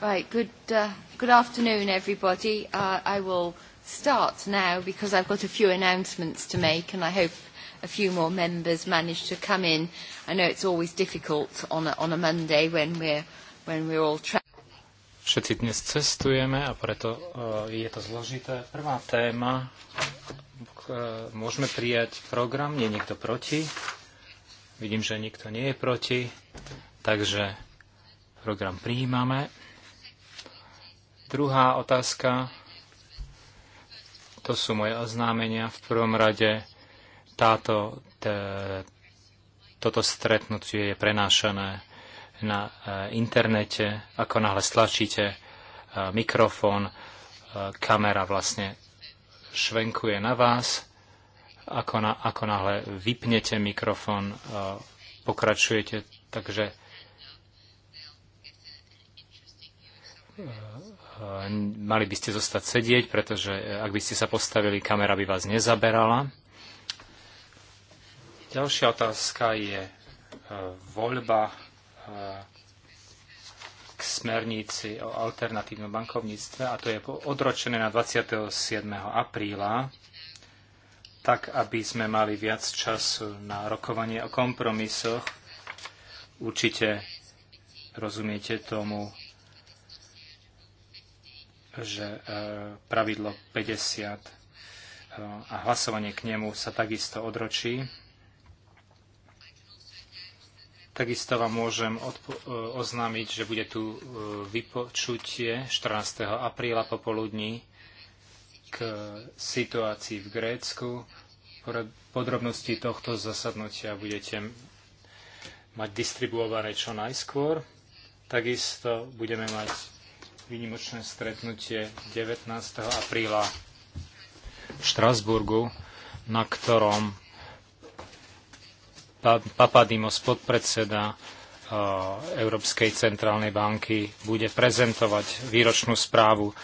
Right, good, uh, good afternoon, everybody. Uh, I will start now because I've got a few announcements to make and I hope a few more members manage to come in. I know it's always difficult on a, on a Monday when we're, when we're all traveling. Všetci dnes cestujeme a preto uh, je to zložité. Prvá téma, uh, môžeme prijať program, nie je nikto proti. Vidím, že nikto nie je proti, takže program prijímame. Druhá otázka, to sú moje oznámenia. V prvom rade táto, te, toto stretnutie je prenášané na eh, internete. Ako náhle stlačíte eh, mikrofón, eh, kamera vlastne švenkuje na vás. Ako, na, ako náhle vypnete mikrofón, pokračujete. Takže Eh, mali by ste zostať sedieť, pretože eh, ak by ste sa postavili, kamera by vás nezaberala. Ďalšia otázka je eh, voľba k smernici o alternatívnom bankovníctve a to je odročené na 27. apríla, tak aby sme mali viac času na rokovanie o kompromisoch. Určite rozumiete tomu, že e, pravidlo 50 e, a hlasovanie k nemu sa takisto odročí. Takisto vám môžem e, oznámiť, že bude tu vypočutie 14. apríla popoludní k situácii v Grécku. Podrobnosti tohto zasadnutia budete mať distribuované čo najskôr. Takisto budeme mať výnimočné stretnutie 19. apríla v Štrasburgu, na ktorom Papadimos, podpredseda uh, Európskej centrálnej banky, bude prezentovať výročnú správu uh,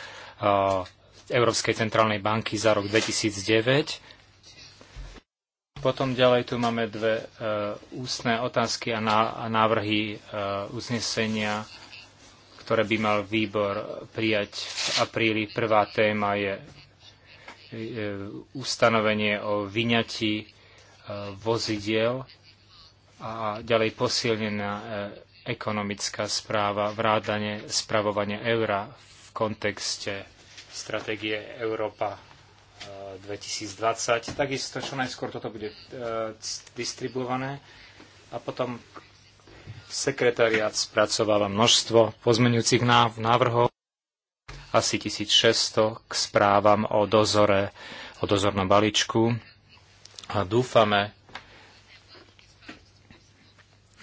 Európskej centrálnej banky za rok 2009. Potom ďalej tu máme dve uh, ústne otázky a návrhy uznesenia ktoré by mal výbor prijať v apríli. Prvá téma je e, ustanovenie o vyňatí e, vozidiel a ďalej posilnená e, ekonomická správa, vrádanie spravovania eura v kontexte stratégie Európa 2020. Takisto čo najskôr toto bude distribuované a potom Sekretariat spracováva množstvo pozmenujúcich návrhov, asi 1600 k správam o dozore, o dozornom balíčku. A dúfame,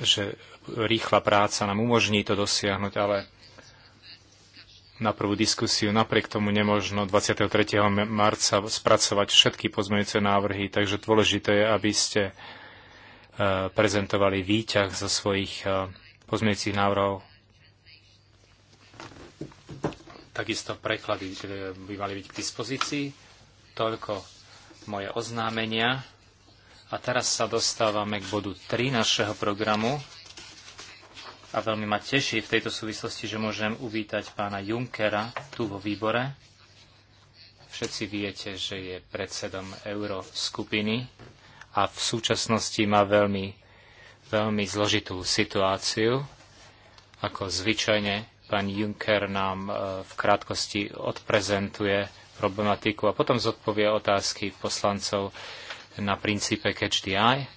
že rýchla práca nám umožní to dosiahnuť, ale na prvú diskusiu napriek tomu nemožno 23. marca spracovať všetky pozmeňujúce návrhy, takže dôležité je, aby ste prezentovali výťah zo svojich eh, pozmeňujúcich návrhov. Takisto preklady by mali byť k dispozícii. Toľko moje oznámenia. A teraz sa dostávame k bodu 3 našeho programu. A veľmi ma teší v tejto súvislosti, že môžem uvítať pána Junkera tu vo výbore. Všetci viete, že je predsedom euroskupiny a v súčasnosti má veľmi, veľmi zložitú situáciu, ako zvyčajne pán Juncker nám e, v krátkosti odprezentuje problematiku a potom zodpovie otázky poslancov na princípe catch the eye.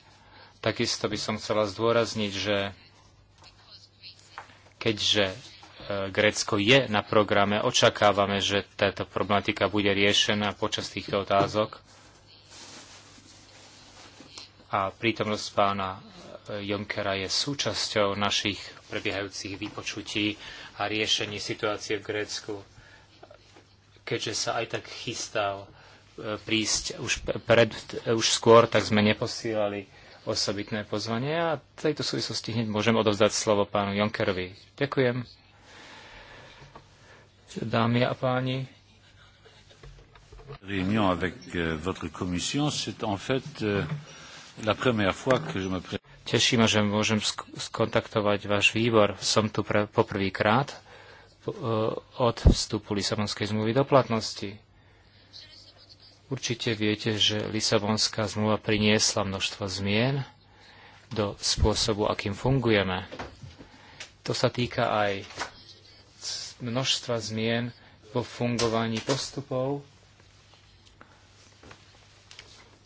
Takisto by som chcela zdôrazniť, že keďže e, Grécko je na programe, očakávame, že táto problematika bude riešená počas týchto otázok a prítomnosť pána e, Junckera je súčasťou našich prebiehajúcich vypočutí a riešení situácie v Grécku, keďže sa aj tak chystal e, prísť už, pred, už skôr, tak sme neposílali osobitné pozvanie a v tejto súvislosti hneď môžem odovzdať slovo pánu Jonkerovi. Ďakujem. Dámy a páni. Réunion avec euh, votre commission, c'est en fait euh, Teší ma, že môžem skontaktovať váš výbor. Som tu pre, poprvýkrát e, od vstupu Lisabonskej zmluvy do platnosti. Určite viete, že Lisabonská zmluva priniesla množstvo zmien do spôsobu, akým fungujeme. To sa týka aj množstva zmien vo fungovaní postupov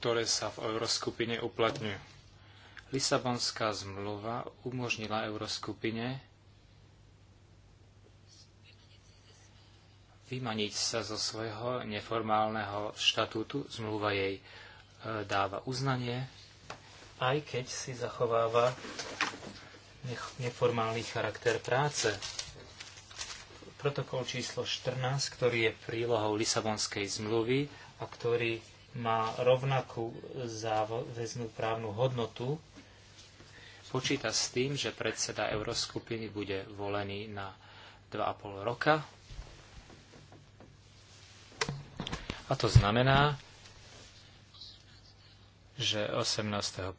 ktoré sa v euroskupine uplatňujú. Lisabonská zmluva umožnila euroskupine vymaniť sa zo svojho neformálneho štatútu. Zmluva jej e, dáva uznanie, aj keď si zachováva neformálny charakter práce. Protokol číslo 14, ktorý je prílohou Lisabonskej zmluvy a ktorý má rovnakú záväznú právnu hodnotu. Počíta s tým, že predseda Euroskupiny bude volený na 2,5 roka. A to znamená, že 18.1.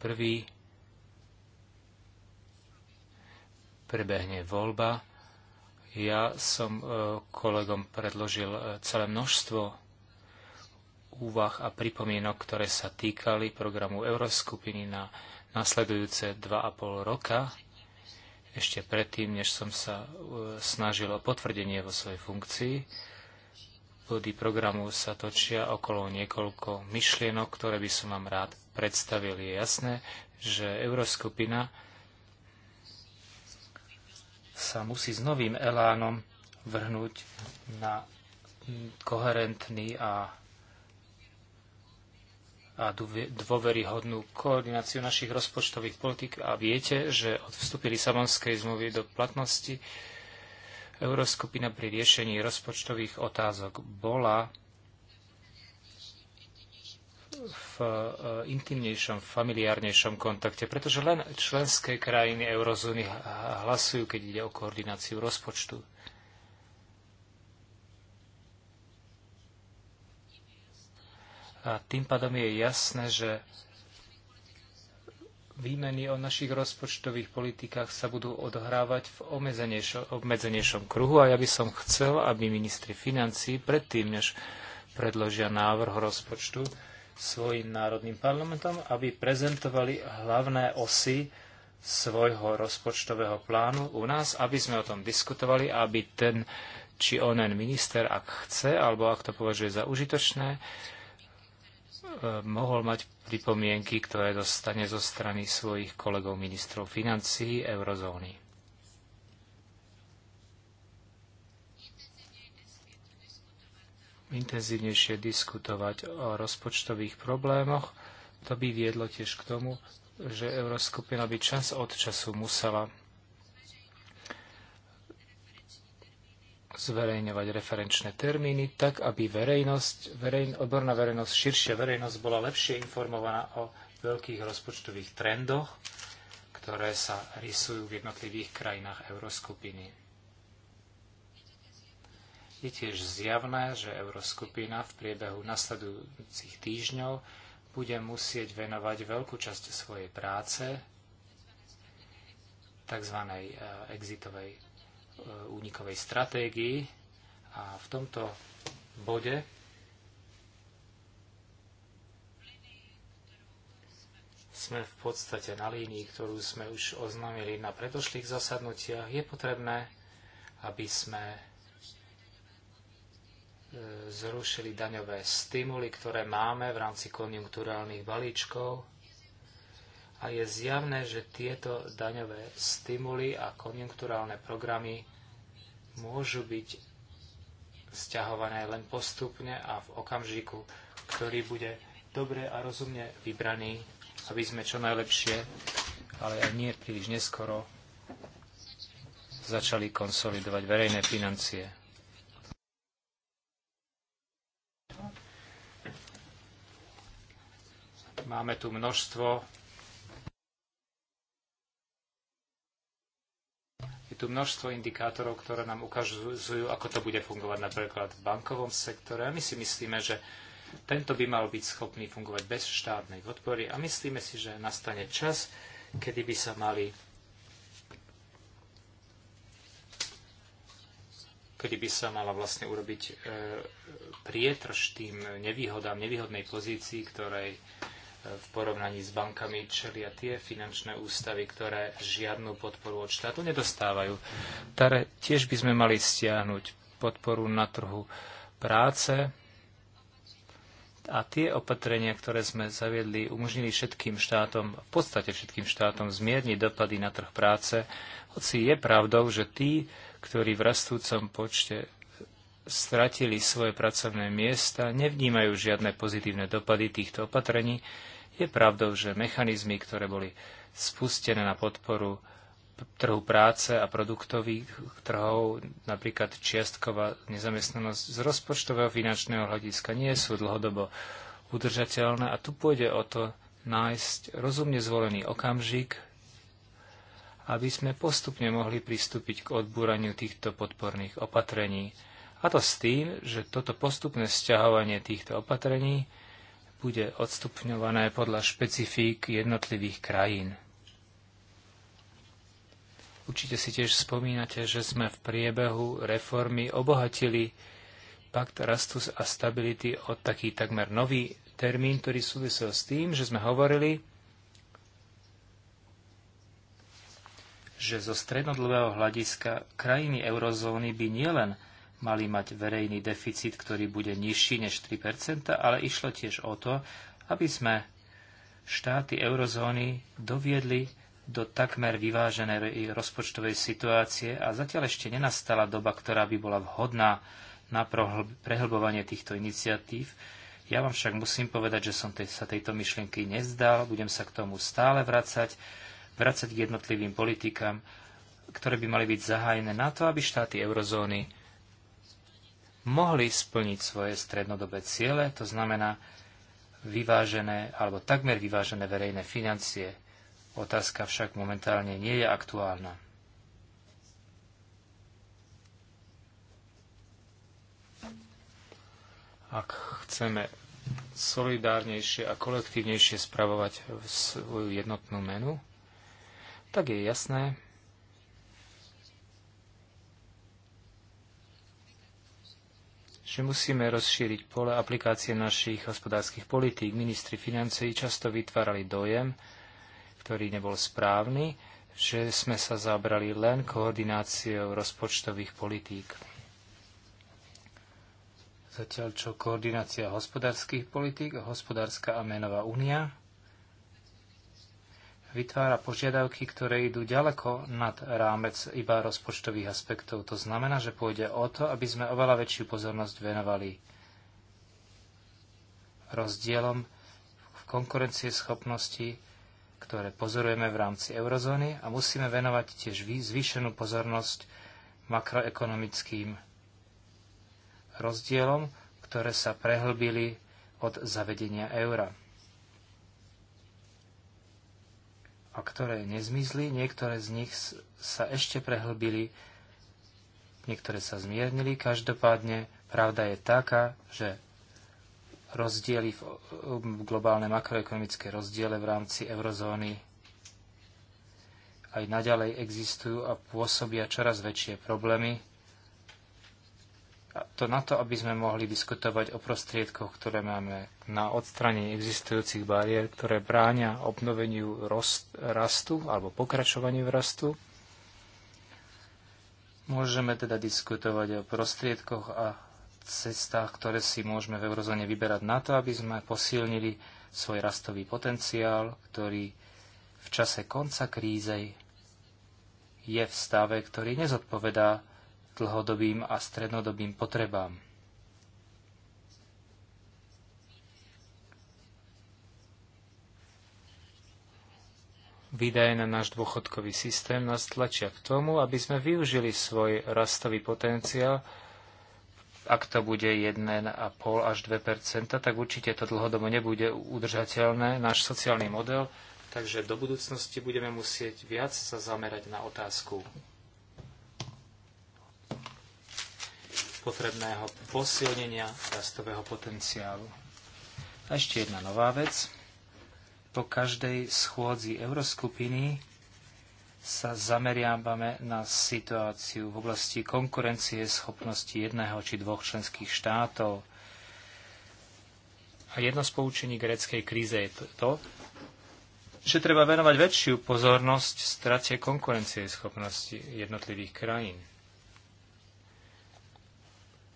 prebehne voľba. Ja som e, kolegom predložil e, celé množstvo úvah a pripomienok, ktoré sa týkali programu Euroskupiny na nasledujúce 2,5 roka, ešte predtým, než som sa e, snažil o potvrdenie vo svojej funkcii. Body programu sa točia okolo niekoľko myšlienok, ktoré by som vám rád predstavil. Je jasné, že Euroskupina sa musí s novým elánom vrhnúť na koherentný a a dôveryhodnú koordináciu našich rozpočtových politik a viete, že od vstupy Lisabonskej zmluvy do platnosti Euroskupina pri riešení rozpočtových otázok bola v eh, intimnejšom, familiárnejšom kontakte, pretože len členské krajiny eurozóny hlasujú, keď ide o koordináciu rozpočtu. A tým pádom je jasné, že výmeny o našich rozpočtových politikách sa budú odhrávať v obmedzenejšom, obmedzenejšom kruhu a ja by som chcel, aby ministri financí predtým, než predložia návrh rozpočtu svojim národným parlamentom, aby prezentovali hlavné osy svojho rozpočtového plánu u nás, aby sme o tom diskutovali, aby ten či onen minister, ak chce, alebo ak to považuje za užitočné, E, mohol mať pripomienky, ktoré dostane zo strany svojich kolegov ministrov financií eurozóny. Intenzívnejšie diskutovať o rozpočtových problémoch, to by viedlo tiež k tomu, že Euroskupina by čas od času musela zverejňovať referenčné termíny, tak aby verejnosť, verej, odborná verejnosť, širšia verejnosť bola lepšie informovaná o veľkých rozpočtových trendoch, ktoré sa rysujú v jednotlivých krajinách euroskupiny. Je tiež zjavné, že euroskupina v priebehu nasledujúcich týždňov bude musieť venovať veľkú časť svojej práce tzv. Eh, exitovej E, únikovej stratégii a v tomto bode sme v podstate na línii, ktorú sme už oznámili na predošlých zasadnutiach. Je potrebné, aby sme e, zrušili daňové stimuly, ktoré máme v rámci konjunkturálnych balíčkov a je zjavné, že tieto daňové stimuly a konjunkturálne programy môžu byť sťahované len postupne a v okamžiku, ktorý bude dobre a rozumne vybraný, aby sme čo najlepšie, ale aj nie príliš neskoro, začali konsolidovať verejné financie. Máme tu množstvo tu množstvo indikátorov, ktoré nám ukazujú, ako to bude fungovať napríklad v bankovom sektore. A my si myslíme, že tento by mal byť schopný fungovať bez štátnej podpory a myslíme si, že nastane čas, kedy by sa mali kedy by sa mala vlastne urobiť e, prietrž tým nevýhodám, nevýhodnej pozícii, ktorej v porovnaní s bankami čelia tie finančné ústavy, ktoré žiadnu podporu od štátu nedostávajú. Tare, tiež by sme mali stiahnuť podporu na trhu práce a tie opatrenia, ktoré sme zaviedli, umožnili všetkým štátom, v podstate všetkým štátom zmierniť dopady na trh práce, hoci je pravdou, že tí, ktorí v rastúcom počte stratili svoje pracovné miesta, nevnímajú žiadne pozitívne dopady týchto opatrení, je pravdou, že mechanizmy, ktoré boli spustené na podporu trhu práce a produktových trhov, napríklad čiastková nezamestnanosť z rozpočtového finančného hľadiska nie sú dlhodobo udržateľné a tu pôjde o to nájsť rozumne zvolený okamžik, aby sme postupne mohli pristúpiť k odbúraniu týchto podporných opatrení. A to s tým, že toto postupné sťahovanie týchto opatrení bude odstupňované podľa špecifík jednotlivých krajín. Určite si tiež spomínate, že sme v priebehu reformy obohatili pakt rastu a stability o taký takmer nový termín, ktorý súvisel s tým, že sme hovorili, že zo strednodlhého hľadiska krajiny eurozóny by nielen mali mať verejný deficit, ktorý bude nižší než 3%, ale išlo tiež o to, aby sme štáty eurozóny doviedli do takmer vyváženej rozpočtovej situácie a zatiaľ ešte nenastala doba, ktorá by bola vhodná na prehlbovanie týchto iniciatív. Ja vám však musím povedať, že som tej, sa tejto myšlienky nezdal, budem sa k tomu stále vracať, vracať k jednotlivým politikám, ktoré by mali byť zahájené na to, aby štáty eurozóny mohli splniť svoje strednodobé ciele, to znamená vyvážené alebo takmer vyvážené verejné financie. Otázka však momentálne nie je aktuálna. Ak chceme solidárnejšie a kolektívnejšie spravovať svoju jednotnú menu, tak je jasné, že musíme rozšíriť pole aplikácie našich hospodárskych politík. Ministri financií často vytvárali dojem, ktorý nebol správny, že sme sa zabrali len koordináciou rozpočtových politík. Zatiaľ čo koordinácia hospodárskych politík, hospodárska a menová únia vytvára požiadavky, ktoré idú ďaleko nad rámec iba rozpočtových aspektov. To znamená, že pôjde o to, aby sme oveľa väčšiu pozornosť venovali rozdielom v konkurencieschopnosti, ktoré pozorujeme v rámci eurozóny a musíme venovať tiež zvýšenú pozornosť makroekonomickým rozdielom, ktoré sa prehlbili od zavedenia eura. a ktoré nezmizli, niektoré z nich sa ešte prehlbili, niektoré sa zmiernili. Každopádne pravda je taká, že rozdiely v um, globálne makroekonomické rozdiele v rámci eurozóny aj naďalej existujú a pôsobia čoraz väčšie problémy to na to, aby sme mohli diskutovať o prostriedkoch, ktoré máme na odstranenie existujúcich bariér, ktoré bráňa obnoveniu rastu alebo pokračovaniu v rastu. Môžeme teda diskutovať o prostriedkoch a cestách, ktoré si môžeme v eurozóne vyberať na to, aby sme posilnili svoj rastový potenciál, ktorý v čase konca krízej je v stave, ktorý nezodpovedá dlhodobým a strednodobým potrebám. Výdaje na náš dôchodkový systém nás tlačia k tomu, aby sme využili svoj rastový potenciál. Ak to bude 1,5 až 2 tak určite to dlhodobo nebude udržateľné, náš sociálny model. Takže do budúcnosti budeme musieť viac sa zamerať na otázku potrebného posilnenia rastového potenciálu. A ešte jedna nová vec. Po každej schôdzi Euroskupiny sa zameriavame na situáciu v oblasti konkurencie schopnosti jedného či dvoch členských štátov. A jedno z poučení greckej kríze je to, že treba venovať väčšiu pozornosť strate konkurencie schopnosti jednotlivých krajín.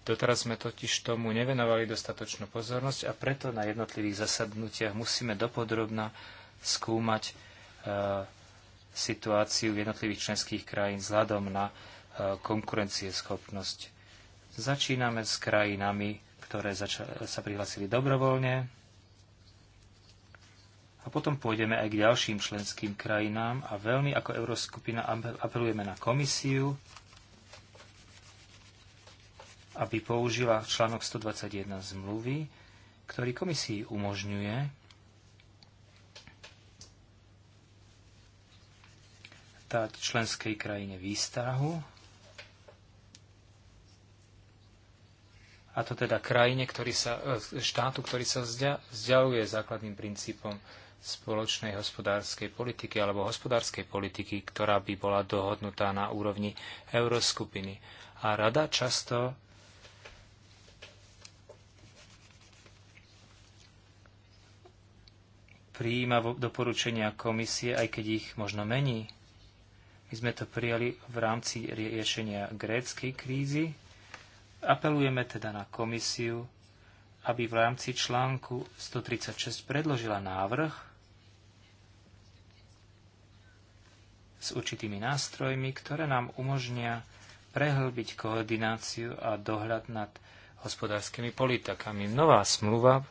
Doteraz sme totiž tomu nevenovali dostatočnú pozornosť a preto na jednotlivých zasadnutiach musíme dopodrobna skúmať e, situáciu v jednotlivých členských krajín vzhľadom na e, konkurencieschopnosť. Začíname s krajinami, ktoré sa prihlasili dobrovoľne a potom pôjdeme aj k ďalším členským krajinám a veľmi ako Euroskupina apelujeme na komisiu, aby použila článok 121 zmluvy, ktorý komisii umožňuje dať členskej krajine výstrahu, a to teda krajine, ktorý sa, e, štátu, ktorý sa vzdialuje základným princípom spoločnej hospodárskej politiky alebo hospodárskej politiky, ktorá by bola dohodnutá na úrovni euroskupiny. A rada často prijíma doporučenia komisie, aj keď ich možno mení. My sme to prijali v rámci riešenia gréckej krízy. Apelujeme teda na komisiu, aby v rámci článku 136 predložila návrh s určitými nástrojmi, ktoré nám umožnia prehlbiť koordináciu a dohľad nad hospodárskymi politikami. Nová smluva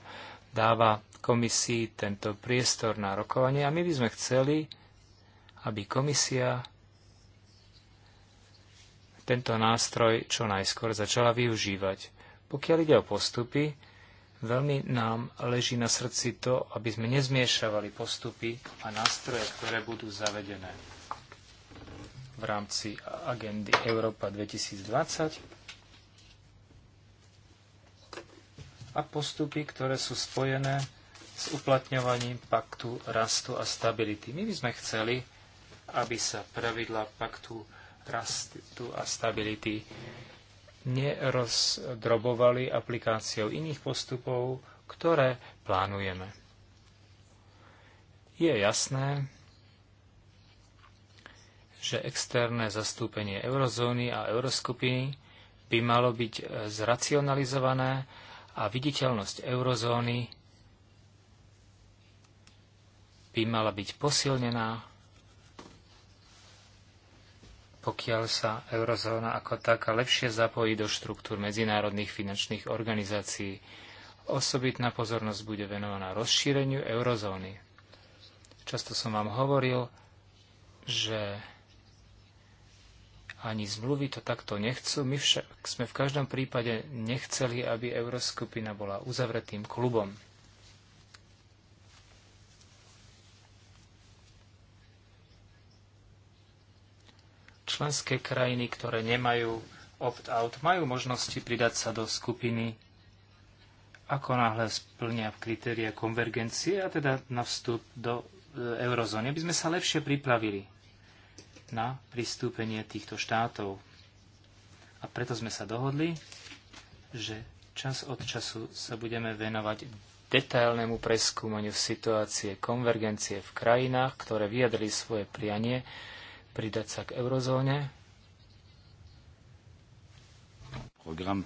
dáva komisii tento priestor na rokovanie a my by sme chceli, aby komisia tento nástroj čo najskôr začala využívať. Pokiaľ ide o postupy, veľmi nám leží na srdci to, aby sme nezmiešavali postupy a nástroje, ktoré budú zavedené v rámci agendy Európa 2020 a postupy, ktoré sú spojené s uplatňovaním paktu rastu a stability. My by sme chceli, aby sa pravidla paktu rastu a stability nerozdrobovali aplikáciou iných postupov, ktoré plánujeme. Je jasné, že externé zastúpenie eurozóny a euroskupiny by malo byť zracionalizované a viditeľnosť eurozóny by mala byť posilnená, pokiaľ sa eurozóna ako taká lepšie zapojí do štruktúr medzinárodných finančných organizácií. Osobitná pozornosť bude venovaná rozšíreniu eurozóny. Často som vám hovoril, že ani zmluvy to takto nechcú. My však sme v každom prípade nechceli, aby euroskupina bola uzavretým klubom. Členské krajiny, ktoré nemajú opt-out, majú možnosti pridať sa do skupiny, ako náhle splnia kritéria konvergencie a teda na vstup do e, eurozóny, aby sme sa lepšie pripravili na pristúpenie týchto štátov. A preto sme sa dohodli, že čas od času sa budeme venovať detailnému preskúmaniu situácie konvergencie v krajinách, ktoré vyjadrili svoje prianie pridať sa k eurozóne. Program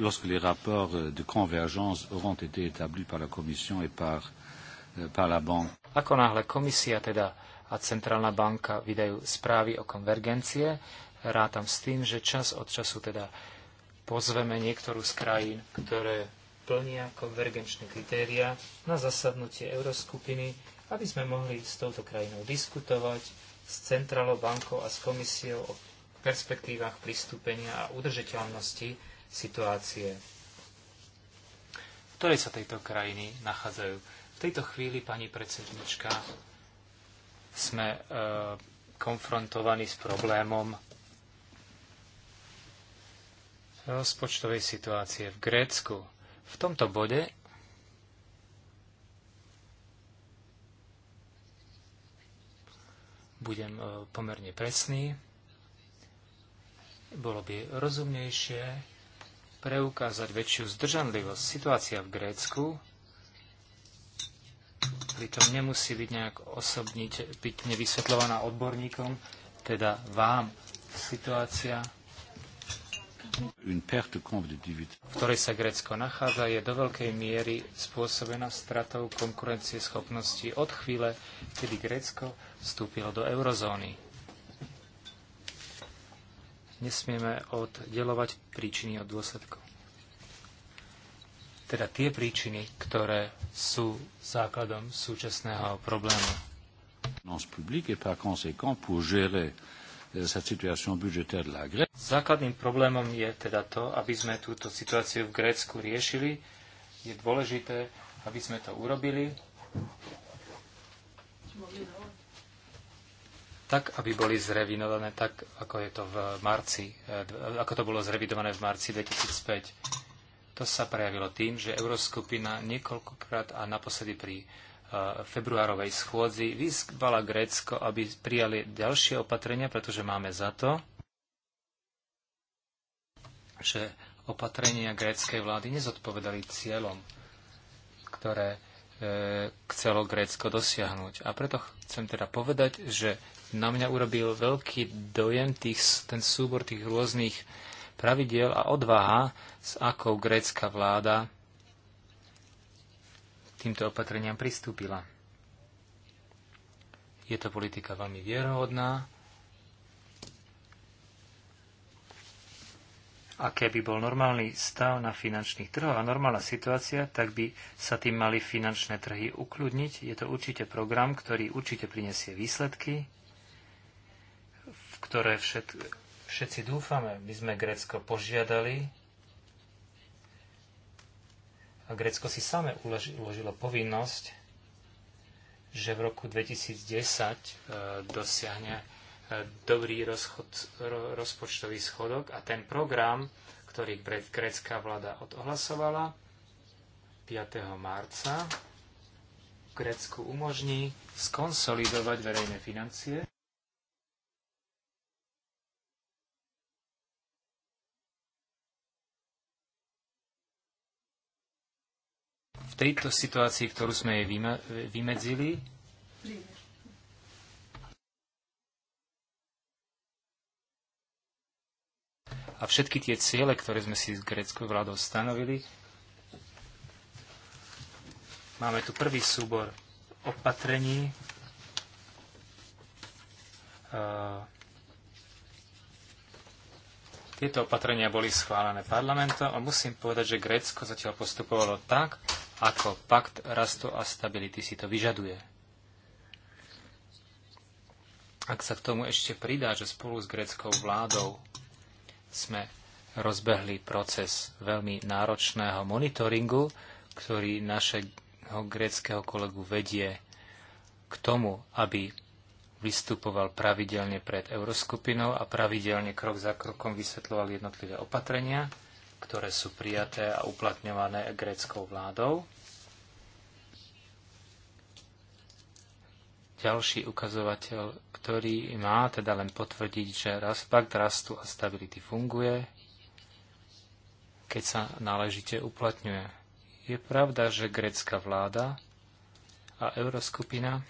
lorsque les rapports de convergence auront été établis par la Commission et par, euh, par la banque. Ako náhle komisia teda a centrálna banka vydajú správy o konvergencie, rátam s tým, že čas od času teda pozveme niektorú z krajín, ktoré plnia konvergenčné kritéria na zasadnutie euroskupiny, aby sme mohli s touto krajinou diskutovať s Centrálnou bankou a s komisiou o perspektívach pristúpenia a udržateľnosti situácie, v ktorej sa tejto krajiny nachádzajú. V tejto chvíli, pani predsednička, sme e, konfrontovaní s problémom rozpočtovej situácie v Grécku. V tomto bode budem e, pomerne presný. Bolo by rozumnejšie preukázať väčšiu zdržanlivosť. Situácia v Grécku pritom nemusí byť nejak osobnite, byť nevysvetľovaná odborníkom, teda vám situácia, v ktorej sa Grécko nachádza, je do veľkej miery spôsobená stratou konkurencie schopnosti od chvíle, kedy Grécko vstúpilo do eurozóny. Nesmieme oddelovať príčiny od dôsledkov. Teda tie príčiny, ktoré sú základom súčasného problému. Euh, Základným problémom je teda to, aby sme túto situáciu v Grécku riešili. Je dôležité, aby sme to urobili tak, aby boli zrevidované tak, ako, je to v marci, eh, eh, ako to bolo zrevidované v marci 2005. To sa prejavilo tým, že Euroskupina niekoľkokrát a naposledy pri eh, februárovej schôdzi vyzvala Grécko, aby prijali ďalšie opatrenia, pretože máme za to, že opatrenia gréckej vlády nezodpovedali cieľom, ktoré chcelo Grécko dosiahnuť. A preto chcem teda povedať, že na mňa urobil veľký dojem tých, ten súbor tých rôznych pravidiel a odvaha, s akou grécka vláda týmto opatreniam pristúpila. Je to politika veľmi vierohodná. A keby bol normálny stav na finančných trhoch a normálna situácia, tak by sa tým mali finančné trhy ukľudniť. Je to určite program, ktorý určite prinesie výsledky ktoré všet, všetci dúfame. My sme Grécko požiadali a Grécko si same uložilo povinnosť, že v roku 2010 e, dosiahne e, dobrý rozchod, rozpočtový schodok a ten program, ktorý grécka vláda odohlasovala 5. marca, Grécku umožní skonsolidovať verejné financie v tejto situácii, ktorú sme jej vymedzili, a všetky tie ciele, ktoré sme si s greckou vládou stanovili, máme tu prvý súbor opatrení, tieto opatrenia boli schválené parlamentom a musím povedať, že Grécko zatiaľ postupovalo tak, ako pakt rastu a stability si to vyžaduje. Ak sa k tomu ešte pridá, že spolu s greckou vládou sme rozbehli proces veľmi náročného monitoringu, ktorý našeho greckého kolegu vedie k tomu, aby vystupoval pravidelne pred Euroskupinou a pravidelne krok za krokom vysvetľoval jednotlivé opatrenia, ktoré sú prijaté a uplatňované gréckou vládou. Ďalší ukazovateľ, ktorý má teda len potvrdiť, že rast, pakt rastu a stability funguje, keď sa náležite uplatňuje. Je pravda, že grécka vláda a euroskupina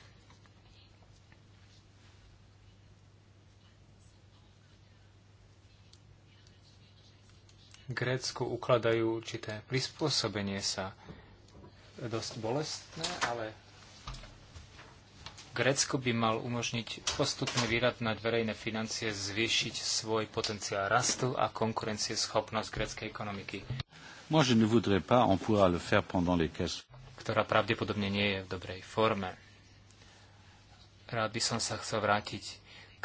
Grécku ukladajú určité prispôsobenie sa. Dosť bolestné, ale Grécko by mal umožniť postupne vyradnať verejné financie, zvýšiť svoj potenciál rastu a konkurencieschopnosť gréckej ekonomiky. Moi, je ne voudrais pas, on pourra le faire pendant les caisses. Ktorá pravdepodobne nie je v dobrej forme. Rád by som sa chcel vrátiť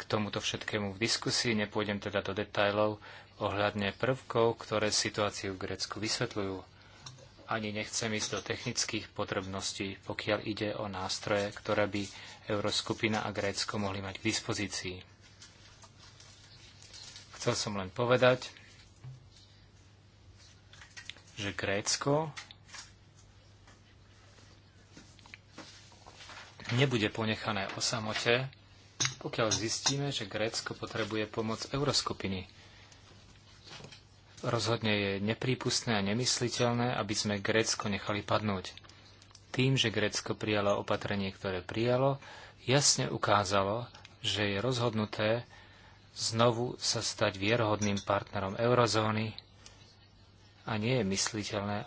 k tomuto všetkému v diskusii, nepôjdem teda do detajlov, ohľadne prvkov, ktoré situáciu v Grécku vysvetľujú. Ani nechcem ísť do technických potrebností, pokiaľ ide o nástroje, ktoré by Euroskupina a Grécko mohli mať k dispozícii. Chcel som len povedať, že Grécko nebude ponechané o samote, pokiaľ zistíme, že Grécko potrebuje pomoc Euroskupiny Rozhodne je neprípustné a nemysliteľné, aby sme Grécko nechali padnúť. Tým, že Grécko prijalo opatrenie, ktoré prijalo, jasne ukázalo, že je rozhodnuté znovu sa stať vierhodným partnerom eurozóny a nie je mysliteľné,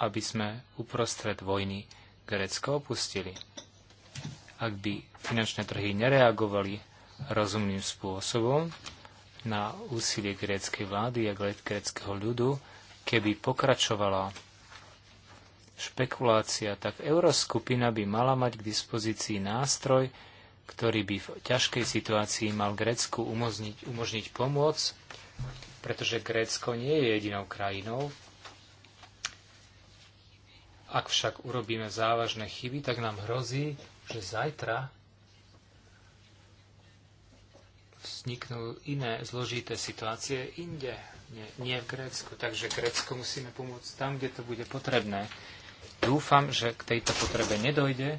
aby sme uprostred vojny Grécko opustili. Ak by finančné trhy nereagovali rozumným spôsobom, na úsilie gréckej vlády a gréckého ľudu, keby pokračovala špekulácia, tak euroskupina by mala mať k dispozícii nástroj, ktorý by v ťažkej situácii mal Grécku umožniť, umožniť pomôcť, pretože Grécko nie je jedinou krajinou. Ak však urobíme závažné chyby, tak nám hrozí, že zajtra vzniknú iné zložité situácie inde, nie, nie v Grécku. Takže Grécko musíme pomôcť tam, kde to bude potrebné. Dúfam, že k tejto potrebe nedojde,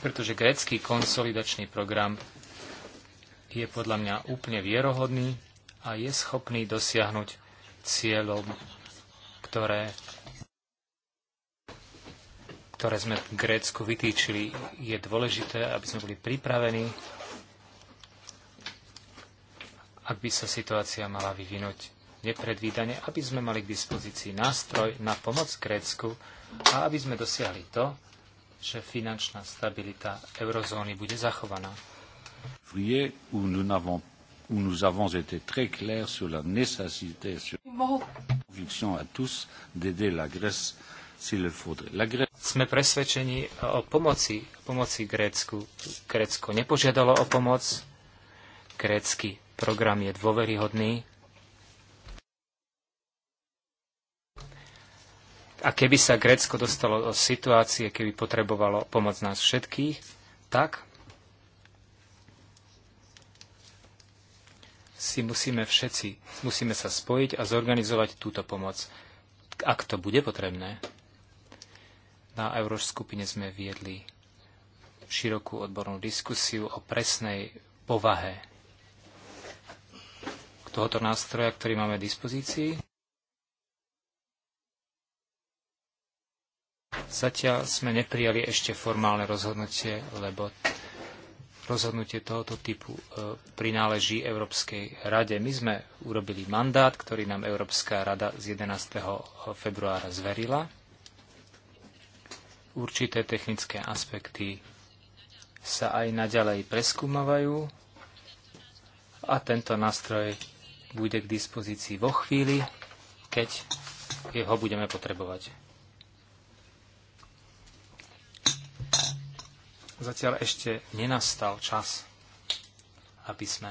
pretože grécky konsolidačný program je podľa mňa úplne vierohodný a je schopný dosiahnuť cieľom, ktoré, ktoré sme v Grécku vytýčili. Je dôležité, aby sme boli pripravení ak by sa situácia mala vyvinúť nepredvídane, aby sme mali k dispozícii nástroj na pomoc Grécku a aby sme dosiahli to, že finančná stabilita eurozóny bude zachovaná. Sme presvedčení o pomoci, pomoci Grécku. Grécko nepožiadalo o pomoc, grécky Program je dôveryhodný. A keby sa Grécko dostalo do situácie, keby potrebovalo pomoc nás všetkých, tak si musíme všetci, musíme sa spojiť a zorganizovať túto pomoc, ak to bude potrebné. Na Euroskupine sme viedli širokú odbornú diskusiu o presnej povahe tohoto nástroja, ktorý máme v dispozícii. Zatiaľ sme neprijali ešte formálne rozhodnutie, lebo rozhodnutie tohoto typu e, prináleží Európskej rade. My sme urobili mandát, ktorý nám Európska rada z 11. februára zverila. Určité technické aspekty sa aj naďalej preskúmavajú a tento nástroj bude k dispozícii vo chvíli, keď ho budeme potrebovať. Zatiaľ ešte nenastal čas, aby sme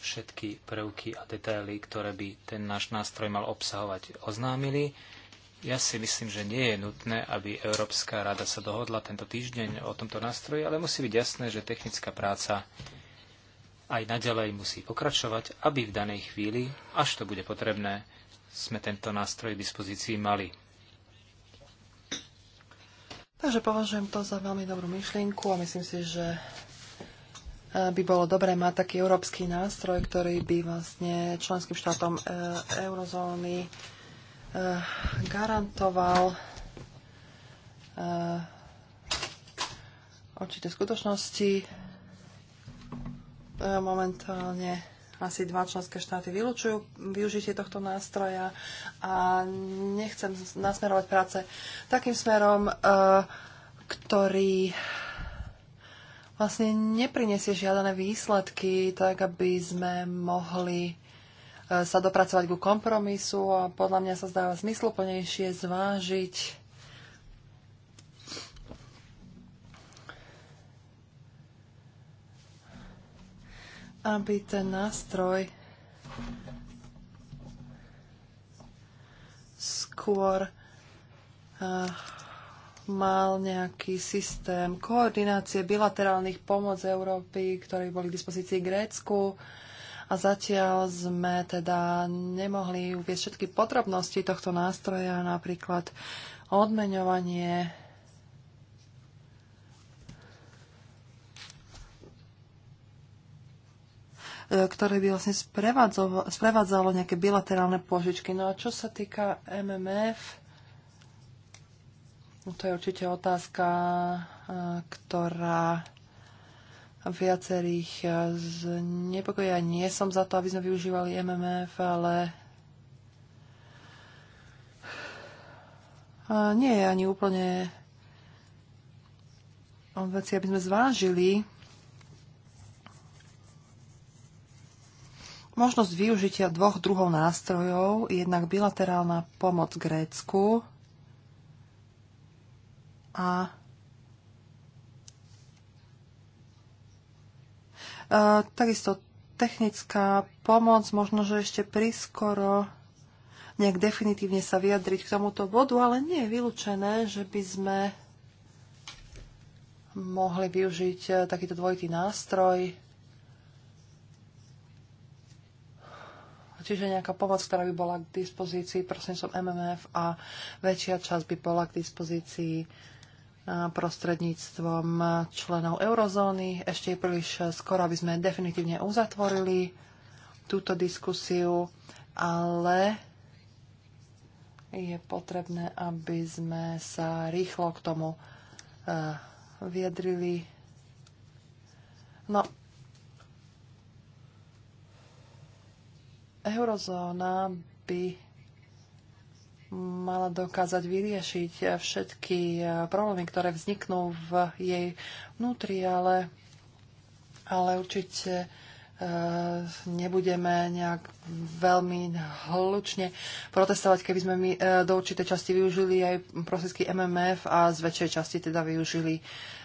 všetky prvky a detaily, ktoré by ten náš nástroj mal obsahovať, oznámili. Ja si myslím, že nie je nutné, aby Európska rada sa dohodla tento týždeň o tomto nástroji, ale musí byť jasné, že technická práca aj naďalej musí pokračovať, aby v danej chvíli, až to bude potrebné, sme tento nástroj k dispozícii mali. Takže považujem to za veľmi dobrú myšlienku a myslím si, že e, by bolo dobré mať taký európsky nástroj, ktorý by vlastne členským štátom e, eurozóny e, garantoval určité skutočnosti, E, momentálne asi dva členské štáty vylučujú využitie tohto nástroja a nechcem nasmerovať práce takým smerom, e, ktorý vlastne neprinesie žiadané výsledky, tak aby sme mohli e, sa dopracovať ku kompromisu a podľa mňa sa zdá zmysluplnejšie zvážiť aby ten nástroj skôr eh, mal nejaký systém koordinácie bilaterálnych pomoc Európy, ktoré boli k dispozícii Grécku. A zatiaľ sme teda nemohli uvieť všetky podrobnosti tohto nástroja, napríklad odmeňovanie E, ktoré by vlastne sprevádzalo, nejaké bilaterálne požičky. No a čo sa týka MMF, no to je určite otázka, e, ktorá viacerých e, znepokojí. Ja nie som za to, aby sme využívali MMF, ale nie je ani úplne veci, aby sme zvážili možnosť využitia dvoch druhov nástrojov, jednak bilaterálna pomoc Grécku a Uh, takisto technická pomoc, možno, že ešte priskoro nejak definitívne sa vyjadriť k tomuto bodu, ale nie je vylúčené, že by sme mohli využiť e, takýto dvojitý nástroj Čiže nejaká pomoc, ktorá by bola k dispozícii prostredníctvom MMF a väčšia časť by bola k dispozícii prostredníctvom členov eurozóny. Ešte je príliš skoro, aby sme definitívne uzatvorili túto diskusiu, ale je potrebné, aby sme sa rýchlo k tomu viedrili. No, Eurozóna by mala dokázať vyriešiť všetky eh, problémy, ktoré vzniknú v jej vnútri, ale, ale určite eh, nebudeme nejak veľmi hlučne protestovať, keby sme my eh, do určitej časti využili aj prostriedky MMF a z väčšej časti teda využili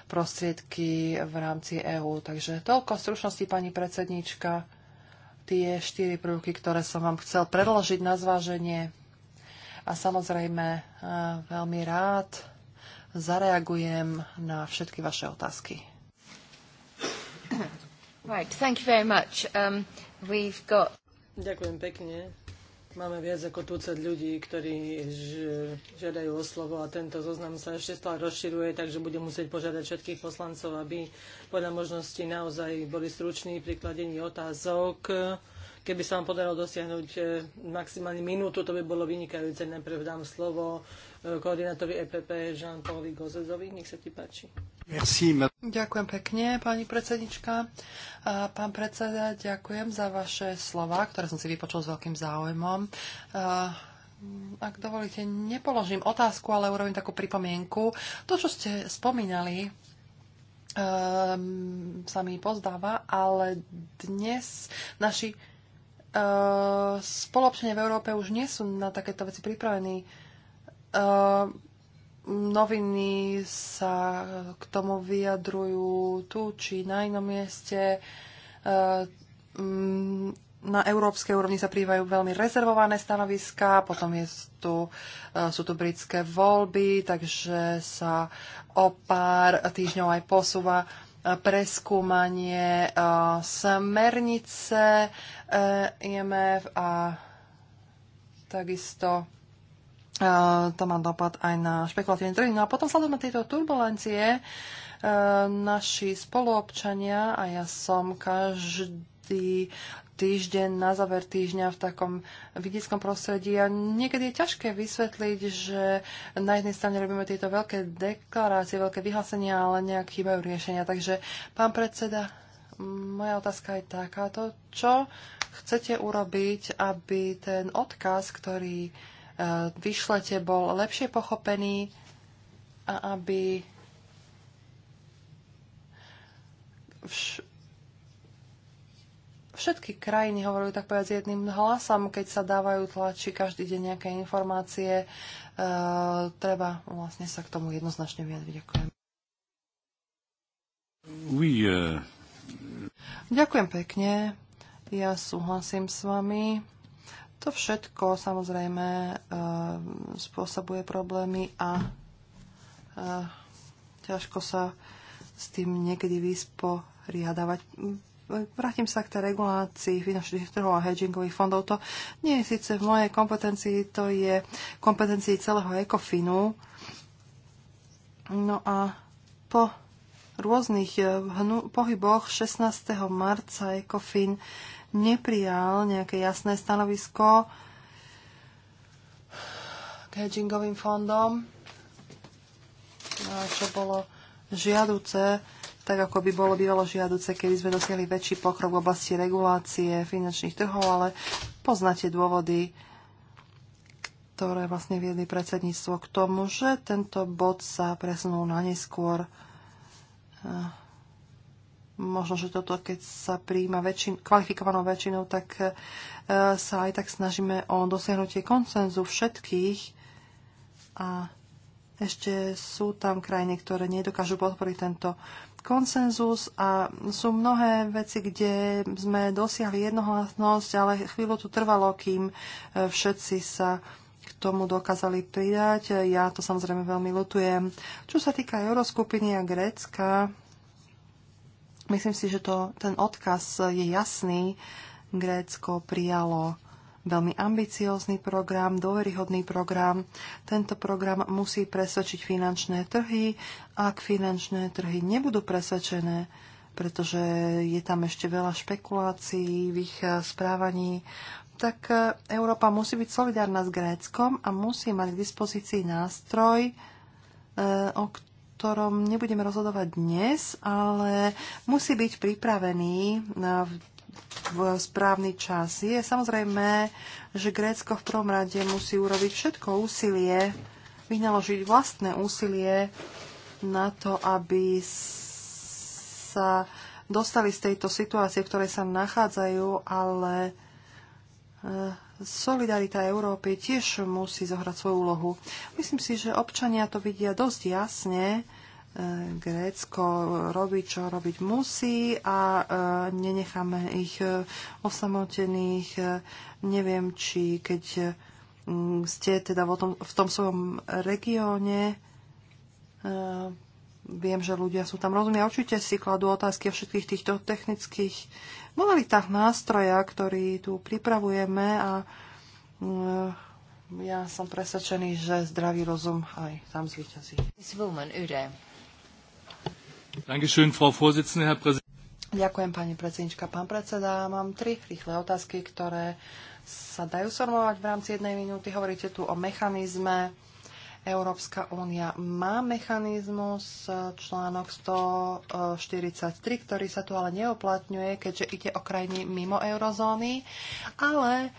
prostriedky v rámci EÚ. Takže toľko stručnosti, pani predsednička tie štyri prvky, ktoré som vám chcel predložiť na zváženie. A samozrejme e, veľmi rád zareagujem na všetky vaše otázky. Right, thank you very much. Um, we've got... Ďakujem pekne. Máme viac ako 20 ľudí, ktorí žiadajú o slovo a tento zoznam sa ešte stále rozširuje, takže budem musieť požiadať všetkých poslancov, aby podľa možnosti naozaj boli struční pri kladení otázok. Keby sa vám podarilo dosiahnuť e, maximálne minútu, to by bolo vynikajúce. Najprv dám slovo e, koordinátorovi EPP jean paulovi Gozezovi. Nech sa ti páči. Merci. Ďakujem pekne, pani predsednička. Pán predseda, ďakujem za vaše slova, ktoré som si vypočul s veľkým záujmom. Ak dovolíte, nepoložím otázku, ale urobím takú pripomienku. To, čo ste spomínali, um, sa mi pozdáva, ale dnes naši Eh, spoločne v Európe už nie sú na takéto veci pripravení. Eh, noviny sa k tomu vyjadrujú tu či na inom mieste. Eh, mm, na európskej úrovni sa prívajú veľmi rezervované stanoviská, potom je tu, sú tu britské voľby, takže sa o pár týždňov aj posúva E, preskúmanie e, smernice e, IMF a takisto to má dopad aj na špekulatívne trhy. No a potom sledujeme tieto turbulencie. Naši spoluobčania a ja som každý týždeň, na záver týždňa v takom vidickom prostredí a niekedy je ťažké vysvetliť, že na jednej strane robíme tieto veľké deklarácie, veľké vyhlásenia, ale nejak chýbajú riešenia. Takže, pán predseda, moja otázka je takáto. Čo chcete urobiť, aby ten odkaz, ktorý e, vyšlete, bol lepšie pochopený a aby Všetky krajiny hovorujú tak povedať jedným hlasom, keď sa dávajú tlači každý deň nejaké informácie. E, treba vlastne sa k tomu jednoznačne vyjadriť. Ďakujem. Oui, uh... Ďakujem pekne. Ja súhlasím s vami. To všetko samozrejme e, spôsobuje problémy a e, ťažko sa s tým niekedy vysporiadavať vrátim sa k tej regulácii finančných trhov a hedgingových fondov. To nie je síce v mojej kompetencii, to je kompetencii celého ECOFINu. No a po rôznych eh, pohyboch 16. marca ECOFIN neprijal nejaké jasné stanovisko k hedgingovým fondom, eh, čo bolo žiaduce tak ako by bolo bývalo žiaduce, keby sme dosiahli väčší pokrok v oblasti regulácie finančných trhov, ale poznáte dôvody, ktoré vlastne viedli predsedníctvo k tomu, že tento bod sa presunul na neskôr. Eh, možno, že toto, keď sa príjma väčšin, kvalifikovanou väčšinou, tak eh, sa aj tak snažíme o dosiahnutie koncenzu všetkých a ešte sú tam krajiny, ktoré nedokážu podporiť tento konsenzus a sú mnohé veci, kde sme dosiahli jednohlasnosť, ale chvíľu tu trvalo, kým e, všetci sa k tomu dokázali pridať. Ja to samozrejme veľmi lutujem. Čo sa týka euroskupiny a Grécka, myslím si, že to, ten odkaz je jasný. Grécko prijalo veľmi ambiciózny program, dôveryhodný program. Tento program musí presvedčiť finančné trhy. Ak finančné trhy nebudú presvedčené, pretože je tam ešte veľa špekulácií v ich eh, správaní, tak eh, Európa musí byť solidárna s Gréckom a musí mať k dispozícii nástroj, eh, o ktorom nebudeme rozhodovať dnes, ale musí byť pripravený v v správny čas. Je samozrejme, že Grécko v prvom rade musí urobiť všetko úsilie, vynaložiť vlastné úsilie na to, aby sa dostali z tejto situácie, v ktorej sa nachádzajú, ale e, solidarita Európy tiež musí zohrať svoju úlohu. Myslím si, že občania to vidia dosť jasne, Grécko robí, čo robiť musí a e, nenecháme ich e, osamotených. E, neviem, či keď ste teda v tom, svojom regióne, viem, že ľudia sú tam rozumia, určite si kladú otázky o všetkých týchto technických modalitách nástroja, ktorý tu pripravujeme a ja som presvedčený, že zdravý rozum aj tam zvýťazí. Woman, Ďakujem, pani predsednička. Pán predseda, mám tri rýchle otázky, ktoré sa dajú sormovať v rámci jednej minúty. Hovoríte tu o mechanizme. Európska únia má mechanizmus článok 143, ktorý sa tu ale neoplatňuje, keďže ide o krajiny mimo eurozóny, ale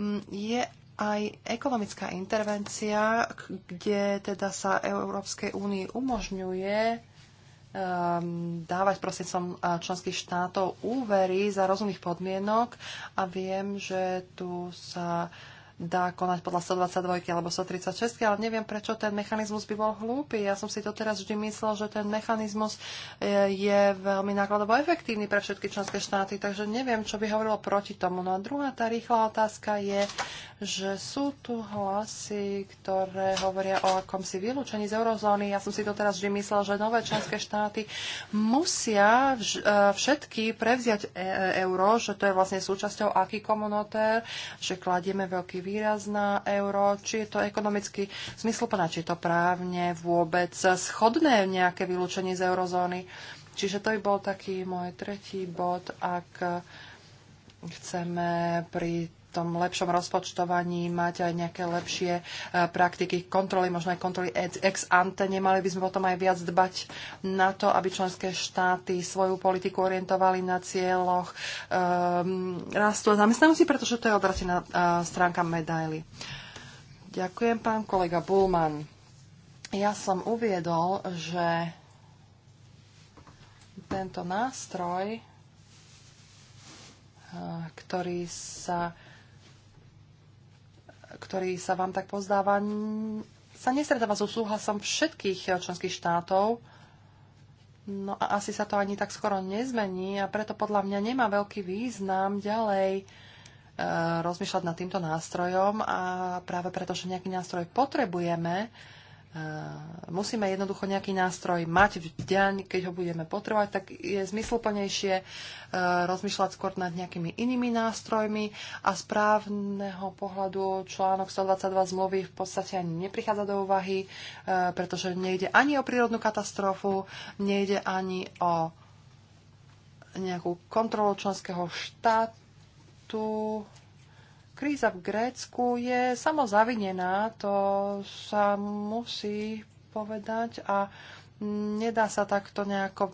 mm, je aj ekonomická intervencia, kde teda sa Európskej únii umožňuje Ehm, dávať prostredcom eh, členských štátov úvery za rozumných podmienok a viem, že tu sa uh, dá konať podľa 122 alebo 136, ale neviem, prečo ten mechanizmus by bol hlúpy. Ja som si to teraz vždy myslel, že ten mechanizmus e, je veľmi nákladovo efektívny pre všetky členské štáty, takže neviem, čo by hovorilo proti tomu. No a druhá tá rýchla otázka je, že sú tu hlasy, ktoré hovoria o akomsi vylúčení z eurozóny. Ja som si to teraz vždy myslel, že nové členské štáty musia e, všetky prevziať e, euro, že to je vlastne súčasťou aký komunotér, že kladieme veľký výrazná euro, či je to ekonomicky zmysluplné, či je to právne vôbec schodné nejaké vylúčenie z eurozóny. Čiže to by bol taký môj tretí bod, ak chceme pri tom lepšom rozpočtovaní mať aj nejaké lepšie e, praktiky kontroly, možno aj kontroly ex ante. Nemali by sme potom aj viac dbať na to, aby členské štáty svoju politiku orientovali na cieľoch um, rastu a zamestnanosti, pretože to je odvratená uh, e, stránka medaily. Ďakujem, pán kolega Bulman. Ja som uviedol, že tento nástroj e, ktorý sa ktorý sa vám tak pozdáva, sa nestretáva so súhlasom všetkých eh, členských štátov. No a asi sa to ani tak skoro nezmení a preto podľa mňa nemá veľký význam ďalej e, rozmýšľať nad týmto nástrojom a práve preto, že nejaký nástroj potrebujeme, Eh, musíme jednoducho nejaký nástroj mať v deň, keď ho budeme potrebovať, tak je zmysluplnejšie eh, rozmýšľať skôr nad nejakými inými nástrojmi a správneho pohľadu článok 122 zmluvy v podstate ani neprichádza do úvahy, eh, pretože nejde ani o prírodnú katastrofu, nejde ani o nejakú kontrolu členského štátu, Kríza v Grécku je samozavinená, to sa musí povedať a nedá sa takto nejako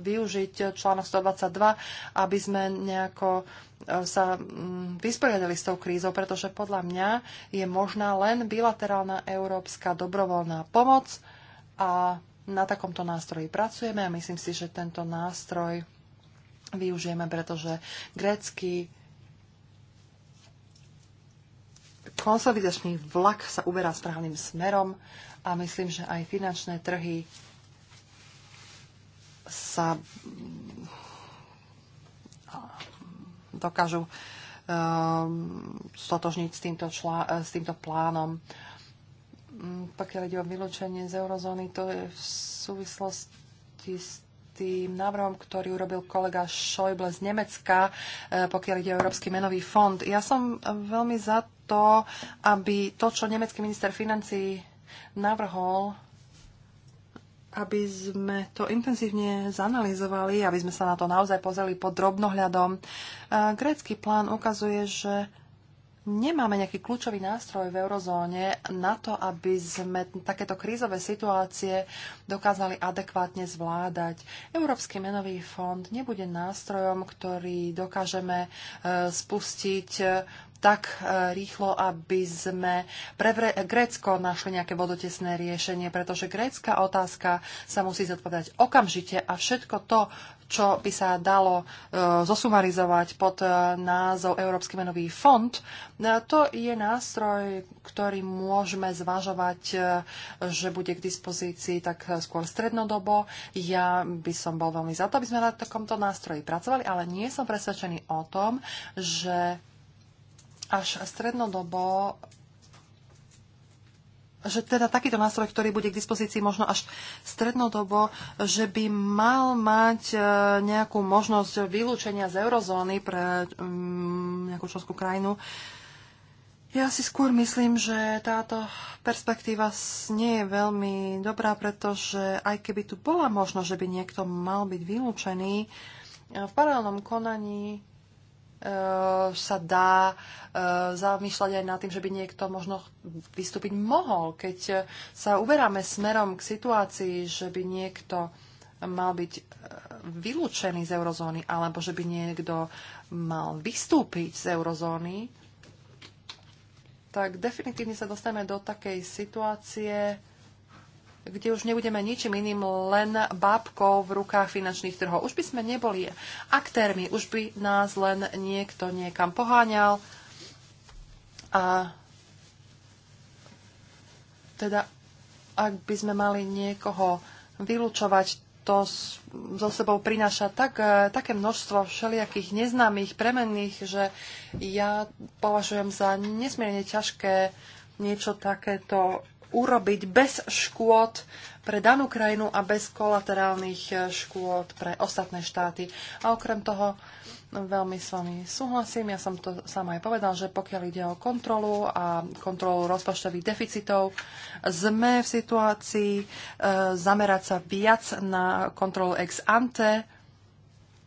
využiť článok 122, aby sme nejako e, sa mm, vysporiadali s tou krízou, pretože podľa mňa je možná len bilaterálna európska dobrovoľná pomoc a na takomto nástroji pracujeme a myslím si, že tento nástroj využijeme, pretože grécky konsolidačný vlak sa uberá správnym smerom a myslím, že aj finančné trhy sa mm, dokážu ehm, stotožniť s týmto, člá, e, s týmto plánom. Mm, pokiaľ ide o vylúčenie z eurozóny, to je v súvislosti s tým návrhom, ktorý urobil kolega Schäuble z Nemecka, eh, pokiaľ ide o Európsky menový fond. Ja som eh, veľmi za to, aby to, čo nemecký minister financí navrhol, aby sme to intenzívne zanalizovali, aby sme sa na to naozaj pozreli pod drobnohľadom. Eh, grécky plán ukazuje, že nemáme nejaký kľúčový nástroj v eurozóne na to, aby sme takéto krízové situácie dokázali adekvátne zvládať. Európsky menový fond nebude nástrojom, ktorý dokážeme eh, spustiť tak e, rýchlo, aby sme pre Grécko našli nejaké vodotesné riešenie, pretože grécka otázka sa musí zodpovedať okamžite a všetko to, čo by sa dalo e, zosumarizovať pod e, názov Európsky menový fond. to je nástroj, ktorý môžeme zvažovať, že bude k dispozícii tak skôr strednodobo. Ja by som bol veľmi za to, aby sme na takomto nástroji pracovali, ale nie som presvedčený o tom, že až strednodobo že teda takýto nástroj, ktorý bude k dispozícii možno až strednodobo, že by mal mať e, nejakú možnosť vylúčenia z eurozóny pre mm, nejakú členskú krajinu. Ja si skôr myslím, že táto perspektíva nie je veľmi dobrá, pretože aj keby tu bola možnosť, že by niekto mal byť vylúčený, e, v paralelnom konaní Eh, sa dá eh, zamýšľať aj nad tým, že by niekto možno vystúpiť mohol. Keď sa uberáme smerom k situácii, že by niekto mal byť eh, vylúčený z eurozóny, alebo že by niekto mal vystúpiť z eurozóny, tak definitívne sa dostaneme do takej situácie, kde už nebudeme ničím iným, len bábkou v rukách finančných trhov. Už by sme neboli aktérmi, už by nás len niekto niekam poháňal. A teda, ak by sme mali niekoho vylúčovať, to so sebou prináša tak, e, také množstvo všelijakých neznámych premenných, že ja považujem za nesmierne ťažké niečo takéto urobiť bez škôd pre danú krajinu a bez kolaterálnych eh, škôd pre ostatné štáty. A okrem toho no, veľmi s vami súhlasím, ja som to sama aj povedal, že pokiaľ ide o kontrolu a kontrolu rozpočtových deficitov, sme v situácii e, zamerať sa viac na kontrolu ex ante,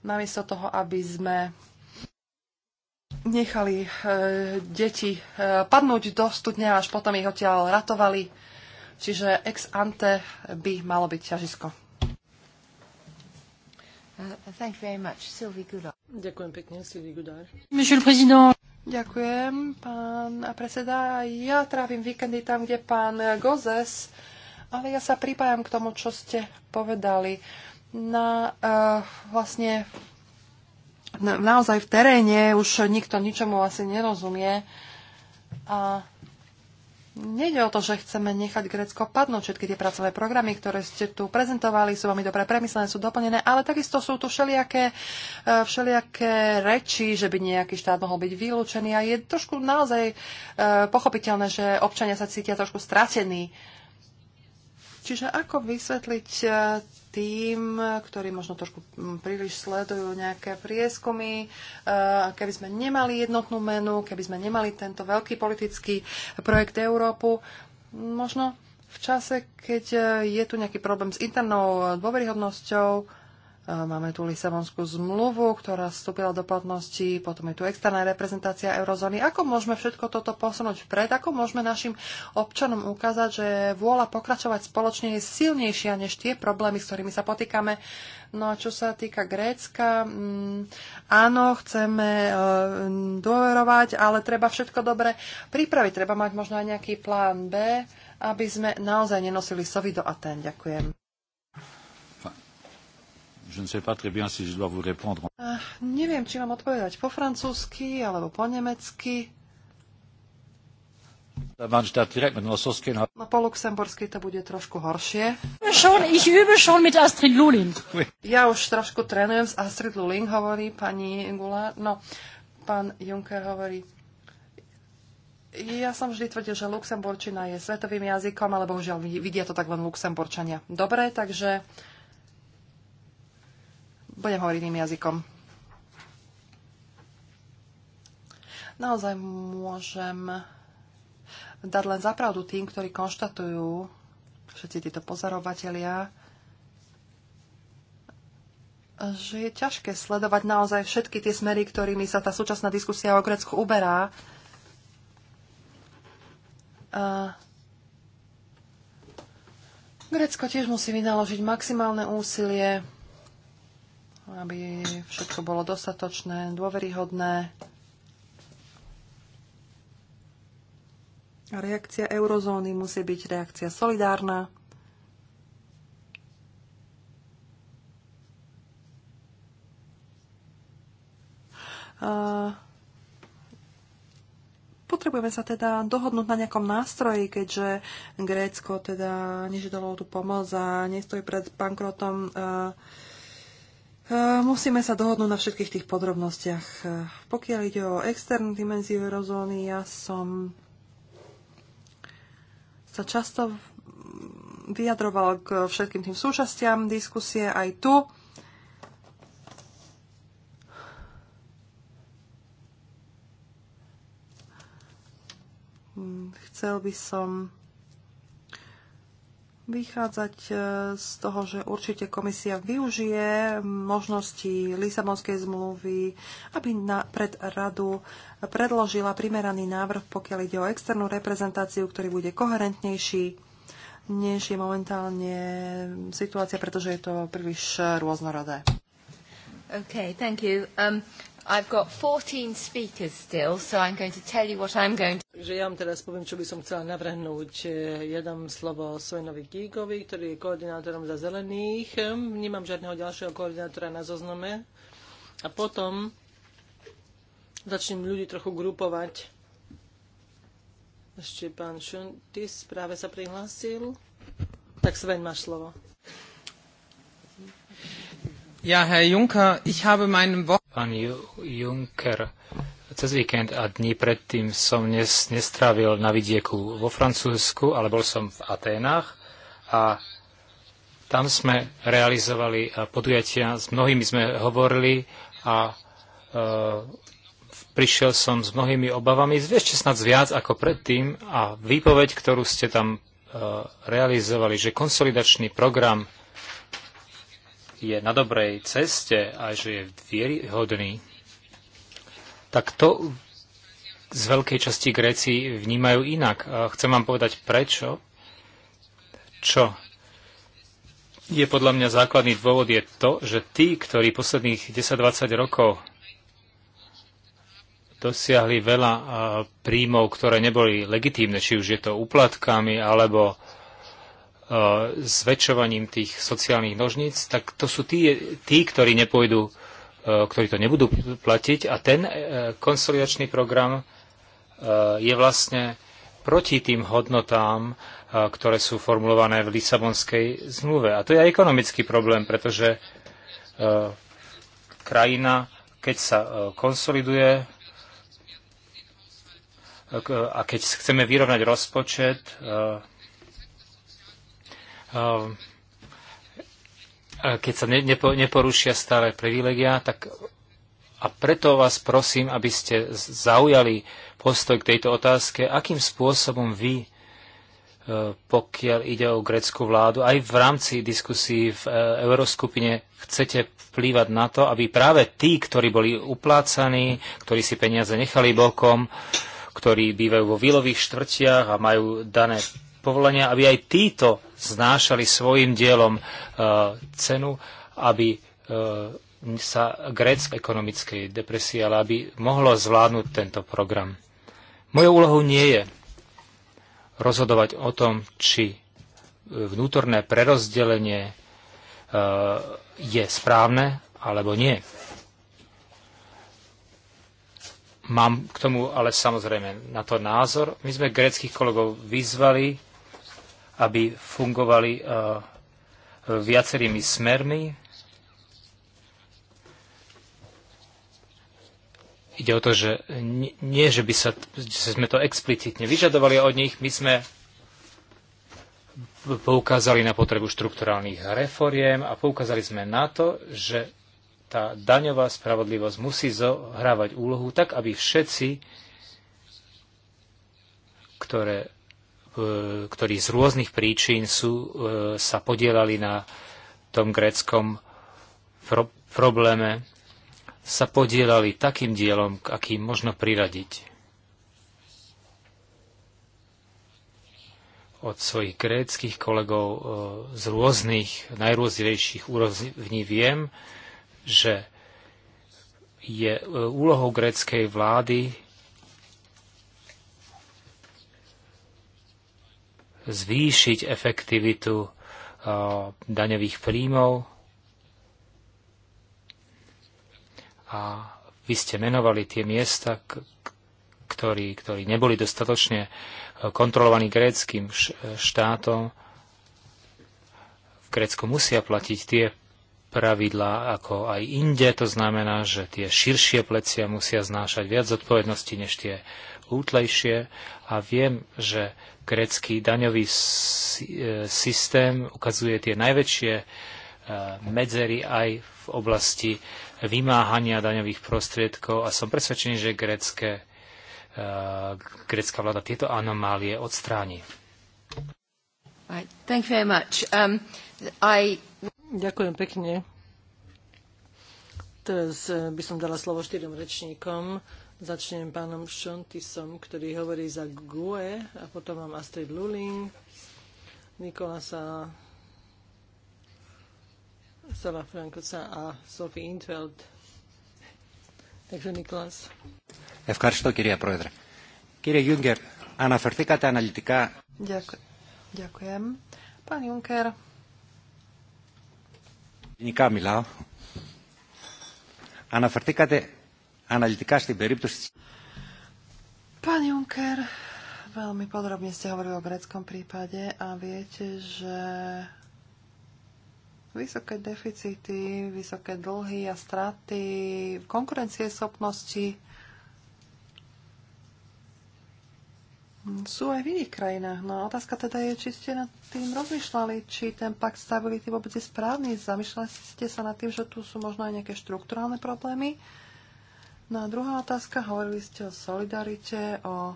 namiesto toho, aby sme nechali e, deti e, padnúť do studne až potom ich odtiaľ ratovali. Čiže ex ante by malo byť ťažisko. Uh, Ďakujem pekne, Sylvie Goudard. Monsieur le Président. Ďakujem, pán predseda. Ja trávim víkendy tam, kde pán Gozes, ale ja sa pripájam k tomu, čo ste povedali. Na uh, vlastne naozaj v teréne už nikto ničomu asi nerozumie. A Nejde o to, že chceme nechať Grécko padnúť. Všetky tie pracové programy, ktoré ste tu prezentovali, sú veľmi dobre premyslené, sú doplnené, ale takisto sú tu všelijaké, e, všelijaké reči, že by nejaký štát mohol byť vylúčený a je trošku naozaj e, pochopiteľné, že občania sa cítia trošku stratení. Čiže ako vysvetliť e, tým, ktorí možno trošku mm, príliš sledujú nejaké prieskumy. E, keby sme nemali jednotnú menu, keby sme nemali tento veľký politický projekt Európu, možno v čase, keď e, je tu nejaký problém s internou dôveryhodnosťou, Máme tu Lisabonskú zmluvu, ktorá vstúpila do platnosti, potom je tu externá reprezentácia eurozóny. Ako môžeme všetko toto posunúť vpred? Ako môžeme našim občanom ukázať, že vôľa pokračovať spoločne je silnejšia než tie problémy, s ktorými sa potýkame? No a čo sa týka Grécka, mm, áno, chceme e, dôverovať, ale treba všetko dobre pripraviť. Treba mať možno aj nejaký plán B, aby sme naozaj nenosili sovy do Aten. Ďakujem. Je ne sais pas très bien si je dois vous répondre. Uh, neviem, či mám odpovedať po francúzsky alebo po nemecky. No po luxembursky to bude trošku horšie. Ja už trošku trénujem s Astrid Luling, hovorí pani Gula. No, pán Juncker hovorí, ja som vždy tvrdil, že luxemburčina je svetovým jazykom, ale bohužiaľ vidia to tak len luxemburčania. Dobre, takže budem hovoriť iným jazykom. Naozaj môžem dať len zapravdu tým, ktorí konštatujú, všetci títo pozorovatelia, že je ťažké sledovať naozaj všetky tie smery, ktorými sa tá súčasná diskusia o Grécku uberá. A Grécko tiež musí vynaložiť maximálne úsilie aby všetko bolo dostatočné, dôveryhodné. A reakcia eurozóny musí byť reakcia solidárna. A potrebujeme sa teda dohodnúť na nejakom nástroji, keďže Grécko teda nežiadalo tú pomoc a nestojí pred bankrotom. Uh, Eh, musíme sa dohodnúť na všetkých tých podrobnostiach. Eh, pokiaľ ide o externú dimenziu eurozóny, ja som sa často vyjadroval k všetkým tým súčastiam diskusie aj tu. Hm, chcel by som vychádzať e, z toho, že určite komisia využije možnosti Lisabonskej zmluvy, aby na, pred radu predložila primeraný návrh, pokiaľ ide o externú reprezentáciu, ktorý bude koherentnejší, než je momentálne situácia, pretože je to príliš rôznorodé. Okay, thank you. Um, I've got 14 speakers still, so I'm going to tell you what I'm going to... Takže ja vám teraz poviem, čo by som chcela navrhnúť. Eh, ja dám slovo Svenovi Gigovi, ktorý je koordinátorom za zelených. Nemám žiadneho ďalšieho koordinátora na zozname. A potom začnem ľudí trochu grupovať. Ešte pán Šuntis práve sa prihlásil. Tak Sven, máš slovo. Ja, Herr Juncker, ich habe meinem Wort... Pán Juncker, cez víkend a dní predtým som nes- nestrávil na vidieku vo Francúzsku, ale bol som v Aténach a tam sme realizovali eh, podujatia, s mnohými sme hovorili a e, prišiel som s mnohými obavami, ešte snad viac ako predtým a výpoveď, ktorú ste tam e, realizovali, že konsolidačný program je na dobrej ceste a že je vieryhodný, tak to z veľkej časti Gréci vnímajú inak. Chcem vám povedať prečo. Čo je podľa mňa základný dôvod je to, že tí, ktorí posledných 10-20 rokov dosiahli veľa príjmov, ktoré neboli legitímne, či už je to úplatkami alebo E, zväčšovaním tých sociálnych nožníc, tak to sú tí, tí ktorí nepôjdu, e, ktorí to nebudú platiť a ten e, konsolidačný program je vlastne proti tým hodnotám, ktoré sú formulované v Lisabonskej zmluve. A to je aj ekonomický problém, pretože krajina, keď sa konsoliduje a keď chceme vyrovnať rozpočet, Ehm, e, keď sa neporušia staré privilegia, tak a preto vás prosím, aby ste zaujali postoj k tejto otázke, akým spôsobom vy, e, pokiaľ ide o greckú vládu, aj v rámci diskusí v e, Euroskupine chcete vplývať na to, aby práve tí, ktorí boli uplácaní, ktorí si peniaze nechali bokom, ktorí bývajú vo výlových štvrtiach a majú dané povolania, aby aj títo znášali svojim dielom e, cenu, aby e, sa Grécko ekonomickej depresie, ale aby mohlo zvládnuť tento program. Mojou úlohou nie je rozhodovať o tom, či vnútorné prerozdelenie e, je správne alebo nie. Mám k tomu ale samozrejme na to názor. My sme greckých kolegov vyzvali, aby fungovali e, viacerými smermi. Ide o to, že nie, že by sa, že sme to explicitne vyžadovali od nich, my sme poukázali na potrebu štrukturálnych reforiem a poukázali sme na to, že tá daňová spravodlivosť musí zohrávať úlohu tak, aby všetci, ktoré E, ktorí z rôznych príčin sú, e, sa podielali na tom gréckom pro- probléme, sa podielali takým dielom, akým možno priradiť. Od svojich gréckých kolegov e, z rôznych, najrôznejších úrovní viem, že je úlohou gréckej vlády zvýšiť efektivitu uh, daňových príjmov. A vy ste menovali tie miesta, ktorí, ktorí neboli dostatočne uh, kontrolovaní gréckým uh, štátom. V Grécku musia platiť tie pravidlá ako aj inde, to znamená, že tie širšie plecia musia znášať viac zodpovednosti než tie útlejšie a viem, že grécky daňový e, systém ukazuje tie najväčšie e, medzery aj v oblasti vymáhania daňových prostriedkov a som presvedčený, že grécké, e, grécka vláda tieto anomálie odstráni. Um, I... Ďakujem pekne. Teraz by som dala slovo štyrom rečníkom. Začnem pánom Šontisom, ktorý hovorí za GUE a potom mám Astrid Luling, Nikolasa Sava Frankoca a Sophie Intveld. Takže Nikolas. Ευχαριστώ κυρία Πρόεδρε. Κύριε Γιούγκερ, αναφερθήκατε αναλυτικά... Ďakujem. Pán Juncker. Γενικά μιλάω. Αναφερθήκατε analytika στην περίπτωση Pán Juncker, veľmi podrobne ste hovorili o greckom prípade a viete, že vysoké deficity, vysoké dlhy a straty v schopnosti. sú aj v iných krajinách. No a otázka teda je, či ste nad tým rozmýšľali, či ten pakt stability vôbec je správny. Zamýšľali ste sa nad tým, že tu sú možno aj nejaké štruktúrálne problémy, No a druhá otázka, hovorili ste o solidarite, o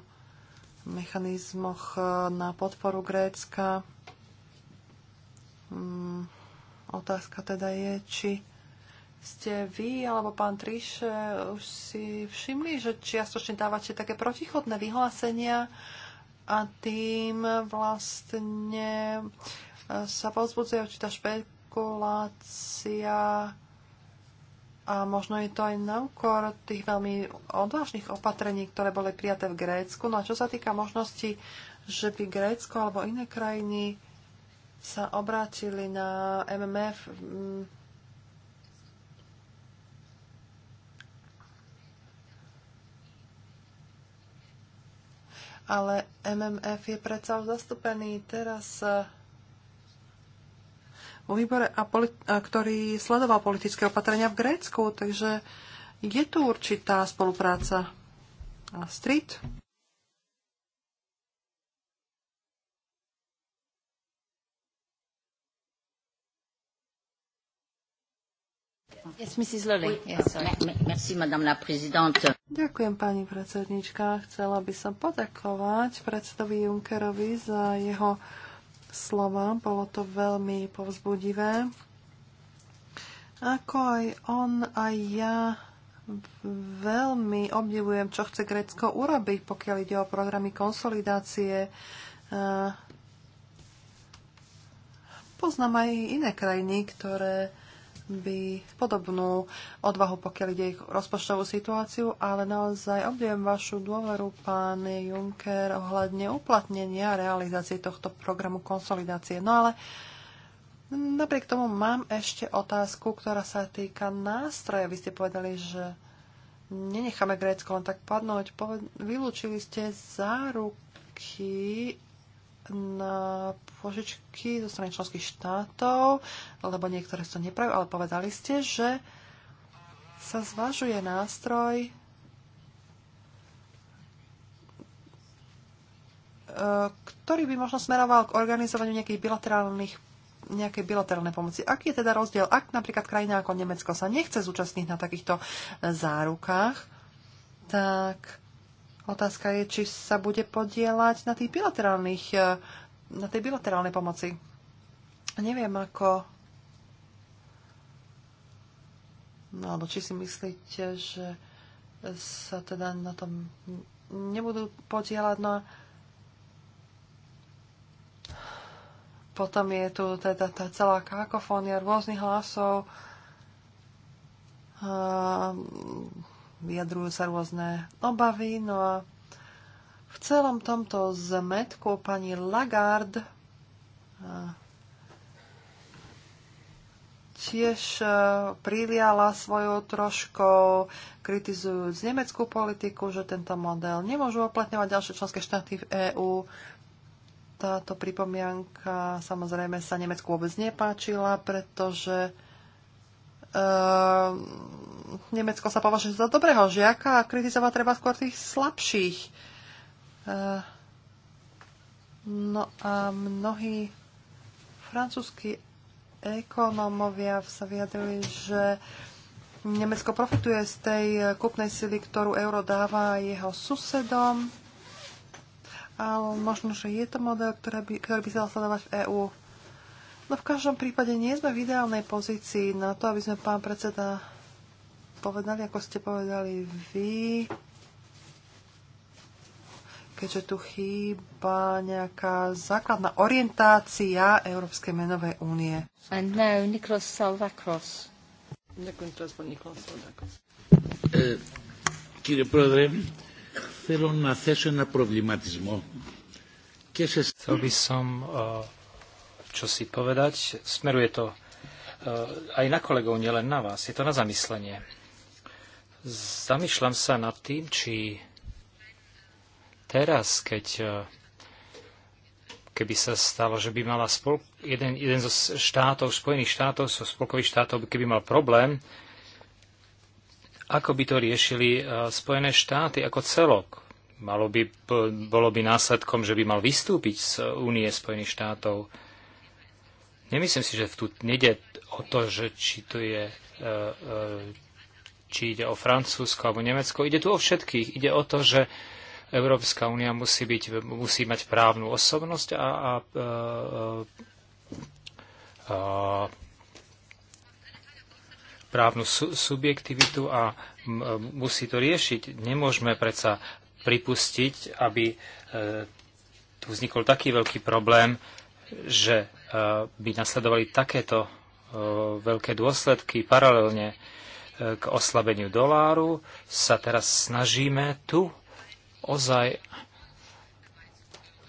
mechanizmoch e, na podporu Grécka. Mm, otázka teda je, či ste vy alebo pán Triše už si všimli, že čiastočne dávate také protichodné vyhlásenia a tým vlastne e, sa povzbudzuje určitá špekulácia a možno je to aj na úkor tých veľmi odvážnych opatrení, ktoré boli prijaté v Grécku. No a čo sa týka možnosti, že by Grécko alebo iné krajiny sa obrátili na MMF, ale MMF je predsa zastúpený teraz eh, vo výbore, a poli- a ktorý sledoval politické opatrenia v Grécku, takže je tu určitá spolupráca. A street? Yes, Mrs. Lully. Yes, Merci, madame la présidente. Ďakujem, pani predsednička. Chcela by som podakovať predsedovi Junckerovi za jeho uh, slova. Bolo to veľmi povzbudivé. Ako aj on, aj ja veľmi obdivujem, čo chce Grécko urobiť, pokiaľ ide o programy konsolidácie. Eh, poznám aj iné krajiny, ktoré by podobnú odvahu, pokiaľ ide ich rozpočtovú situáciu, ale naozaj obdivujem vašu dôveru, pán Juncker, ohľadne uplatnenia a realizácie tohto programu konsolidácie. No ale napriek tomu mám ešte otázku, ktorá sa týka nástroja. Vy ste povedali, že nenecháme Grécko len tak padnúť. vylúčili ste záruky na požičky zo strany členských štátov, lebo niektoré sa neprajú, ale povedali ste, že sa zvažuje nástroj, e, ktorý by možno smeroval k organizovaniu nejakých bilaterálnych nejakej bilaterálnej pomoci. Aký je teda rozdiel, ak napríklad krajina ako Nemecko sa nechce zúčastniť na takýchto e, zárukách, tak Otázka je, či sa bude podielať na, tých bilaterálnych, eh, na tej bilaterálnej pomoci. Neviem, ako... No, alebo či si myslíte, že sa teda na tom nebudú podielať, no potom je tu teda tá celá kakofónia rôznych hlasov, eh, vyjadrujú sa rôzne obavy. No a v celom tomto zmetku pani Lagarde tiež priliala svoju trošku kritizujúc nemeckú politiku, že tento model nemôžu uplatňovať ďalšie členské štáty v EÚ. Táto pripomienka samozrejme sa Nemecku vôbec nepáčila, pretože Ehm, Nemecko sa považuje za dobrého žiaka a kritizovať treba skôr tých slabších. Ehm, no a mnohí francúzskí ekonómovia sa vyjadrili, že Nemecko profituje z tej kúpnej sily, ktorú euro dáva jeho susedom. Ale možno, že je to model, ktorý by, ktorý by sa dal sledovať v EÚ. No v každom prípade nie sme v ideálnej pozícii na to, aby sme pán predseda povedali, ako ste povedali vy, keďže tu chýba nejaká základná orientácia Európskej menovej únie. And now Niklas Salvakros. Ďakujem teraz pán Niklas Salvakros. Ε, κύριε Πρόεδρε, θέλω να θέσω Chcel by som uh, čo si povedať. Smeruje to eh, aj na kolegov, nielen na vás. Je to na zamyslenie. Zamýšľam sa nad tým, či teraz, keď eh, keby sa stalo, že by mala spol- jeden, jeden zo štátov, Spojených štátov, zo spolkových štátov, keby mal problém, ako by to riešili eh, Spojené štáty ako celok? Malo by, bolo by následkom, že by mal vystúpiť z Únie Spojených štátov Nemyslím si, že tu nejde o to, že či to je e, e, či ide o Francúzsko alebo Nemecko. Ide tu o všetkých. Ide o to, že Európska únia musí, byť, musí mať právnu osobnosť a, a, a, e, a právnu su, subjektivitu a m, musí to riešiť. Nemôžeme predsa pripustiť, aby e, tu vznikol taký veľký problém, že by nasledovali takéto e, veľké dôsledky paralelne e, k oslabeniu doláru, sa teraz snažíme tu ozaj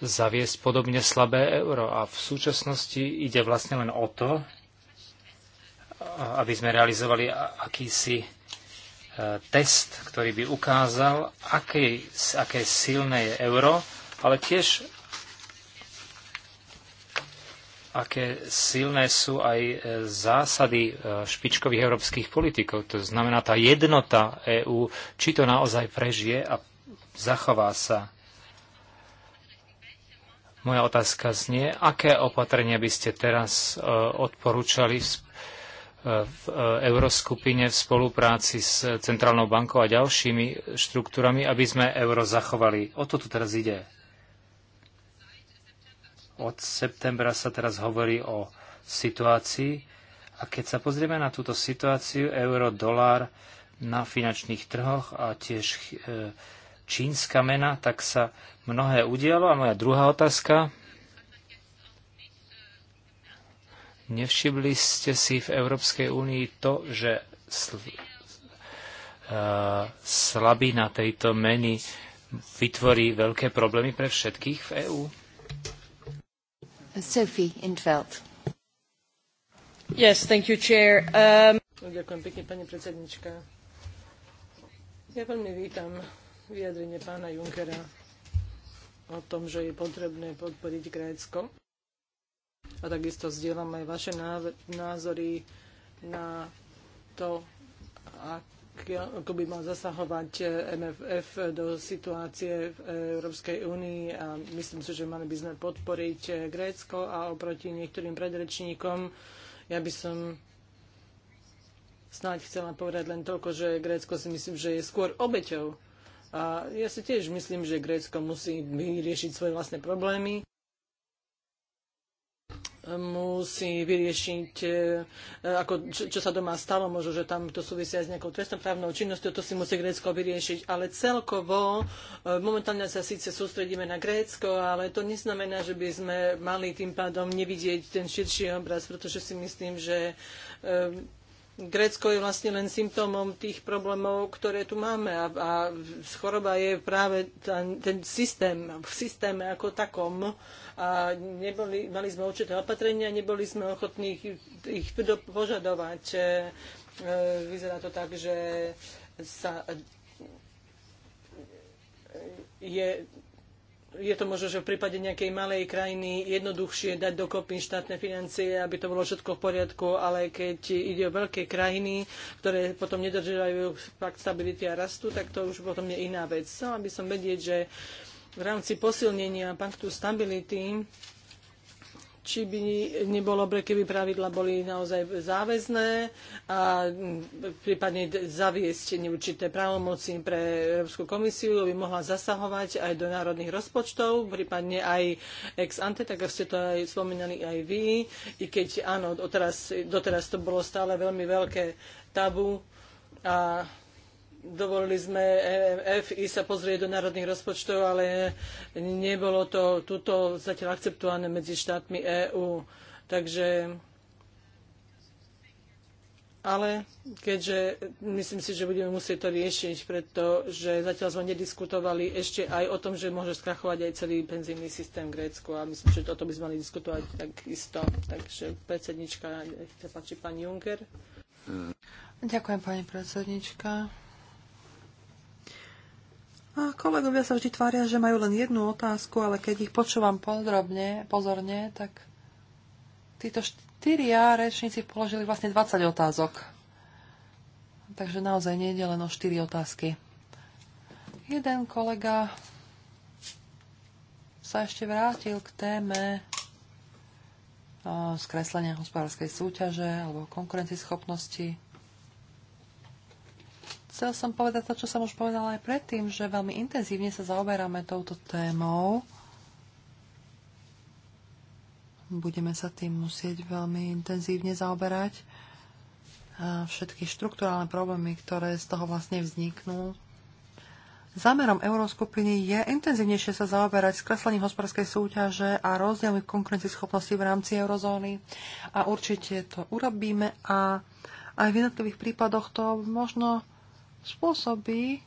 zaviesť podobne slabé euro. A v súčasnosti ide vlastne len o to, aby sme realizovali akýsi e, test, ktorý by ukázal, aké, aké silné je euro, ale tiež aké silné sú aj e, zásady e, špičkových európskych politikov. To znamená tá jednota EÚ, či to naozaj prežije a zachová sa. Moja otázka znie, aké opatrenia by ste teraz e, odporúčali v euroskupine v spolupráci s Centrálnou bankou a ďalšími štruktúrami, aby sme euro zachovali. O to tu teraz ide. Od septembra sa teraz hovorí o situácii a keď sa pozrieme na túto situáciu euro-dolár na finančných trhoch a tiež e, čínska mena, tak sa mnohé udialo. A moja druhá otázka. Nevšimli ste si v Európskej únii to, že sl- uh, slabina tejto meny vytvorí veľké problémy pre všetkých v EÚ? Sophie Yes, thank you, Chair. Um... Ďakujem pekne, pani predsednička. Ja veľmi vítam vyjadrenie pána Junkera o tom, že je potrebné podporiť Grécko. A takisto zdieľam aj vaše názory na to, ak ako by mal zasahovať e, MFF do situácie v Európskej únii a myslím si, že mali by sme podporiť e, Grécko a oproti niektorým predrečníkom ja by som snáď chcela povedať len toľko, že Grécko si myslím, že je skôr obeťou. A ja si tiež myslím, že Grécko musí vyriešiť svoje vlastné problémy musí vyriešiť, e, e, ako, čo, čo sa doma stalo, možno, že tam to súvisia aj s nejakou trestnoprávnou činnosťou, to si musí Grécko vyriešiť. Ale celkovo, e, momentálne sa síce sústredíme na Grécko, ale to neznamená, že by sme mali tým pádom nevidieť ten širší obraz, pretože si myslím, že Grécko je vlastne len symptómom tých problémov, ktoré tu máme a, a choroba je práve ten, ten systém, v systéme ako takom a neboli, mali sme určité opatrenia, neboli sme ochotní ich, ich požadovať. E, vyzerá to tak, že sa je je to možno, že v prípade nejakej malej krajiny jednoduchšie dať dokopy štátne financie, aby to bolo všetko v poriadku, ale keď ide o veľké krajiny, ktoré potom nedržívajú fakt stability a rastu, tak to už potom je iná vec. Chcela by som vedieť, že v rámci posilnenia paktu stability či by nebolo dobre, keby pravidla boli naozaj záväzné a mm, prípadne zaviesť neurčité právomoci pre Európsku komisiu, aby mohla zasahovať aj do národných rozpočtov, prípadne aj ex ante, tak ako ste to aj spomínali aj vy, i keď áno, doteraz, doteraz to bolo stále veľmi veľké tabu a dovolili sme e FI sa pozrieť do národných rozpočtov, ale nebolo to tuto zatiaľ akceptované medzi štátmi EÚ. Takže ale keďže myslím si, že budeme musieť to riešiť, pretože zatiaľ sme nediskutovali ešte aj o tom, že môže skrachovať aj celý penzijný systém v Grécku a myslím, že o tom by sme mali diskutovať takisto. Takže predsednička, nech sa páči pán Juncker. Ďakujem, pani predsednička. A kolegovia sa vždy tvária, že majú len jednu otázku, ale keď ich počúvam podrobne, pozorne, tak títo štyria rečníci položili vlastne 20 otázok. Takže naozaj nie je len o 4 otázky. Jeden kolega sa ešte vrátil k téme skreslenia hospodárskej súťaže alebo konkurencieschopnosti chcel som povedať to, čo som už povedala aj predtým, že veľmi intenzívne sa zaoberáme touto témou. Budeme sa tým musieť veľmi intenzívne zaoberať. Všetky štruktúrálne problémy, ktoré z toho vlastne vzniknú. Zámerom euroskupiny je intenzívnejšie sa zaoberať skreslením hospodárskej súťaže a rozdielmi konkurencieschopnosti v rámci eurozóny. A určite to urobíme a aj v jednotlivých prípadoch to možno spôsobí,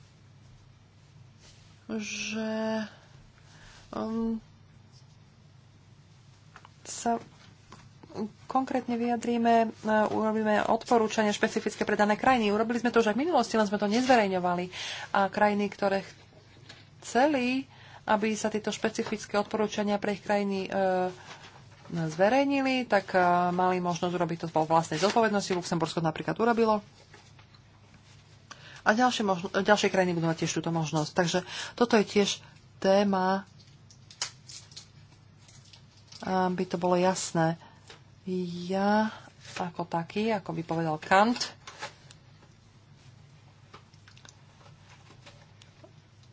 že um, sa konkrétne vyjadríme, uh, urobíme odporúčania špecifické pre dané krajiny. Urobili sme to už aj v minulosti, len sme to nezverejňovali. A krajiny, ktoré chceli, aby sa tieto špecifické odporúčania pre ich krajiny e, zverejnili, tak e, mali možnosť urobiť to vo vlastnej zodpovednosti. Luxembursko napríklad urobilo. A ďalšie, možno, ďalšie krajiny budú mať tiež túto možnosť. Takže toto je tiež téma, aby to bolo jasné. Ja ako taký, ako by povedal Kant,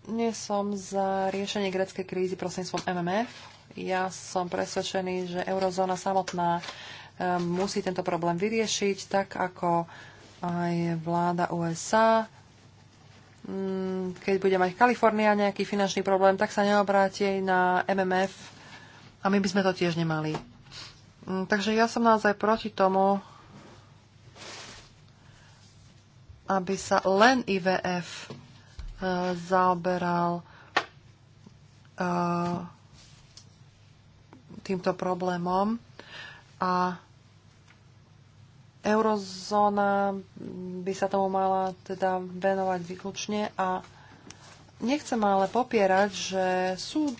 nie som za riešenie greckej krízy prostredníctvom MMF. Ja som presvedčený, že eurozóna samotná eh, musí tento problém vyriešiť, tak ako aj vláda USA Mm, keď bude mať Kalifornia nejaký finančný problém, tak sa neobráti na MMF a my by sme to tiež nemali. Mm, takže ja som naozaj proti tomu, aby sa len IVF e, zaoberal e, týmto problémom a Eurozóna by sa tomu mala teda venovať výklučne a nechcem ale popierať, že sú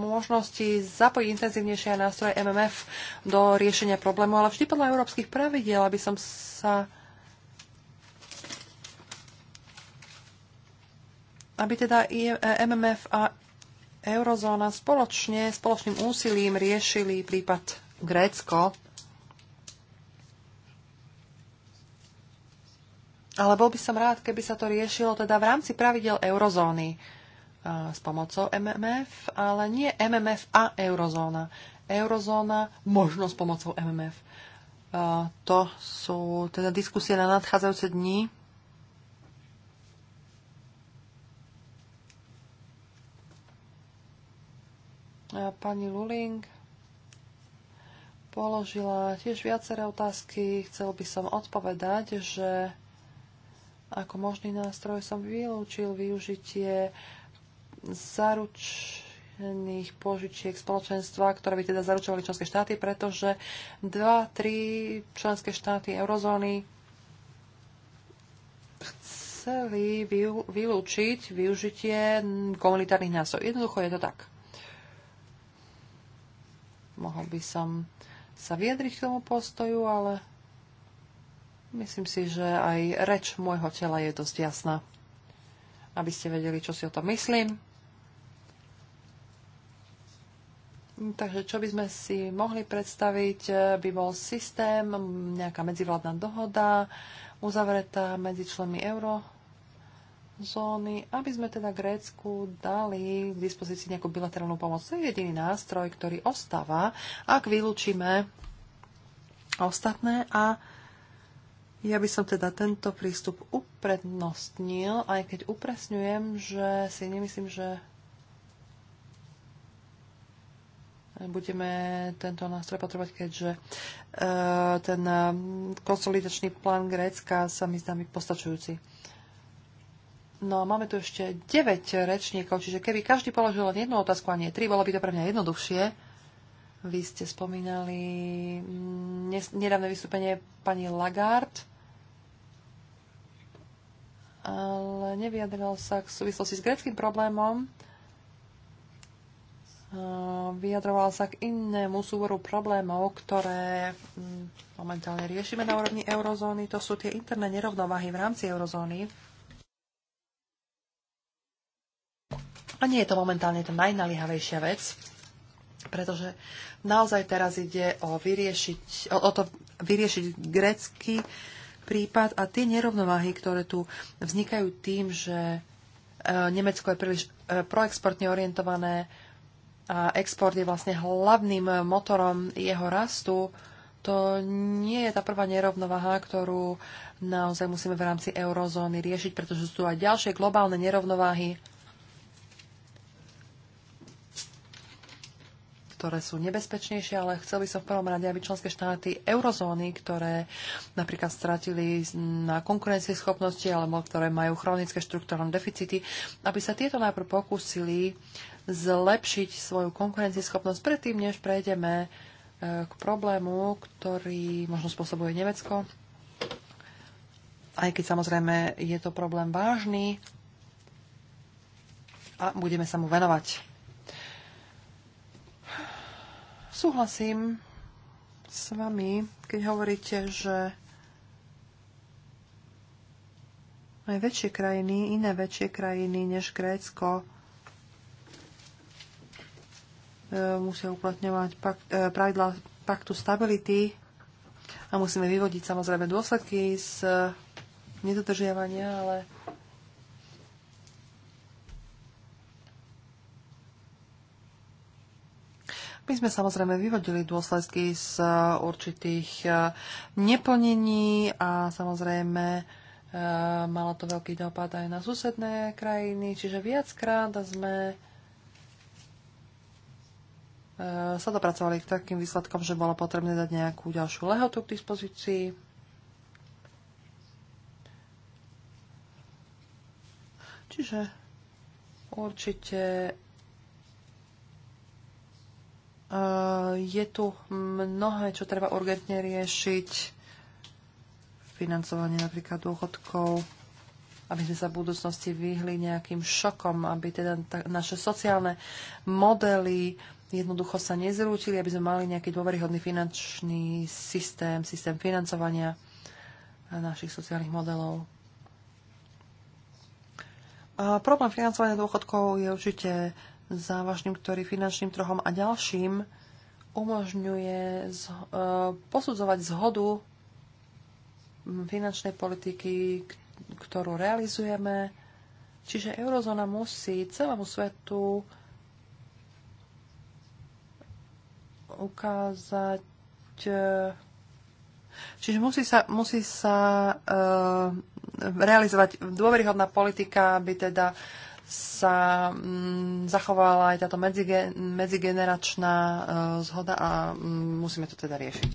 možnosti zapojiť intenzívnejšie nástroje MMF do riešenia problému, ale vždy podľa európskych pravidiel, aby som sa aby teda MMF a eurozóna spoločne, spoločným úsilím riešili prípad Grécko. ale bol by som rád, keby sa to riešilo teda v rámci pravidel eurozóny e, s pomocou MMF, ale nie MMF a eurozóna. Eurozóna možno s pomocou MMF. E, to sú teda diskusie na nadchádzajúce dni. E, pani Luling položila tiež viaceré otázky. Chcel by som odpovedať, že ako možný nástroj som vylúčil využitie zaručených požičiek spoločenstva, ktoré by teda zaručovali členské štáty, pretože dva, tri členské štáty eurozóny chceli vylúčiť využitie komunitárnych nástrojov. Jednoducho je to tak. Mohol by som sa vyjadriť k tomu postoju, ale Myslím si, že aj reč môjho tela je dosť jasná. Aby ste vedeli, čo si o tom myslím. Takže čo by sme si mohli predstaviť, by bol systém, nejaká medzivládna dohoda, uzavretá medzi členmi euro zóny, aby sme teda Grécku dali k dispozícii nejakú bilaterálnu pomoc. To je jediný nástroj, ktorý ostáva, ak vylúčime ostatné a ja by som teda tento prístup uprednostnil, aj keď upresňujem, že si nemyslím, že budeme tento nástroj potrebovať, keďže e, ten konsolidačný plán Grécka sa mi zdá mi postačujúci. No, máme tu ešte 9 rečníkov, čiže keby každý položil len jednu otázku a nie tri, bolo by to pre mňa jednoduchšie. Vy ste spomínali mm, nedávne vystúpenie pani Lagarde, ale nevyjadril sa k súvislosti s greckým problémom. Vyjadroval sa k inému súboru problémov, ktoré mm, momentálne riešime na úrovni eurozóny. To sú tie interné nerovnováhy v rámci eurozóny. A nie je to momentálne tá najnaliehavejšia vec pretože naozaj teraz ide o, vyriešiť, o, o to vyriešiť grécky prípad a tie nerovnováhy, ktoré tu vznikajú tým, že e, Nemecko je príliš e, proexportne orientované a export je vlastne hlavným motorom jeho rastu, to nie je tá prvá nerovnováha, ktorú naozaj musíme v rámci eurozóny riešiť, pretože sú tu aj ďalšie globálne nerovnováhy, ktoré sú nebezpečnejšie, ale chcel by som v prvom rade, aby členské štáty eurozóny, ktoré napríklad stratili na schopnosti alebo ktoré majú chronické štruktúrne deficity, aby sa tieto najprv pokúsili zlepšiť svoju konkurencieschopnosť predtým, než prejdeme e, k problému, ktorý možno spôsobuje Nemecko. Aj keď samozrejme je to problém vážny, a budeme sa mu venovať. Súhlasím s vami, keď hovoríte, že aj väčšie krajiny, iné väčšie krajiny než Grécko e, musia uplatňovať e, pravidla paktu stability a musíme vyvodiť samozrejme dôsledky z nedodržiavania, ale My sme samozrejme vyvodili dôsledky z eh, určitých eh, neplnení a samozrejme eh, malo to veľký dopad aj na susedné krajiny, čiže viackrát sme sa dopracovali k takým výsledkom, že bolo potrebné dať nejakú ďalšiu lehotu k dispozícii. Čiže určite Eh, je tu mnohé, čo treba urgentne riešiť. Financovanie napríklad dôchodkov, aby sme sa v budúcnosti vyhli nejakým šokom, aby teda naše sociálne modely jednoducho sa nezrútili, aby sme mali nejaký dôveryhodný finančný systém, systém financovania našich sociálnych modelov. A eh, problém financovania dôchodkov je určite závažným, ktorý finančným trhom a ďalším umožňuje z, e, posudzovať zhodu finančnej politiky, ktorú realizujeme. Čiže eurozóna musí celému svetu ukázať. E, čiže musí sa, musí sa e, realizovať dôveryhodná politika, aby teda e, sa mm, zachovala aj táto medzigeneračná e, zhoda a mm, musíme to teda riešiť.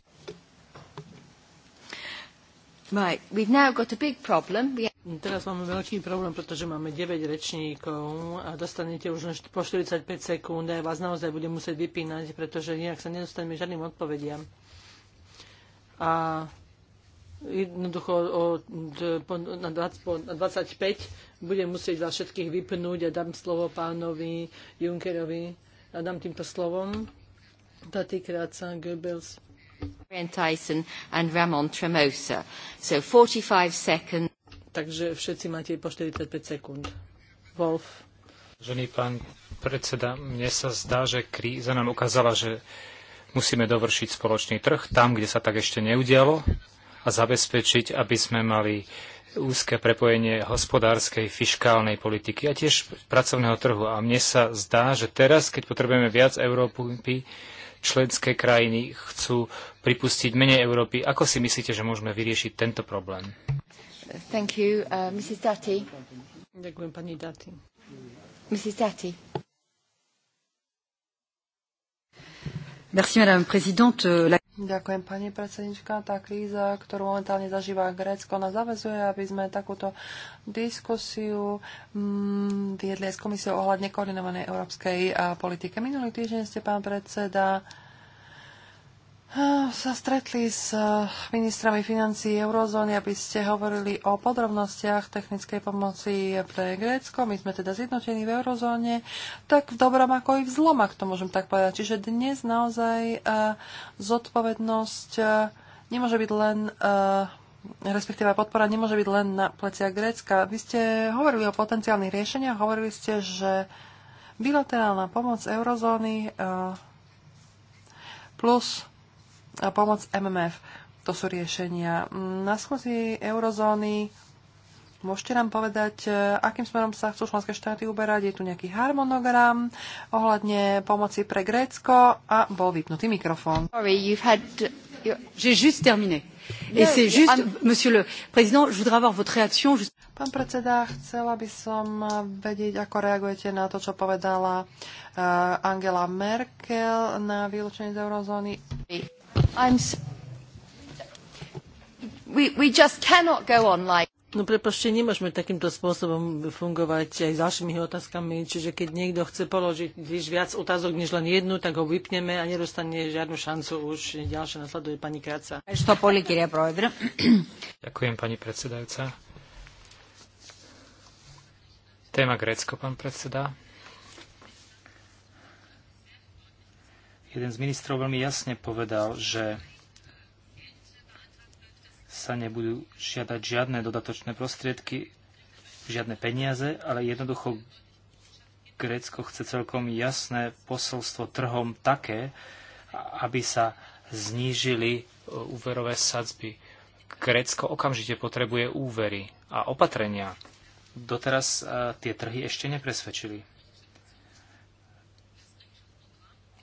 Right. We've now got a big problem. We... Teraz máme veľký problém, pretože máme 9 rečníkov a dostanete už len po 45 sekúnd a vás naozaj budem musieť vypínať, pretože inak sa nedostaneme žiadnym odpovediam. A jednoducho o, po, na, 20, po, na 25 budem musieť vás všetkých vypnúť a dám slovo pánovi Junkerovi a dám týmto slovom Tati Kráca, Goebbels. Tyson and Ramon Tremosa. So 45 seconds. Takže všetci máte po 45 sekúnd. Wolf. Žený pán predseda, mne sa zdá, že kríza nám ukázala, že musíme dovršiť spoločný trh tam, kde sa tak ešte neudialo a zabezpečiť, aby sme mali úzke prepojenie hospodárskej, fiškálnej politiky a tiež pracovného trhu. A mne sa zdá, že teraz, keď potrebujeme viac Európy, členské krajiny chcú pripustiť menej Európy. Ako si myslíte, že môžeme vyriešiť tento problém? Thank you, uh, Mrs. Dati. Ďakujem, pani Dati. Mrs. Dati. Merci, madame présidente. Euh, la... Ďakujem, pani predsednička. Tá kríza, ktorú momentálne zažíva Grécko, nás zavezuje, aby sme takúto diskusiu mm, viedli aj s komisiou ohľadne koordinovanej európskej politike. Minulý týždeň ste, pán predseda, Ah, sa stretli s eh, ministrami financí eurozóny, aby ste hovorili o podrobnostiach technickej pomoci pre Grécko. My sme teda zjednotení v eurozóne, tak v dobrom ako i v zlom, ak to môžem tak povedať. Čiže dnes naozaj eh, zodpovednosť eh, nemôže byť len respektíve podpora nemôže byť len na pleciach Grécka. Vy ste hovorili o potenciálnych riešeniach, hovorili ste, že bilaterálna pomoc eurozóny plus pomoc MMF. To sú riešenia. Na schôzi eurozóny môžete nám povedať, e, akým smerom sa chcú členské štáty uberať? Je tu nejaký harmonogram ohľadne pomoci pre Grécko? A bol vypnutý mikrofón. No, Pán predseda, chcela by som vedieť, ako reagujete na to, čo povedala e, Angela Merkel na vylúčenie z eurozóny. No prepašte, nemôžeme takýmto spôsobom fungovať aj s ďalšími otázkami, čiže keď niekto chce položiť když viac otázok než len jednu, tak ho vypneme a nedostane žiadnu šancu už. Ďalšia nasleduje pani Kráca. Ďakujem, pani predsedajúca. Téma Grécko, pán predseda. Jeden z ministrov veľmi jasne povedal, že sa nebudú žiadať žiadne dodatočné prostriedky, žiadne peniaze, ale jednoducho Grécko chce celkom jasné posolstvo trhom také, aby sa znížili e, úverové sadzby. Grécko okamžite potrebuje úvery a opatrenia. Doteraz e, tie trhy ešte nepresvedčili.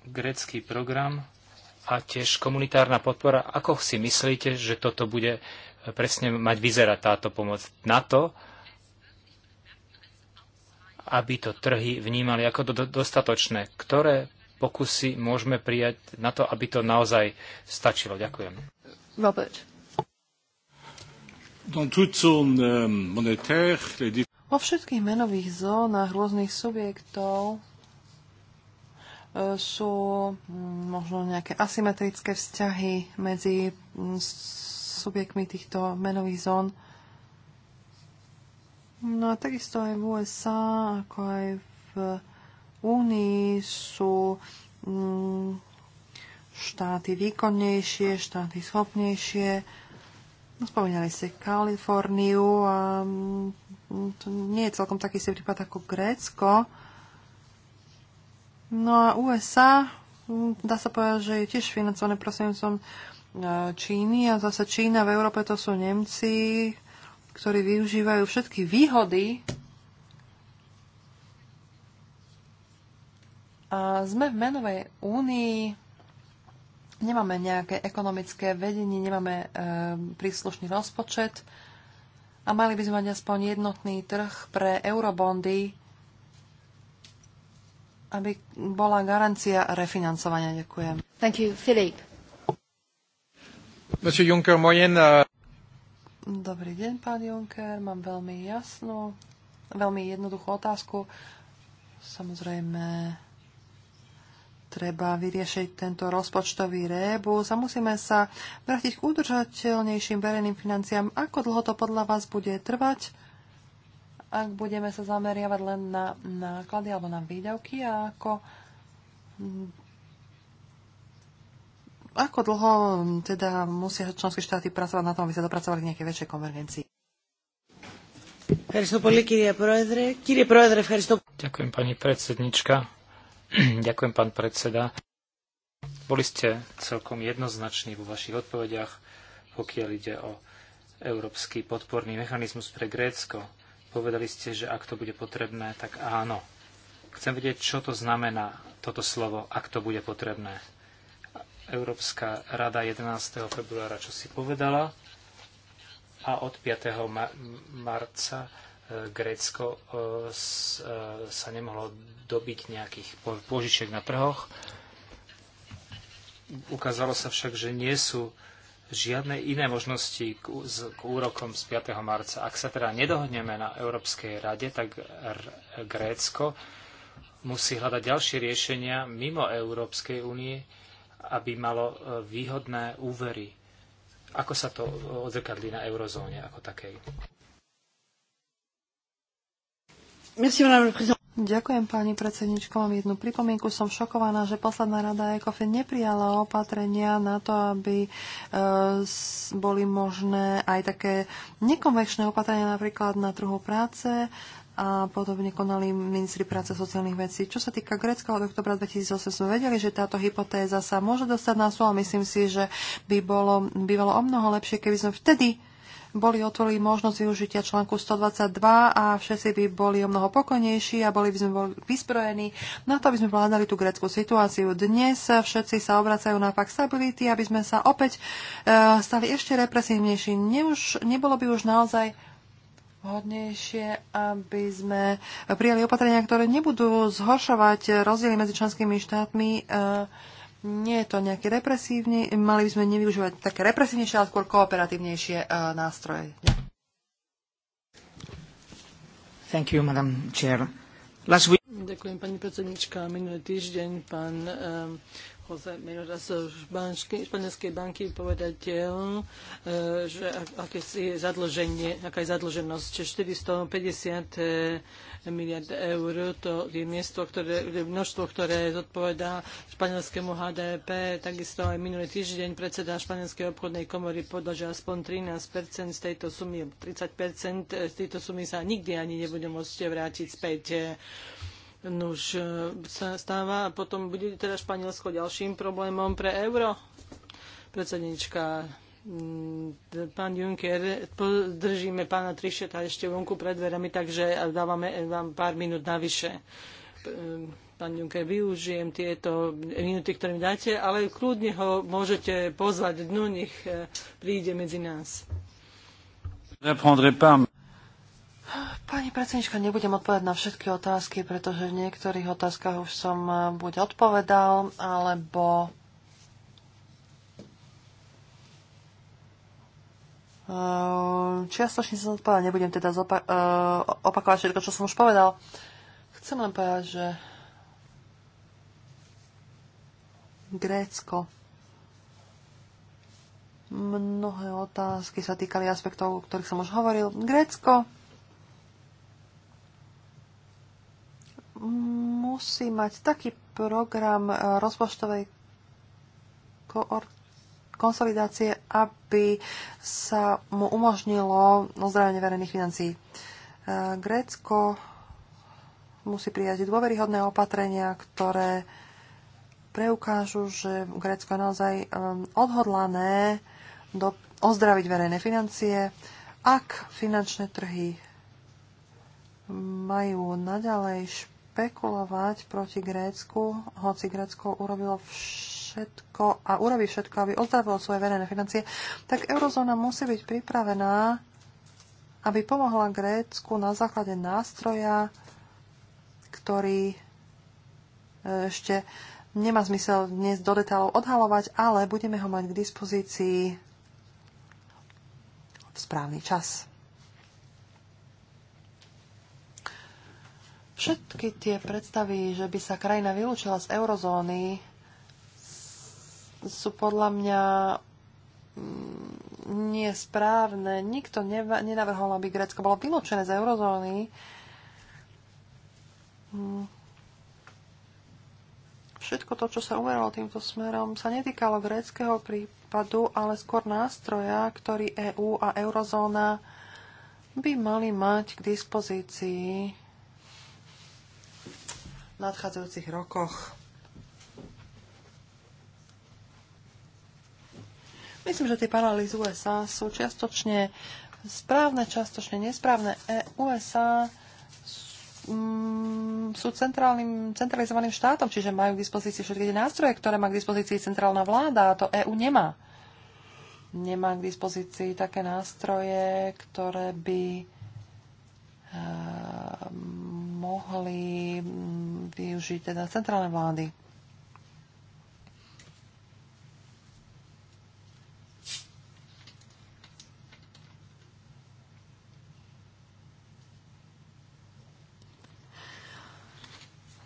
grecký program a tiež komunitárna podpora. Ako si myslíte, že toto bude e, presne mať vyzerať táto pomoc na to, aby to trhy vnímali ako do, dostatočné? Ktoré pokusy môžeme prijať na to, aby to naozaj stačilo? Ďakujem. Robert. Euh, Vo všetkých menových zónach rôznych subjektov sú mm, možno nejaké asymetrické vzťahy medzi mm, subjektmi týchto menových zón. No a takisto aj v USA, ako aj v Únii sú mm, štáty výkonnejšie, štáty schopnejšie. No, spomínali ste Kaliforniu a to nie je celkom taký si prípad ako Grécko. No a USA, mm, dá sa povedať, že je tiež financované prostredníctvom e, Číny a zase Čína v Európe to sú Nemci, ktorí využívajú všetky výhody a sme v menovej únii, nemáme nejaké ekonomické vedenie, nemáme e, príslušný rozpočet a mali by sme mať aspoň jednotný trh pre eurobondy, aby bola garancia refinancovania. Ďakujem. Thank you, Philip. Monsieur Juncker, moyen... Euh, Dobrý deň, pán Juncker. Mám veľmi jasnú, veľmi jednoduchú otázku. Samozrejme, treba vyriešiť tento rozpočtový rébus a musíme sa vrátiť k udržateľnejším verejným financiám. Ako dlho to podľa vás bude trvať? ak budeme sa zameriavať len na náklady alebo na výdavky a ako ako dlho teda musia členské štáty pracovať na tom, aby sa dopracovali k nejakej väčšej konvergencii? Ďakujem pani predsednička. Ďakujem pán predseda. Boli ste celkom jednoznační vo vašich odpovediach, pokiaľ ide o európsky podporný mechanizmus pre Grécko Povedali ste, že ak to bude potrebné, tak áno. Chcem vedieť, čo to znamená toto slovo, ak to bude potrebné. Európska rada 11. februára čo si povedala a od 5. marca e, Grécko e, e, sa nemohlo dobiť nejakých požičiek na trhoch. Ukázalo sa však, že nie sú žiadne iné možnosti k, k úrokom z 5. marca. Ak sa teda nedohodneme na Európskej rade, tak Grécko musí hľadať ďalšie riešenia mimo Európskej únie, aby malo e, výhodné úvery. Ako sa to e, odzrkadlí na eurozóne ako takej? Merci, Ďakujem pani predsedničko, mám jednu pripomienku. Som šokovaná, že posledná rada ECOFIN neprijala opatrenia na to, aby e, s, boli možné aj také nekonvenčné opatrenia napríklad na trhu práce a podobne konali ministri práce sociálnych vecí. Čo sa týka greckého od oktobra 2008 sme vedeli, že táto hypotéza sa môže dostať na súl a myslím si, že by bolo, bývalo o mnoho lepšie, keby sme vtedy boli otvorili možnosť využitia článku 122 a všetci by boli o mnoho pokojnejší a boli by sme boli vyzbrojení na to, aby sme vládali tú greckú situáciu. Dnes všetci sa obracajú na pak stability, aby sme sa opäť e, stali ešte represívnejší. už, nebolo by už naozaj vhodnejšie, aby sme prijali opatrenia, ktoré nebudú zhoršovať rozdiely medzi členskými štátmi e, nie je to nejaké represívne, mali by sme nevyužívať také represívnejšie, ale skôr kooperatívnejšie uh, nástroje. Ja. Thank you, Madam Chair. Last week... Ďakujem, pani predsednička. Minulý týždeň pán um, Jose z banšky, Španielskej banky povedať, e, že aké je zadlženie, aká je zadlženosť. 450 e, miliard eur, to je miesto, ktoré, množstvo, ktoré zodpovedá španielskému HDP. Takisto aj minulý týždeň predseda Španielskej obchodnej komory podľa, že aspoň 13 z tejto sumy, 30 z tejto sumy sa nikdy ani nebude môcť vrátiť späť. Nuž e, sa stáva a potom bude teda Španielsko ďalším problémom pre euro. Predsednička, pán Juncker, držíme pána Trišeta ešte vonku pred dverami, takže dávame e, vám pár minút navyše. E, pán Juncker, využijem tieto minúty, ktoré mi dáte, ale kľudne ho môžete pozvať dnu, no nech príde medzi nás. Ne Pani predsednička, nebudem odpovedať na všetky otázky, pretože v niektorých otázkach už som eh, buď odpovedal, alebo eh, čiastočne som odpovedal, nebudem teda zopa- eh, opakovať všetko, čo som už povedal. Chcem len povedať, že Grécko. Mnohé otázky sa týkali aspektov, o ktorých som už hovoril. Grécko musí mať taký program e, rozpočtovej konsolidácie, aby sa mu umožnilo ozdravenie verejných financií. E, Grécko musí prijať dôveryhodné opatrenia, ktoré preukážu, že Grécko je naozaj e, odhodlané do, ozdraviť verejné financie, ak finančné trhy majú naďalej špekulovať proti Grécku, hoci Grécko urobilo všetko a urobí všetko, aby ozdravilo svoje verejné financie, tak eurozóna musí byť pripravená, aby pomohla Grécku na základe nástroja, ktorý e, ešte nemá zmysel dnes do detálov odhalovať, ale budeme ho mať k dispozícii v správny čas. Všetky tie predstavy, že by sa krajina vylúčila z eurozóny, sú podľa mňa mm, nesprávne. Nikto nenavrhol, aby Grécko bolo vylúčené z eurozóny. Mm. Všetko to, čo sa uveralo týmto smerom, sa netýkalo gréckého prípadu, ale skôr nástroja, ktorý EÚ a eurozóna by mali mať k dispozícii nadchádzajúcich rokoch. Myslím, že tie paralely z USA sú čiastočne správne, čiastočne nesprávne. E, USA mm, sú centrálnym, centralizovaným štátom, čiže majú k dispozícii všetky tie nástroje, ktoré má k dispozícii centrálna vláda a to EÚ nemá. Nemá k dispozícii také nástroje, ktoré by mohli mm, využiť teda centrálne vlády.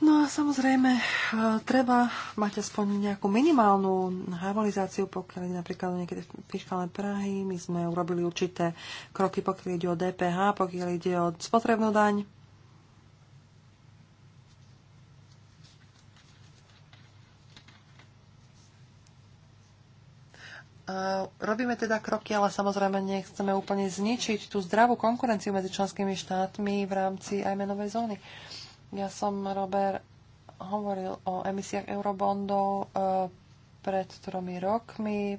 No a samozrejme, e, treba mať aspoň nejakú minimálnu harmonizáciu, pokiaľ napríklad niekedy fiskálne Prahy, my sme urobili určité kroky, pokiaľ ide o DPH, pokiaľ ide o spotrebnú daň. Eh, robíme teda kroky, ale samozrejme nechceme úplne zničiť tú zdravú konkurenciu medzi členskými štátmi v rámci aj menovej zóny. Ja som, Robert, hovoril o emisiách eurobondov eh, pred tromi rokmi.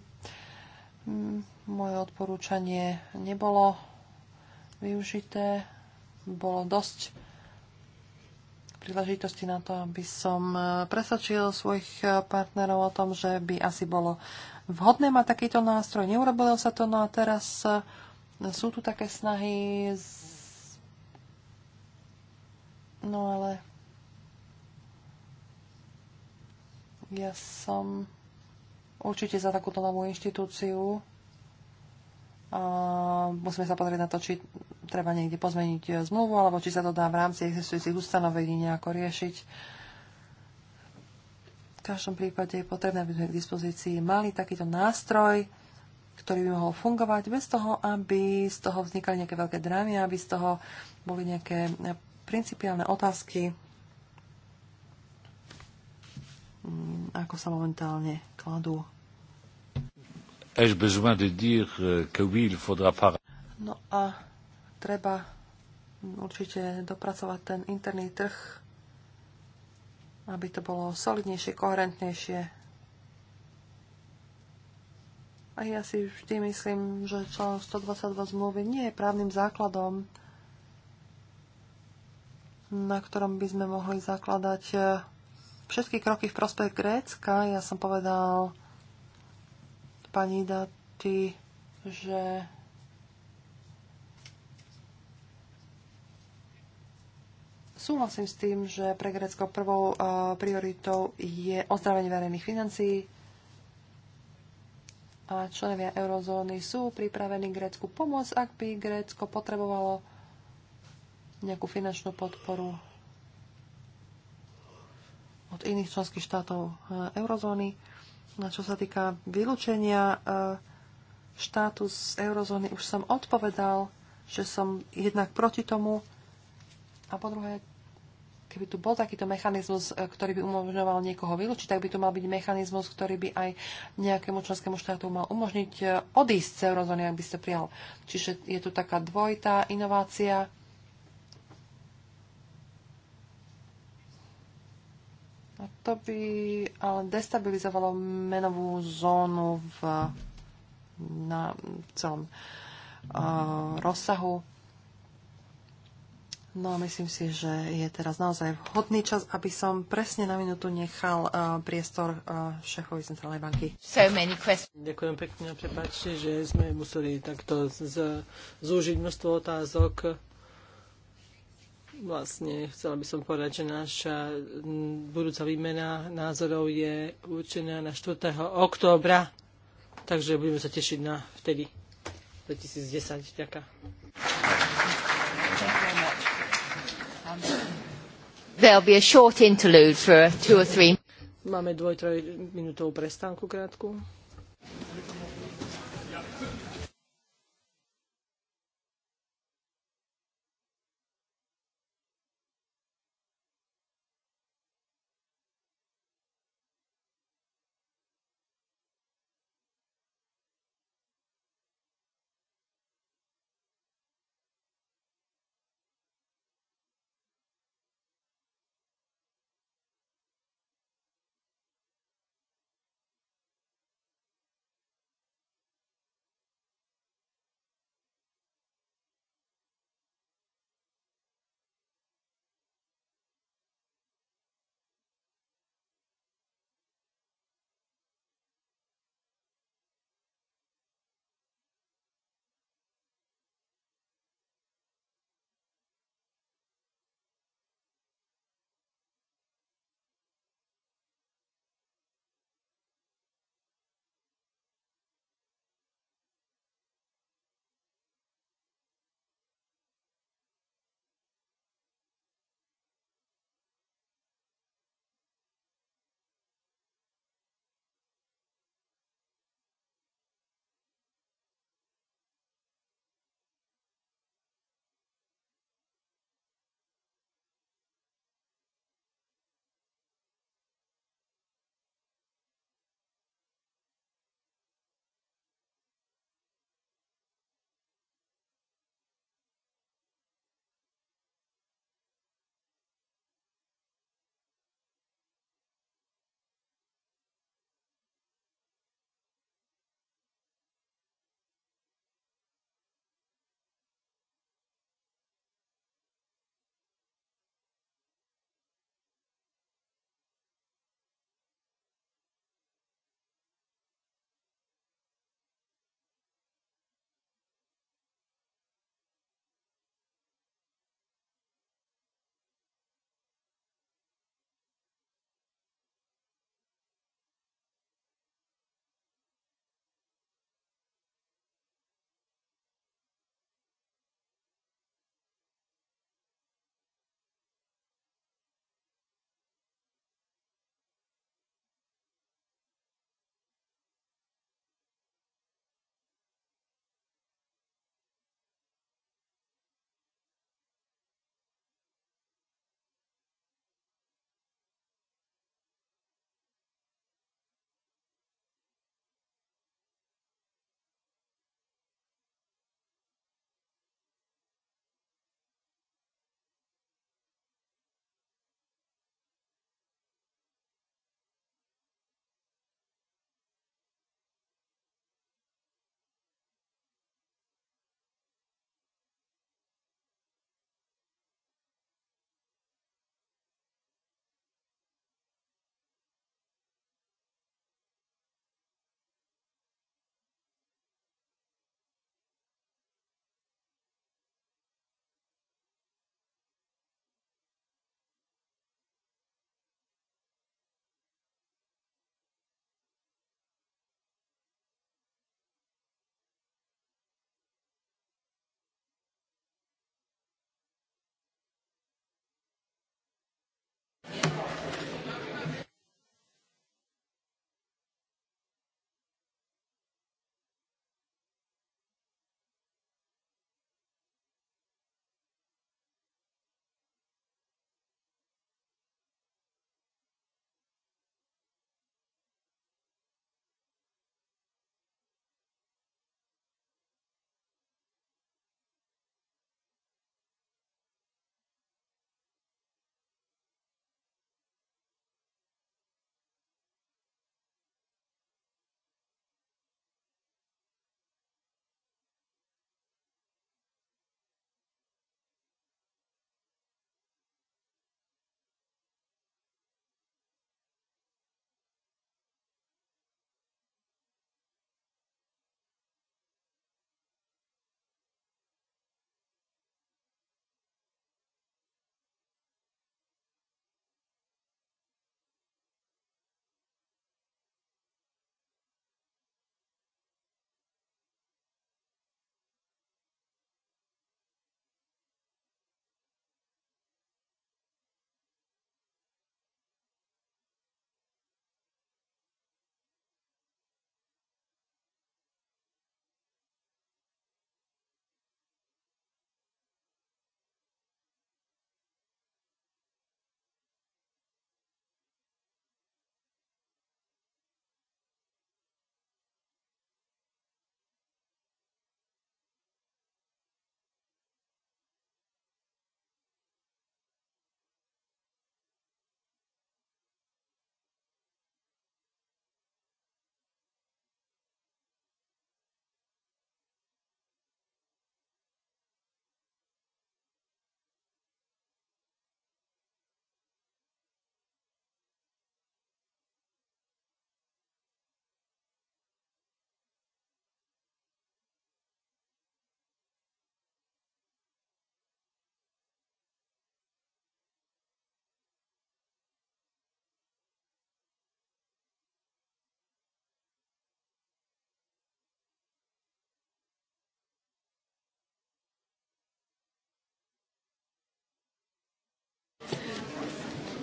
Moje odporúčanie nebolo využité. Bolo dosť príležitosti na to, aby som eh, presvedčil svojich partnerov o tom, že by asi bolo vhodné mať takýto nástroj. Neurobilo sa to, no a teraz e, sú tu také snahy. Z... No ale ja som určite za takúto novú inštitúciu. A musíme sa pozrieť na to, či treba niekde pozmeniť e, zmluvu, alebo či sa to dá v rámci existujúcich ustanovení nejako riešiť každom prípade je potrebné, aby sme k dispozícii mali takýto nástroj, ktorý by mohol fungovať bez toho, aby z toho vznikali nejaké veľké drámy, aby z toho boli nejaké principiálne otázky, mm, ako sa momentálne kladú. Euh, no a treba určite dopracovať ten interný trh aby to bolo solidnejšie, koherentnejšie. A ja si vždy myslím, že článok 122 zmluvy nie je právnym základom, na ktorom by sme mohli zakladať eh, všetky kroky v prospech Grécka. Ja som povedal pani Daty, že Súhlasím s tým, že pre Grécko prvou eh, prioritou je ozdravenie verejných financií a členovia eurozóny sú pripravení Grécku pomôcť, ak by Grécko potrebovalo nejakú finančnú podporu od iných členských štátov eh, eurozóny. Na čo sa týka vylúčenia eh, štátu z eurozóny, už som odpovedal, že som jednak proti tomu a po druhé keby tu bol takýto mechanizmus, e, ktorý by umožňoval niekoho vylúčiť, tak by tu mal byť mechanizmus, ktorý by aj nejakému členskému štátu mal umožniť e, odísť z eurozóny, ak by ste prijal. Čiže je tu taká dvojitá inovácia. A to by ale destabilizovalo menovú zónu v, na celom uh, rozsahu No, myslím si, že je teraz naozaj vhodný čas, aby som presne na minútu nechal uh, priestor uh, šéfovi Centrálnej banky. So many questions. Ďakujem pekne, prepáčte, že sme museli takto z, zúžiť množstvo otázok. Vlastne chcela by som povedať, že naša budúca výmena názorov je určená na 4. októbra, takže budeme sa tešiť na vtedy 2010. Ďakujem. there'll be a short interlude for two or three. Máme dvoj, minútovú prestávku krátku.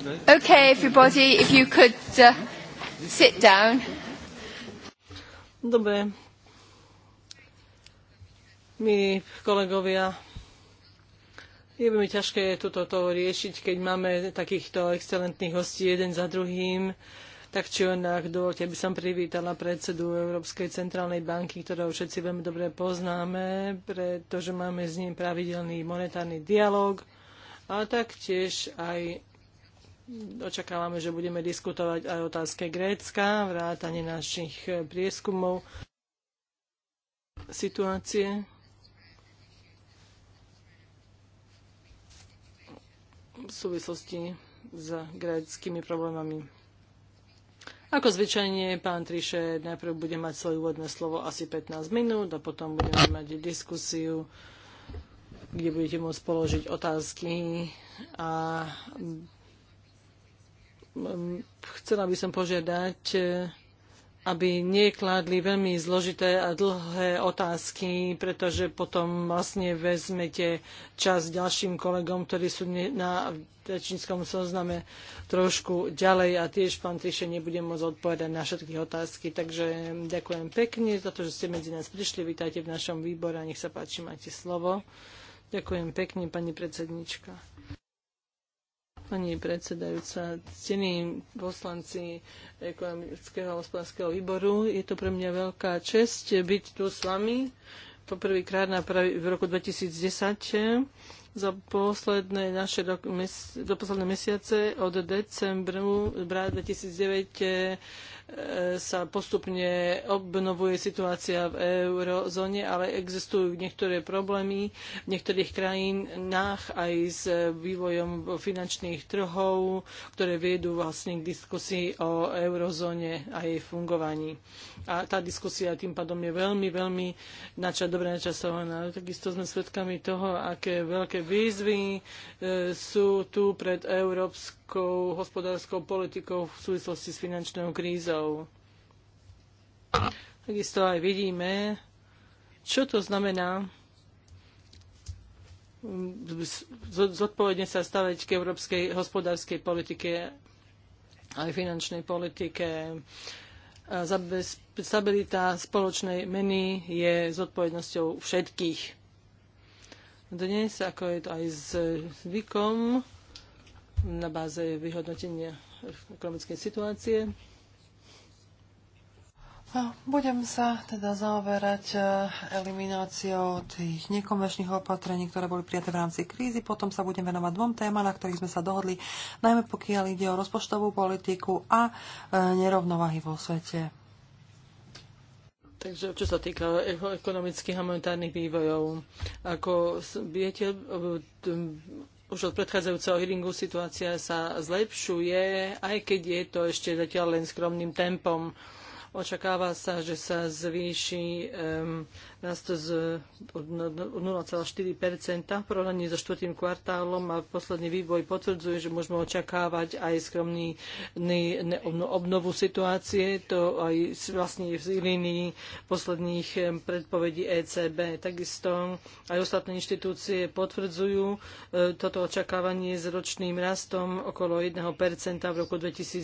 Okay, everybody, if you could uh, sit down. Dobre. Milí kolegovia, je veľmi ťažké toto to riešiť, keď máme takýchto excelentných hostí jeden za druhým. Tak či onak, dovolte, aby som privítala predsedu Európskej centrálnej banky, ktorého všetci veľmi dobre poznáme, pretože máme s ním pravidelný monetárny dialog a taktiež aj Očakávame, že budeme diskutovať aj o otázke Grécka, vrátanie našich eh, prieskumov situácie. v súvislosti s gréckými problémami. Ako zvyčajne, pán Triše najprv bude mať svoje úvodné slovo asi 15 minút a potom budeme mať diskusiu, kde budete môcť položiť otázky a chcela by som požiadať, e, aby kládli veľmi zložité a dlhé otázky, pretože potom vlastne vezmete čas ďalším kolegom, ktorí sú na rečníckom zozname trošku ďalej a tiež pán Triše nebude môcť odpovedať na všetky otázky. Takže ďakujem pekne za to, že ste medzi nás prišli. Vítajte v našom výbore a nech sa páči, máte slovo. Ďakujem pekne, pani predsednička. Pani predsedajúca, ctení poslanci ekonomického a hospodárskeho výboru, je to pre mňa veľká čest byť tu s vami poprvýkrát v roku 2010 eh, za posledné naše do, mes, do posledné mesiace od decembru 2009 E, sa postupne obnovuje situácia v eurozóne, ale existujú niektoré problémy v niektorých krajinách aj s vývojom finančných trhov, ktoré viedú vlastne k diskusii o eurozóne a jej fungovaní. A tá diskusia tým pádom je veľmi, veľmi nača, dobre načasovaná. Takisto sme svedkami toho, aké veľké výzvy e, sú tu pred európskym európskou hospodárskou politikou v súvislosti s finančnou krízou. Takisto aj vidíme, čo to znamená mm, zodpovedne sa stavať k európskej hospodárskej politike aj finančnej politike. Stabilita spoločnej meny je zodpovednosťou všetkých. Dnes, ako je to aj zvykom, na báze vyhodnotenia ekonomickej situácie. Budem sa teda zaoberať e, elimináciou tých nekomerčných opatrení, ktoré boli prijaté v rámci krízy. Potom sa budem venovať dvom témam, na ktorých sme sa dohodli, najmä pokiaľ ide o rozpočtovú politiku a e, nerovnováhy vo svete. Takže čo sa týka ekonomických a monetárnych vývojov, ako viete, e, už od predchádzajúceho hearingu situácia sa zlepšuje, aj keď je to ešte zatiaľ len skromným tempom. Očakáva sa, že sa zvýši um, rast z 0,4 v porovnaní so štvrtým kvartálom a posledný vývoj potvrdzuje, že môžeme očakávať aj skromný ne, ne, obnovu situácie. To aj vlastne v línii posledných predpovedí ECB. Takisto aj ostatné inštitúcie potvrdzujú e, toto očakávanie s ročným rastom okolo 1% v roku 2010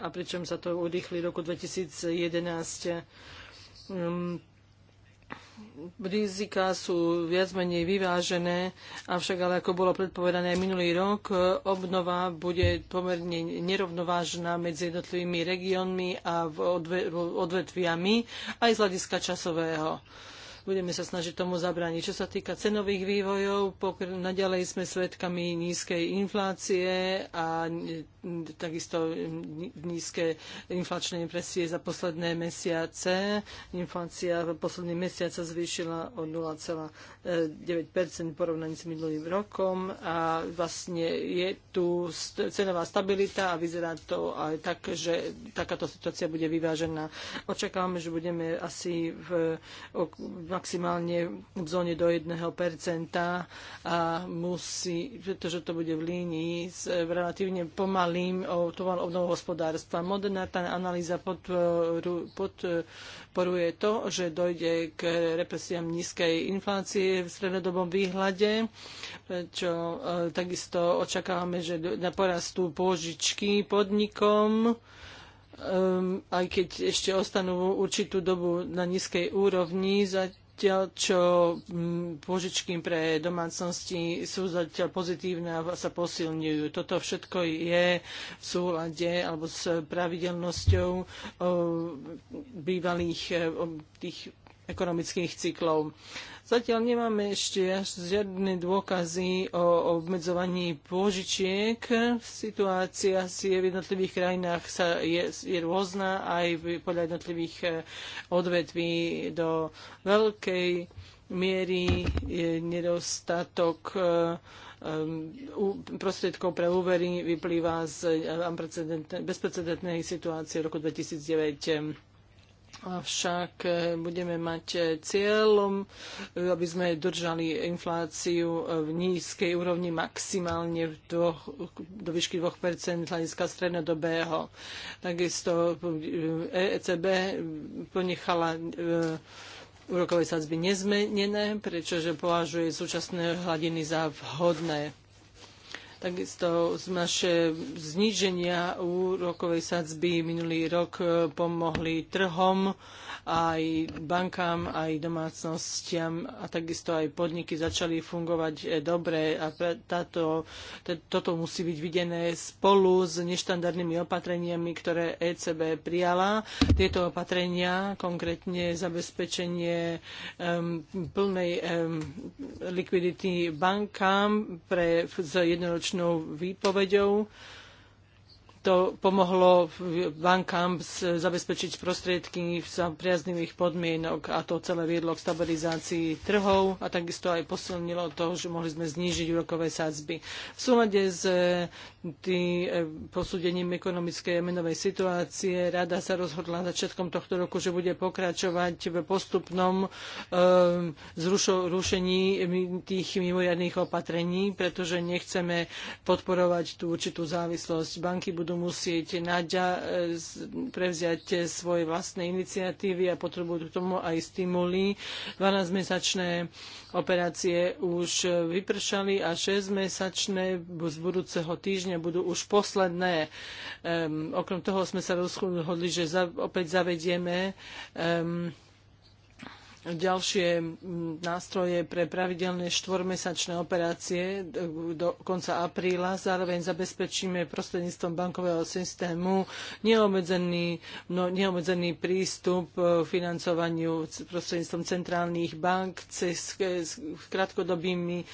a pričom sa to urýchli v roku 2011 2011. Um, hm, rizika sú viac menej vyvážené, avšak ale ako bolo predpovedané aj minulý rok, obnova bude pomerne nerovnovážna medzi jednotlivými regiónmi a odvetviami aj z hľadiska časového budeme sa snažiť tomu zabrániť. Čo sa týka cenových vývojov, naďalej sme svedkami nízkej inflácie a takisto nízke inflačné impresie za posledné mesiace. Inflácia v posledný mesiac sa zvýšila o 0,9 v porovnaní s minulým rokom a vlastne je tu cenová stabilita a vyzerá to aj tak, že takáto situácia bude vyvážená. Očakávame, že budeme asi v, maximálne v zóne do 1% a musí, pretože to bude v línii s relatívne pomalým obnovou hospodárstva. Moderná tá analýza podporuje to, že dojde k represiám nízkej inflácie v strednodobom výhľade, čo e, takisto očakávame, že na porastú pôžičky podnikom, um, aj keď ešte ostanú určitú dobu na nízkej úrovni, za, zatiaľ čo mm, požičky pre domácnosti sú zatiaľ pozitívne a sa posilňujú. Toto všetko je v súlade alebo s pravidelnosťou eh, bývalých eh, tých ekonomických cyklov. Zatiaľ nemáme ešte žiadne dôkazy o obmedzovaní pôžičiek. Situácia si v jednotlivých krajinách sa je, je rôzna aj podľa jednotlivých eh, odvetví do veľkej miery je nedostatok eh, eh, prostriedkov pre úvery vyplýva z bezprecedentnej situácie roku 2009 Avšak e, budeme mať e, cieľom, e, aby sme držali infláciu v nízkej úrovni maximálne v dvoch, do výšky 2 hľadiska strednodobého. Takisto ECB ponechala úrokové sadzby nezmenené, pretože považuje súčasné hladiny za vhodné. Takisto z naše zníženia úrokovej sadzby minulý rok e, pomohli trhom, aj bankám, aj domácnostiam a takisto aj podniky začali fungovať e, dobre a táto, toto musí byť videné spolu s neštandardnými opatreniami, ktoré ECB prijala. Tieto opatrenia, konkrétne zabezpečenie um, plnej um, likvidity bankám pre z jednoročného stručnou výpovedou to pomohlo bankám zabezpečiť prostriedky za priaznivých podmienok a to celé viedlo k stabilizácii trhov a takisto aj posilnilo to, že mohli sme znížiť úrokové sádzby. V súlade s e, e, posúdením ekonomickej a menovej situácie rada sa rozhodla začiatkom tohto roku, že bude pokračovať v postupnom e, zrušení tých mimoriadných opatrení, pretože nechceme podporovať tú určitú závislosť. Banky budú budú musieť naďa, e, prevziať svoje vlastné iniciatívy a potrebujú k tomu aj stimuly. 12-mesačné operácie už vypršali a 6-mesačné z budúceho týždňa budú už posledné. Um, okrem toho sme sa rozhodli, že za, opäť zavedieme um, ďalšie nástroje pre pravidelné štvormesačné operácie do konca apríla. Zároveň zabezpečíme prostredníctvom bankového systému neobmedzený, no, neobmedzený prístup e, financovaniu prostredníctvom centrálnych bank cez, s krátkodobými e,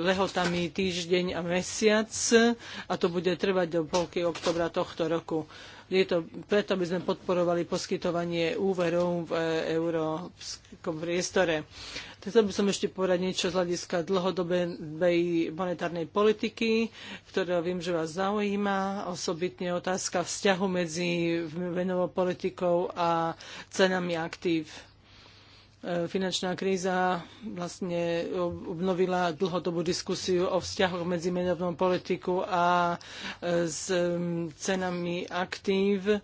lehotami týždeň a mesiac a to bude trvať do polky oktobra tohto roku. Je to, preto by sme podporovali poskytovanie úverov v e, európskom priestore. Chcel by som ešte povedať niečo z hľadiska dlhodobej monetárnej politiky, ktorá viem, že vás zaujíma. Osobitne otázka vzťahu medzi menovou politikou a cenami aktív. E, finančná kríza vlastne obnovila dlhodobú diskusiu o vzťahoch medzi menovnou politiku a e, s cenami aktív. E,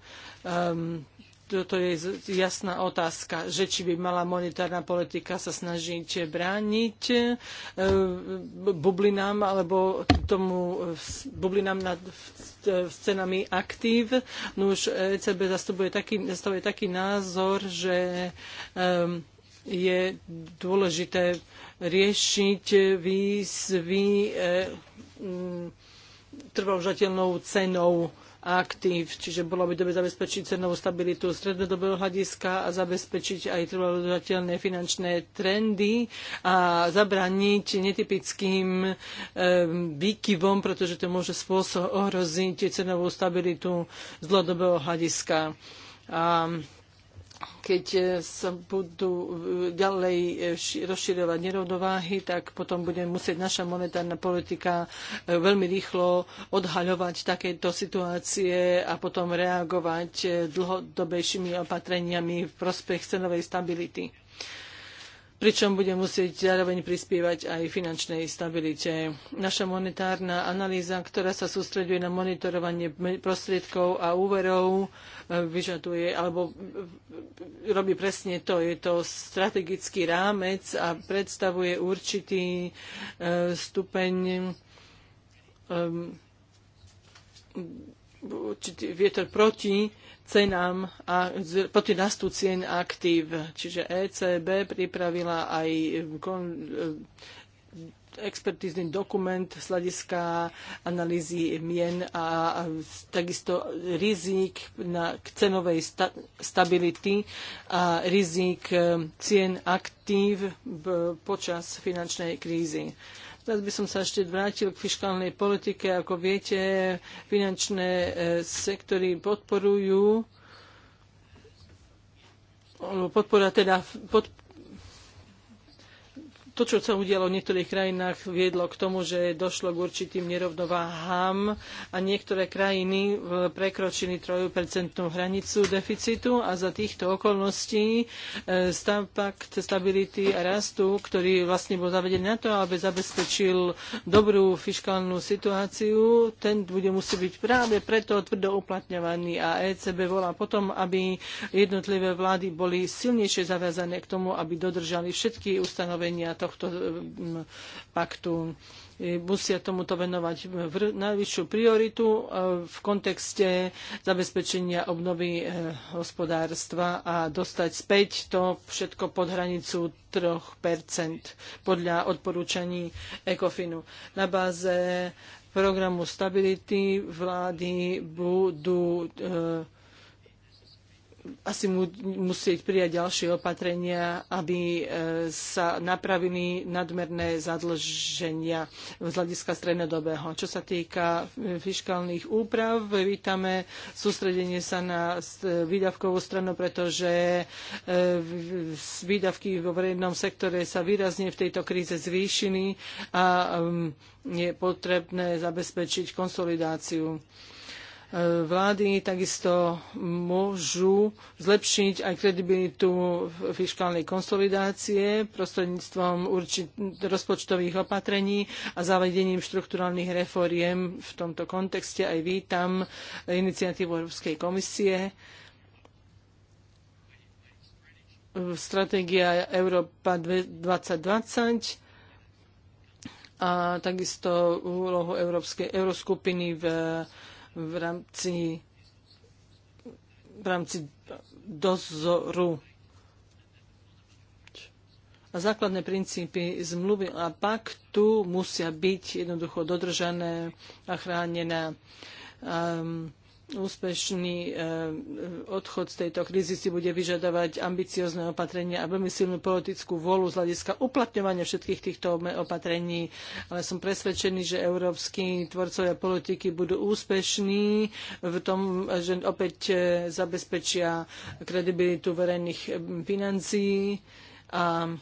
toto je jasná otázka, že či by mala monetárna politika sa snažiť brániť bublinám alebo tomu bublinám nad cenami aktív. No už ECB zastupuje taký, zastupuje taký názor, že um, je dôležité riešiť výzvy eh, mm, trvoužateľnou cenou aktív, čiže bolo by dobre zabezpečiť cenovú stabilitu strednodobého hľadiska a zabezpečiť aj trvalodateľné finančné trendy a zabrániť netypickým eh, výkyvom, pretože to môže spôsob ohroziť cenovú stabilitu z dlhodobého hľadiska. A keď e, sa budú e, ďalej e, rozširovať nerovnováhy, tak potom bude musieť naša monetárna politika veľmi rýchlo odhaľovať takéto situácie a potom reagovať dlhodobejšími opatreniami v prospech cenovej stability pričom bude musieť zároveň prispievať aj finančnej stabilite. Naša monetárna analýza, ktorá sa sústreďuje na monitorovanie prostriedkov a úverov, e, vyžaduje alebo robí presne to. Je to strategický rámec a predstavuje určitý e, stupeň e, určitý vietor proti cenám a proti rastu cien aktív. Čiže ECB pripravila aj eh, kon, eh, dokument z hľadiska analýzy mien a, a takisto rizik na cenovej sta, stability a rizik eh, cien aktív počas finančnej krízy. Teraz by som sa ešte vrátil k fiskálnej politike. Ako viete, finančné e, sektory podporujú podpora teda pod, to, čo sa udialo v niektorých krajinách, viedlo k tomu, že došlo k určitým nerovnováhám a niektoré krajiny e, prekročili trojpercentnú hranicu deficitu a za týchto okolností e, stav pakt stability a rastu, ktorý vlastne bol zavedený na to, aby zabezpečil dobrú fiskálnu situáciu, ten bude musieť byť práve preto tvrdo uplatňovaný a ECB volá potom, aby jednotlivé vlády boli silnejšie zaviazané k tomu, aby dodržali všetky ustanovenia tohto e, paktu. E, musia tomuto venovať najvyššiu prioritu e, v kontekste zabezpečenia obnovy hospodárstva a dostať späť to všetko pod hranicu 3 podľa odporúčaní ECOFINu. Na báze programu stability vlády budú e, asi mu, musieť prijať ďalšie opatrenia, aby e, sa napravili nadmerné zadlženia z hľadiska strednodobého. Čo sa týka e, fiskálnych úprav, vítame sústredenie sa na e, výdavkovú stranu, pretože výdavky vo verejnom sektore sa výrazne v tejto kríze zvýšili a je potrebné zabezpečiť konsolidáciu vlády takisto môžu zlepšiť aj kredibilitu fiskálnej konsolidácie prostredníctvom určit- rozpočtových opatrení a zavedením štrukturálnych reforiem. V tomto kontexte aj vítam iniciatívu Európskej komisie stratégia Európa 2020 a takisto úlohu Európskej euroskupiny v v rámci, v rámci dozoru. A základné princípy zmluvy a paktu musia byť jednoducho dodržané a chránené. Um, úspešný eh, eh, odchod z tejto krízy si bude vyžadovať ambiciozne opatrenia a veľmi silnú politickú vôľu z hľadiska uplatňovania všetkých týchto opatrení. Ale som presvedčený, že európsky tvorcovia politiky budú úspešní v tom, že opäť eh, zabezpečia kredibilitu verejných financií a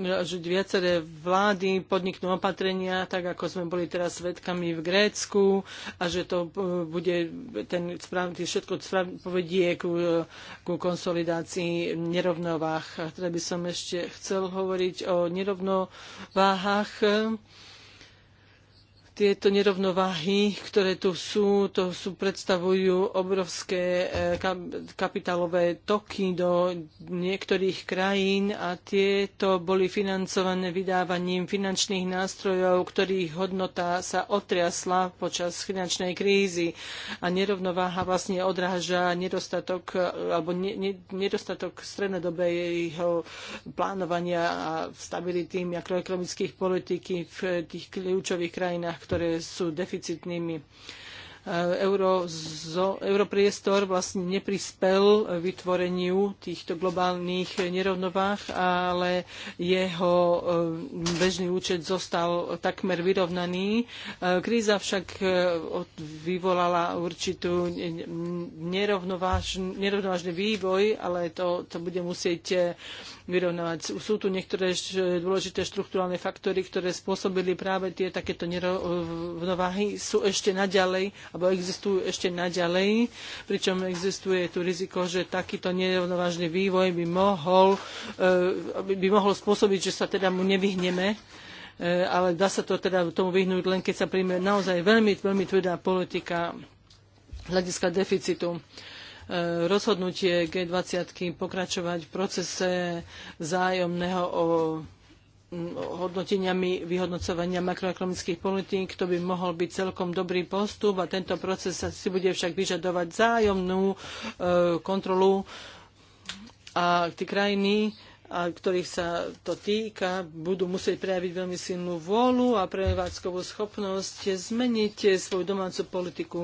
že viaceré vlády podniknú opatrenia, tak ako sme boli teraz svedkami v Grécku a že to e, bude ten správny, všetko správ, povedie ku, e, ku konsolidácii nerovnováh. teda by som ešte chcel hovoriť o nerovnováhach tieto nerovnováhy, ktoré tu sú, to sú, predstavujú obrovské e, kapitálové toky do niektorých krajín a tieto boli financované vydávaním finančných nástrojov, ktorých hodnota sa otriasla počas finančnej krízy. A nerovnováha vlastne odráža nedostatok, alebo nedostatok strednodobého plánovania a stability makroekonomických politiky v tých kľúčových krajinách, ktoré sú deficitnými. E, Euro, zo, europriestor vlastne neprispel vytvoreniu týchto globálnych nerovnovách, ale jeho e, bežný účet zostal takmer vyrovnaný. E, kríza však vyvolala určitú nerovnovážny vývoj, ale to, to bude musieť vyrovnávať. Sú tu niektoré dôležité štruktúrálne faktory, ktoré spôsobili práve tie takéto nerovnováhy, sú ešte naďalej, alebo existujú ešte naďalej, pričom existuje tu riziko, že takýto nerovnovážny vývoj by mohol, e, by mohol spôsobiť, že sa teda mu nevyhneme e, ale dá sa to teda tomu vyhnúť len keď sa príjme naozaj veľmi, veľmi tvrdá politika hľadiska deficitu rozhodnutie G20 pokračovať v procese vzájomného o hodnoteniami vyhodnocovania makroekonomických politík. To by mohol byť celkom dobrý postup a tento proces si bude však vyžadovať vzájomnú e, kontrolu a tie krajiny ktorých sa to týka, budú musieť prejaviť veľmi silnú vôľu a prevádzkovú schopnosť zmeniť svoju domácu politiku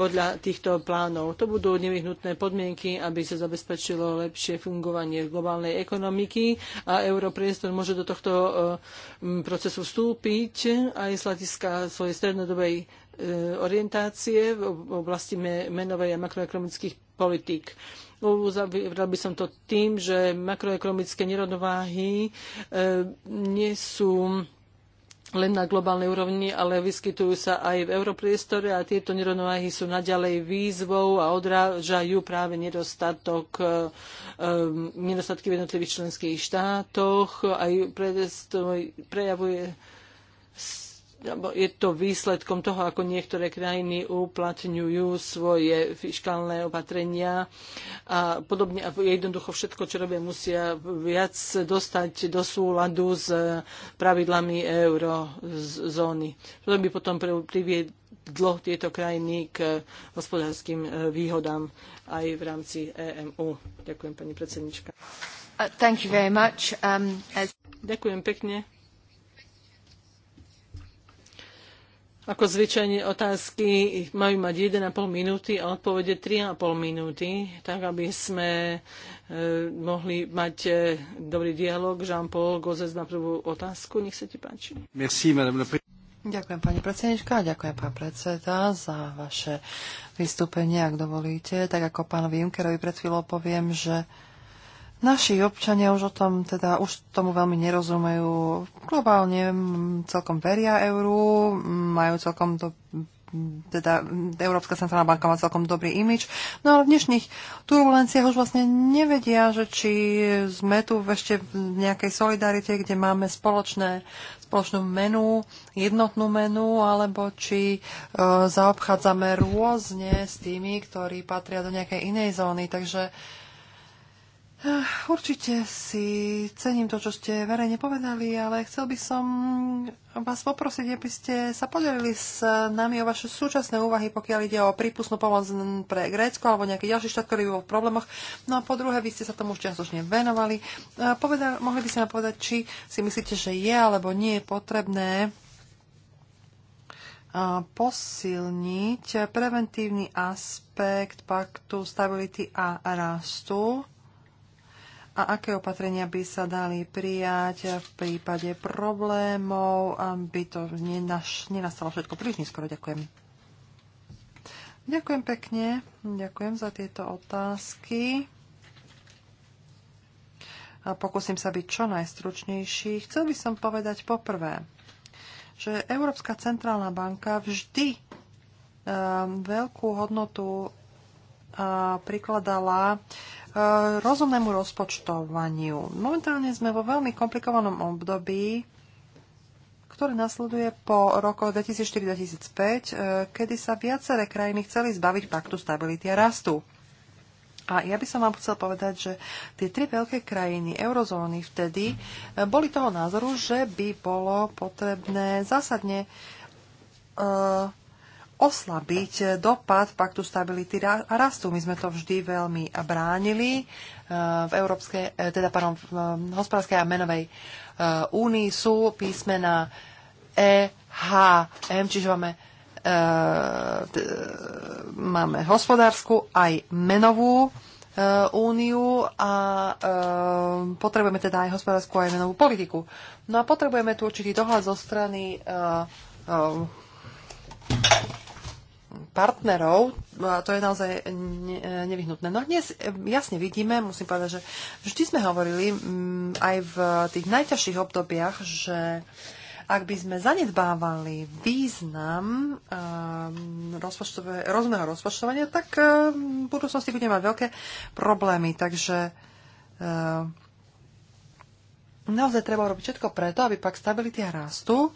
podľa týchto plánov. To budú nevyhnutné podmienky, aby sa zabezpečilo lepšie fungovanie globálnej ekonomiky a europriestor môže do tohto e, procesu vstúpiť aj z hľadiska svojej strednodobej e, orientácie v oblasti menovej a makroekonomických politík. Uzavrel by som to tým, že makroekonomické nerovnováhy eh, nie sú len na globálnej úrovni, ale vyskytujú sa aj v europriestore a tieto nerovnováhy sú naďalej výzvou a odrážajú práve nedostatok, eh, eh, nedostatky v jednotlivých členských štátoch. Aj prejavuje je to výsledkom toho, ako niektoré krajiny uplatňujú svoje fiskálne opatrenia a podobne. A jednoducho všetko, čo robia, musia viac dostať do súladu s pravidlami eurozóny. To by potom priviedlo tieto krajiny k hospodárskym e, výhodám aj v rámci EMU. Ďakujem, pani predsednička. Uh, um, as... Ďakujem pekne Ako zvyčajne otázky majú mať 1,5 minúty a odpovede 3,5 minúty, tak aby sme e, mohli mať e, dobrý dialog. Jean-Paul Gozes na prvú otázku. Nech sa ti páči. Merci, madame le... Ďakujem pani predsednička a ďakujem pán predseda za vaše vystúpenie, ak dovolíte. Tak ako pánovi Junkerovi pred chvíľou poviem, že Naši občania už o tom, teda už tomu veľmi nerozumejú. Globálne celkom veria euru, majú celkom to teda Európska centrálna banka má celkom dobrý imič. No ale v dnešných turbulenciách už vlastne nevedia, že či sme tu ešte v nejakej solidarite, kde máme spoločné, spoločnú menu, jednotnú menu, alebo či e, zaobchádzame rôzne s tými, ktorí patria do nejakej inej zóny. Takže e, Eh, určite si cením to, čo ste verejne povedali, ale chcel by som vás poprosiť, aby ste sa podelili s nami o vaše súčasné úvahy, pokiaľ ide o prípustnú pomoc pre Grécko alebo nejaký ďalší štát, ktorý bol v problémoch. No a po druhé, vy ste sa tomu už čiastočne venovali. Eh, Poveda- mohli by ste nám povedať, či si myslíte, že je alebo nie je potrebné eh, posilniť preventívny aspekt paktu stability a rastu a aké opatrenia by sa dali prijať v prípade problémov, aby to nenaš, nenastalo všetko príliš neskoro. Ďakujem. Ďakujem pekne. Ďakujem za tieto otázky. A pokúsim sa byť čo najstručnejší. Chcel by som povedať poprvé, že Európska centrálna banka vždy ehm, veľkú hodnotu prikladala e, rozumnému rozpočtovaniu. Momentálne sme vo veľmi komplikovanom období, ktoré nasleduje po rokoch 2004-2005, e, kedy sa viaceré krajiny chceli zbaviť paktu stability a rastu. A ja by som vám chcel povedať, že tie tri veľké krajiny eurozóny vtedy e, boli toho názoru, že by bolo potrebné zásadne uh, oslabiť dopad paktu stability a rastu. My sme to vždy veľmi bránili eh, v Európskej, eh, teda pardon, v eh, hospodárskej a menovej únii sú písmena EHM, čiže máme máme hospodárskú aj menovú úniu a potrebujeme teda aj hospodárskú aj menovú politiku. No a potrebujeme tu určitý dohľad zo strany partnerov, a to je naozaj nevyhnutné. No dnes e, jasne vidíme, musím povedať, že vždy sme hovorili aj v tých najťažších obdobiach, že ak by sme zanedbávali význam e, rozpočtové, rozumného rozpočtovania, tak e, v budúcnosti budeme mať veľké problémy. Takže naozaj treba robiť všetko preto, aby pak stability a rastu,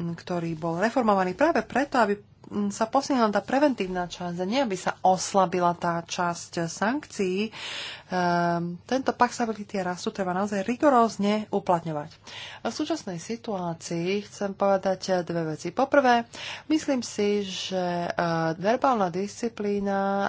ktorý bol reformovaný práve preto, aby sa posiela tá preventívna časť a nie aby sa oslabila tá časť sankcií. Ehm, tento pak sa a rastu treba naozaj rigorózne uplatňovať. A v súčasnej situácii chcem povedať dve veci. Poprvé, myslím si, že e, verbálna disciplína e,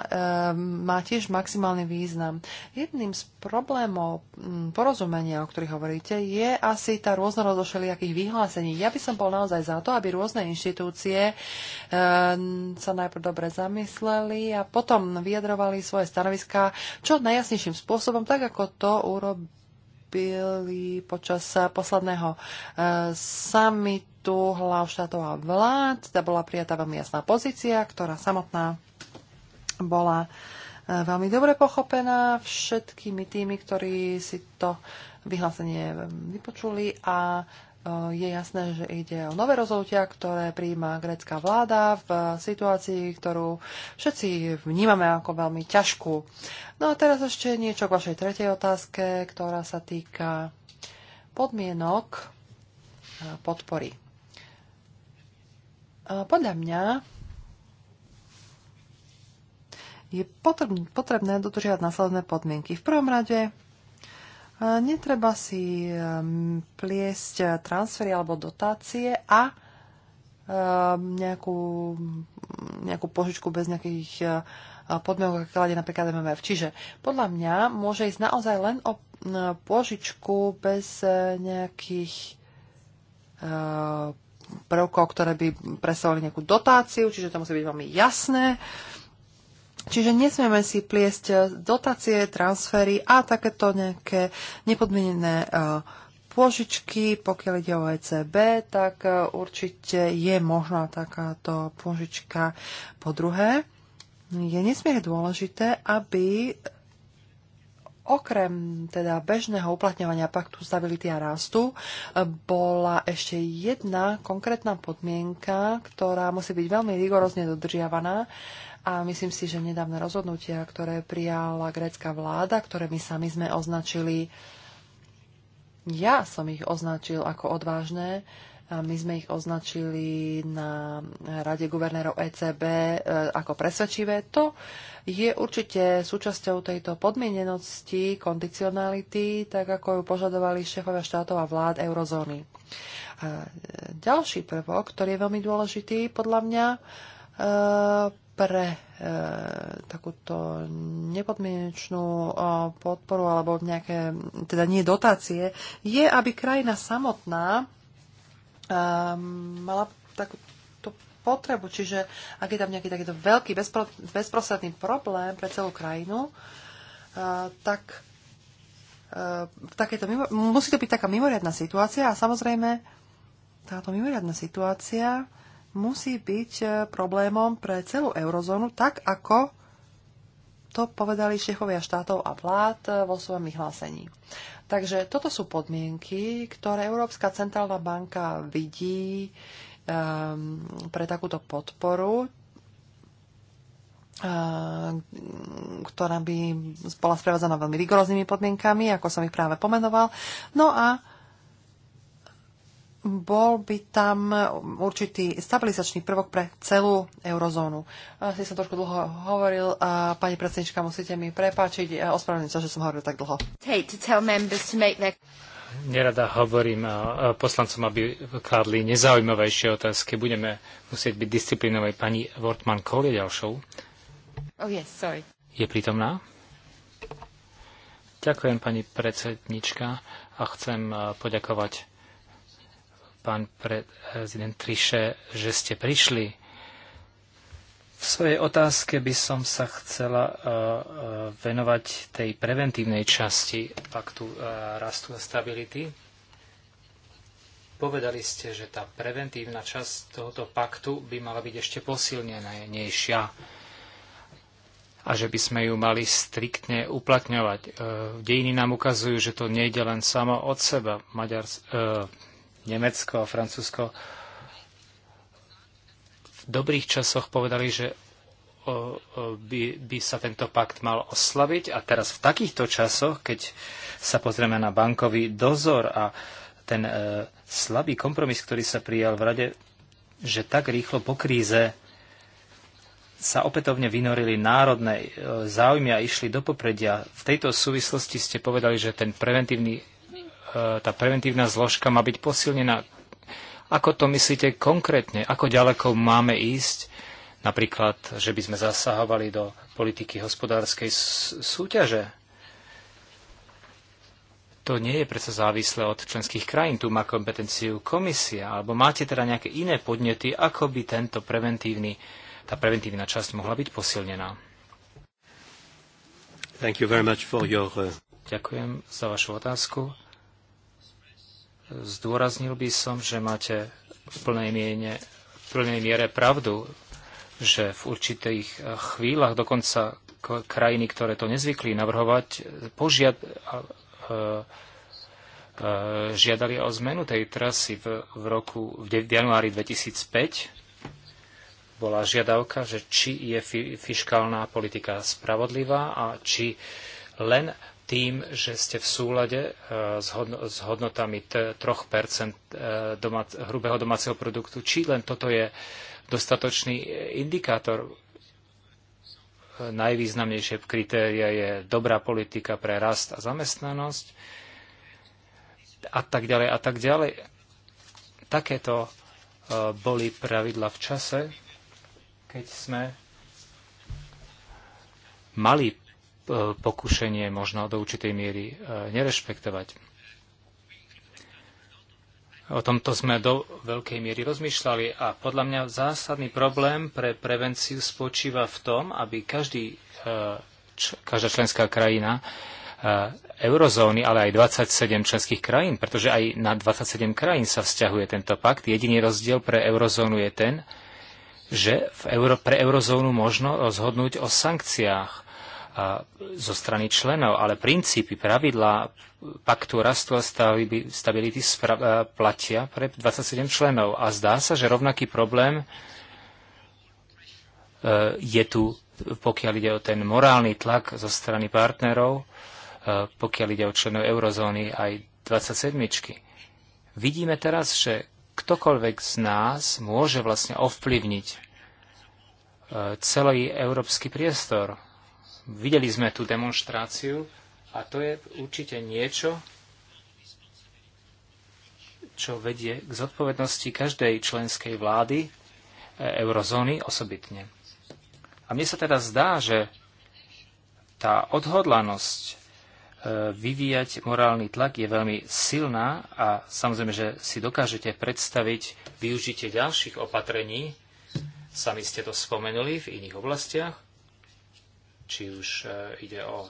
má tiež maximálny význam. Jedným z problémov m, porozumenia, o ktorých hovoríte, je asi tá rôznorodosť všelijakých vyhlásení. Ja by som bol naozaj za to, aby rôzne inštitúcie e, sa najprv dobre zamysleli a potom vyjadrovali svoje stanoviská čo najjasnejším spôsobom, tak ako to urobili počas eh, posledného eh, samitu hlav štátov a vlád. Tá bola prijatá veľmi jasná pozícia, ktorá samotná bola eh, veľmi dobre pochopená všetkými tými, ktorí si to vyhlásenie vypočuli a Eh, je jasné, že ide o nové rozhodnutia, ktoré príjma grécka vláda v situácii, ktorú všetci vnímame ako veľmi ťažkú. No a teraz ešte niečo k vašej tretej otázke, ktorá sa týka podmienok eh, podpory. Eh, podľa mňa je potrebné dodržiavať následné podmienky. V prvom rade E, netreba si e, pliesť e, transfery alebo dotácie a nejakú, nejakú požičku bez nejakých podmienok, aké kladie napríklad MMF. Čiže podľa mňa môže ísť naozaj len o požičku bez nejakých prvkov, ktoré by presovali nejakú dotáciu, čiže to musí byť veľmi jasné. Uh, Čiže nesmieme si pliesť eh, dotácie, transfery a takéto nejaké nepodmienené eh, pôžičky, pokiaľ ide o ECB, tak eh, určite je možná takáto pôžička. Po druhé, je nesmierne dôležité, aby okrem teda bežného uplatňovania paktu stability a rastu bola ešte jedna konkrétna podmienka, ktorá musí byť veľmi rigorózne dodržiavaná a myslím si, že nedávne rozhodnutia, ktoré prijala grécka vláda, ktoré my sami sme označili, ja som ich označil ako odvážne, a my sme ich označili na Rade guvernérov ECB e, ako presvedčivé. To je určite súčasťou tejto podmienenosti, kondicionality, tak ako ju požadovali šéfovia štátov a vlád eurozóny. A e, ďalší prvok, ktorý je veľmi dôležitý podľa mňa, e, pre e, takúto nepodmienečnú e, podporu alebo nejaké, teda nie dotácie, je, aby krajina samotná e, mala takúto potrebu. Čiže ak je tam nejaký takýto veľký bezpro, bezprostredný problém pre celú krajinu, e, tak e, v musí to byť taká mimoriadná situácia a samozrejme táto mimoriadná situácia musí byť e, problémom pre celú eurozónu, tak ako to povedali šefovia štátov a vlád e, vo svojom vyhlásení. Takže toto sú podmienky, ktoré Európska centrálna banka vidí um, pre takúto podporu, ehm, ktorá by bola sprevádzana veľmi rigoróznymi podmienkami, ako som ich práve pomenoval. No a bol by tam určitý stabilizačný prvok pre celú eurozónu. Asi som trošku dlho hovoril a pani predsednička, musíte mi prepáčiť. Ospravedlňujem sa, že som hovoril tak dlho. Nerada hovorím poslancom, aby kládli nezaujímavejšie otázky. Budeme musieť byť disciplinovej. Pani Wortmann Kohl je ďalšou. Oh yes, sorry. Je prítomná? Ďakujem, pani predsednička, a chcem poďakovať pán prezident Triše, že ste prišli. V svojej otázke by som sa chcela eh, eh, venovať tej preventívnej časti paktu eh, rastu a stability. Povedali ste, že tá preventívna časť tohoto paktu by mala byť ešte posilnenejšia a že by sme ju mali striktne uplatňovať. Dejiny nám ukazujú, že to nejde len samo od seba. Maďars- Nemecko a Francúzsko v dobrých časoch povedali, že by, by sa tento pakt mal oslaviť. A teraz v takýchto časoch, keď sa pozrieme na bankový dozor a ten e, slabý kompromis, ktorý sa prijal v rade, že tak rýchlo po kríze sa opätovne vynorili národné e, záujmy a išli do popredia. V tejto súvislosti ste povedali, že ten preventívny E, tá preventívna zložka má byť posilnená. Ako to myslíte konkrétne? Ako ďaleko máme ísť? Napríklad, že by sme zasahovali do politiky hospodárskej súťaže. To nie je predsa závislé od členských krajín. Tu má kompetenciu komisia. Alebo máte teda nejaké iné podnety, ako by tento preventívny, tá preventívna časť mohla byť posilnená? Your... Uh, Ďakujem za vašu otázku. Zdôraznil by som, že máte v plnej, miene, v plnej miere pravdu, že v určitých eh, chvíľach dokonca krajiny, ktoré to nezvykli navrhovať, požiad, eh, eh, žiadali o zmenu tej trasy v, v roku v, de, v januári 2005 bola žiadavka, že či je fiskálna fiškálna politika spravodlivá a či len tým, že ste v súlade e, s, hodnotami 3 e, hrubého domáceho produktu, či len toto je dostatočný e, indikátor. Najvýznamnejšie kritéria je dobrá politika pre rast a zamestnanosť a tak ďalej a tak ďalej. Takéto boli pravidla v čase, keď sme mali pokušenie možno do určitej miery e, nerešpektovať. O tomto sme do veľkej miery rozmýšľali a podľa mňa zásadný problém pre prevenciu spočíva v tom, aby každý, e, každá členská krajina e, eurozóny, ale aj 27 členských krajín, pretože aj na 27 krajín sa vzťahuje tento pakt. Jediný rozdiel pre eurozónu je ten, že v euro, pre eurozónu možno rozhodnúť o sankciách zo strany členov, ale princípy, pravidlá paktu rastu a stability e, platia pre 27 členov. A zdá sa, že rovnaký problém e, je tu, pokiaľ ide o ten morálny tlak zo strany partnerov, e, pokiaľ ide o členov eurozóny aj 27. -čky. Vidíme teraz, že ktokoľvek z nás môže vlastne ovplyvniť celý európsky priestor Videli sme tú demonstráciu a to je určite niečo, čo vedie k zodpovednosti každej členskej vlády e, eurozóny osobitne. A mne sa teda zdá, že tá odhodlanosť e, vyvíjať morálny tlak je veľmi silná a samozrejme, že si dokážete predstaviť využitie ďalších opatrení, sami ste to spomenuli v iných oblastiach, či už e, ide o e,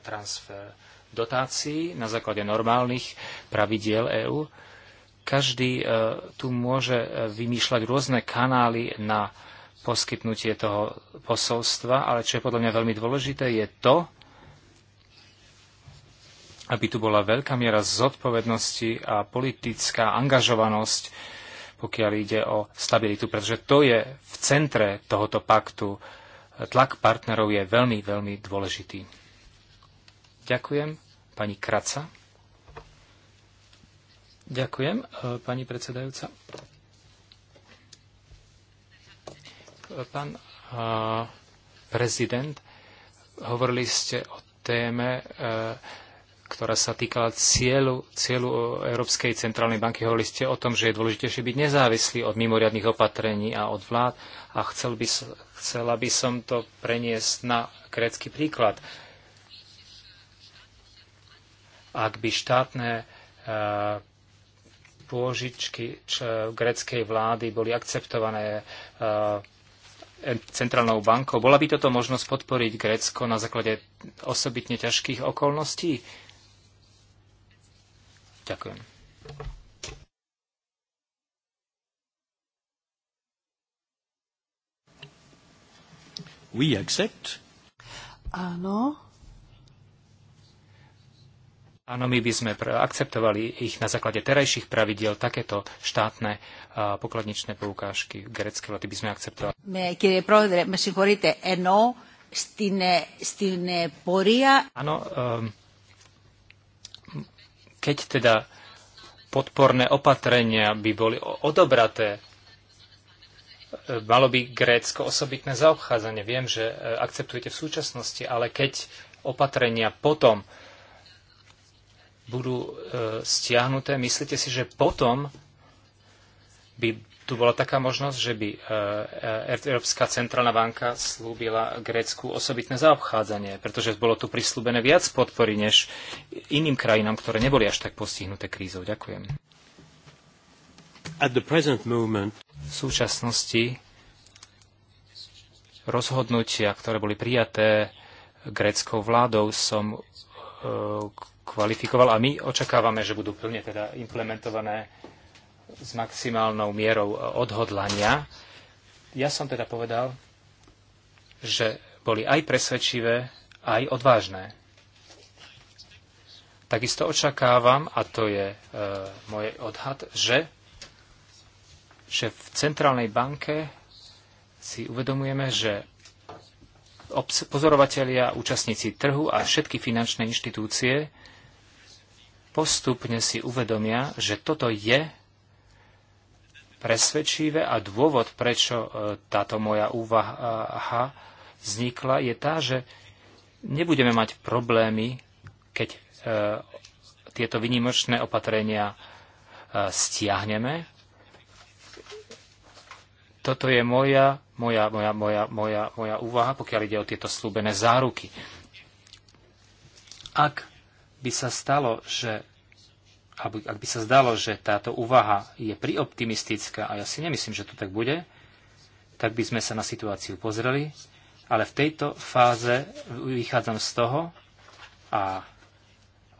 transfer dotácií na základe normálnych pravidiel EÚ. Každý e, tu môže vymýšľať rôzne kanály na poskytnutie toho posolstva, ale čo je podľa mňa veľmi dôležité, je to, aby tu bola veľká miera zodpovednosti a politická angažovanosť, pokiaľ ide o stabilitu, pretože to je v centre tohoto paktu tlak partnerov je veľmi, veľmi dôležitý. Ďakujem. Pani Kraca. Ďakujem, e, pani predsedajúca. Pán e, prezident, hovorili ste o téme, e, ktorá sa týkala cieľu, cieľu Európskej centrálnej banky. Hovorili ste o tom, že je dôležitejšie byť nezávislý od mimoriadných opatrení a od vlád. A chcel by, Chcela by som to preniesť na grécky príklad. Ak by štátne e, pôžičky gréckej vlády boli akceptované e, centrálnou bankou, bola by toto možnosť podporiť Grécko na základe osobitne ťažkých okolností? Ďakujem. we accept. Áno. Áno, my by sme akceptovali ich na základe terajších pravidiel takéto štátne uh, pokladničné poukážky. Grecké vlády by sme akceptovali. Me, prodre, me hovoríte, eno, stine, stine poria. Áno, um, keď teda podporné opatrenia by boli odobraté malo by Grécko osobitné zaobchádzanie. Viem, že e, akceptujete v súčasnosti, ale keď opatrenia potom budú e, stiahnuté, myslíte si, že potom by tu bola taká možnosť, že by e, Európska centrálna banka slúbila Grécku osobitné zaobchádzanie, pretože bolo tu prislúbené viac podpory než iným krajinám, ktoré neboli až tak postihnuté krízou. Ďakujem v súčasnosti rozhodnutia, ktoré boli prijaté gréckou vládou, som e, kvalifikoval a my očakávame, že budú plne teda implementované s maximálnou mierou odhodlania. Ja som teda povedal, že boli aj presvedčivé, aj odvážne. Takisto očakávam, a to je e, môj odhad, že že v centrálnej banke si uvedomujeme, že pozorovatelia, účastníci trhu a všetky finančné inštitúcie postupne si uvedomia, že toto je presvedčivé a dôvod, prečo e, táto moja úvaha vznikla, je tá, že nebudeme mať problémy, keď e, tieto vynimočné opatrenia e, stiahneme, toto je moja, moja, moja, moja, moja, moja úvaha, pokiaľ ide o tieto slúbené záruky. Ak by sa stalo, že ak by sa zdalo, že táto úvaha je prioptimistická, a ja si nemyslím, že to tak bude, tak by sme sa na situáciu pozreli, ale v tejto fáze vychádzam z toho a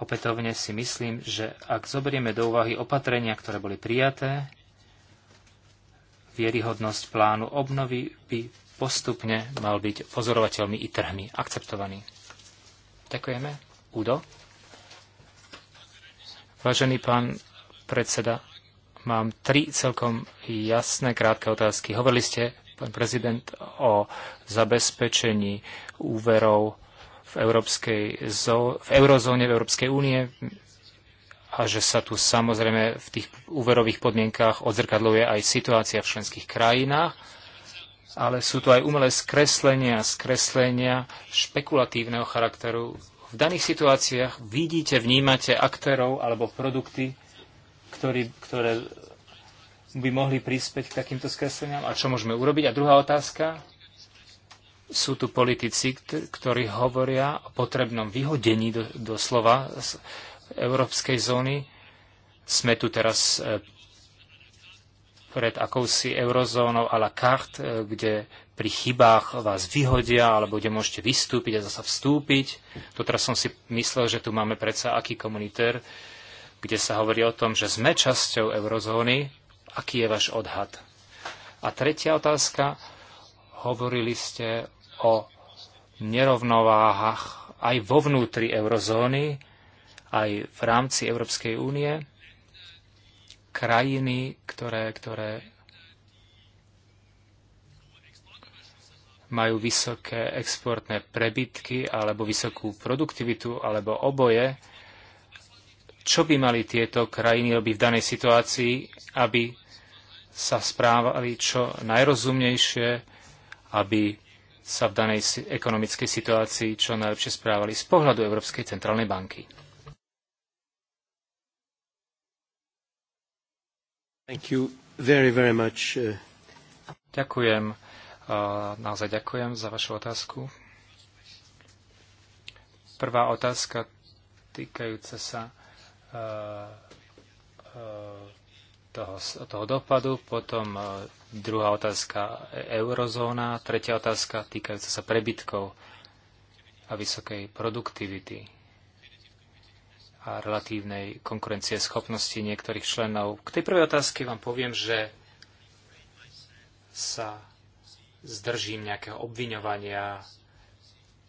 opätovne si myslím, že ak zoberieme do úvahy opatrenia, ktoré boli prijaté, vieryhodnosť plánu obnovy by postupne mal byť pozorovateľmi i trhmi akceptovaný. Ďakujeme. Udo? Vážený pán predseda, mám tri celkom jasné, krátke otázky. Hovorili ste, pán prezident, o zabezpečení úverov v, európskej zo- v eurozóne, v Európskej únie a že sa tu samozrejme v tých úverových podmienkách odzrkadľuje aj situácia v členských krajinách, ale sú tu aj umelé skreslenia, skreslenia špekulatívneho charakteru. V daných situáciách vidíte, vnímate aktérov alebo produkty, ktorý, ktoré by mohli prispieť k takýmto skresleniam a čo môžeme urobiť. A druhá otázka, sú tu politici, ktorí hovoria o potrebnom vyhodení do, doslova európskej zóny. Sme tu teraz e, pred akousi eurozónou a la carte, e, kde pri chybách vás vyhodia, alebo kde môžete vystúpiť a zasa vstúpiť. To teraz som si myslel, že tu máme predsa aký komunitér, kde sa hovorí o tom, že sme časťou eurozóny. Aký je váš odhad? A tretia otázka. Hovorili ste o nerovnováhach aj vo vnútri eurozóny aj v rámci Európskej únie krajiny, ktoré, ktoré majú vysoké exportné prebytky alebo vysokú produktivitu alebo oboje, čo by mali tieto krajiny robiť v danej situácii, aby sa správali čo najrozumnejšie, aby sa v danej ekonomickej situácii čo najlepšie správali z pohľadu Európskej centrálnej banky. Uh, ďakujem. Uh, naozaj ďakujem za vašu otázku. Prvá otázka týkajúca sa uh, toho, toho dopadu, potom druhá otázka e, eurozóna, tretia otázka týkajúca sa prebytkov a vysokej produktivity a relatívnej konkurencie schopnosti niektorých členov. K tej prvej otázke vám poviem, že sa zdržím nejakého obviňovania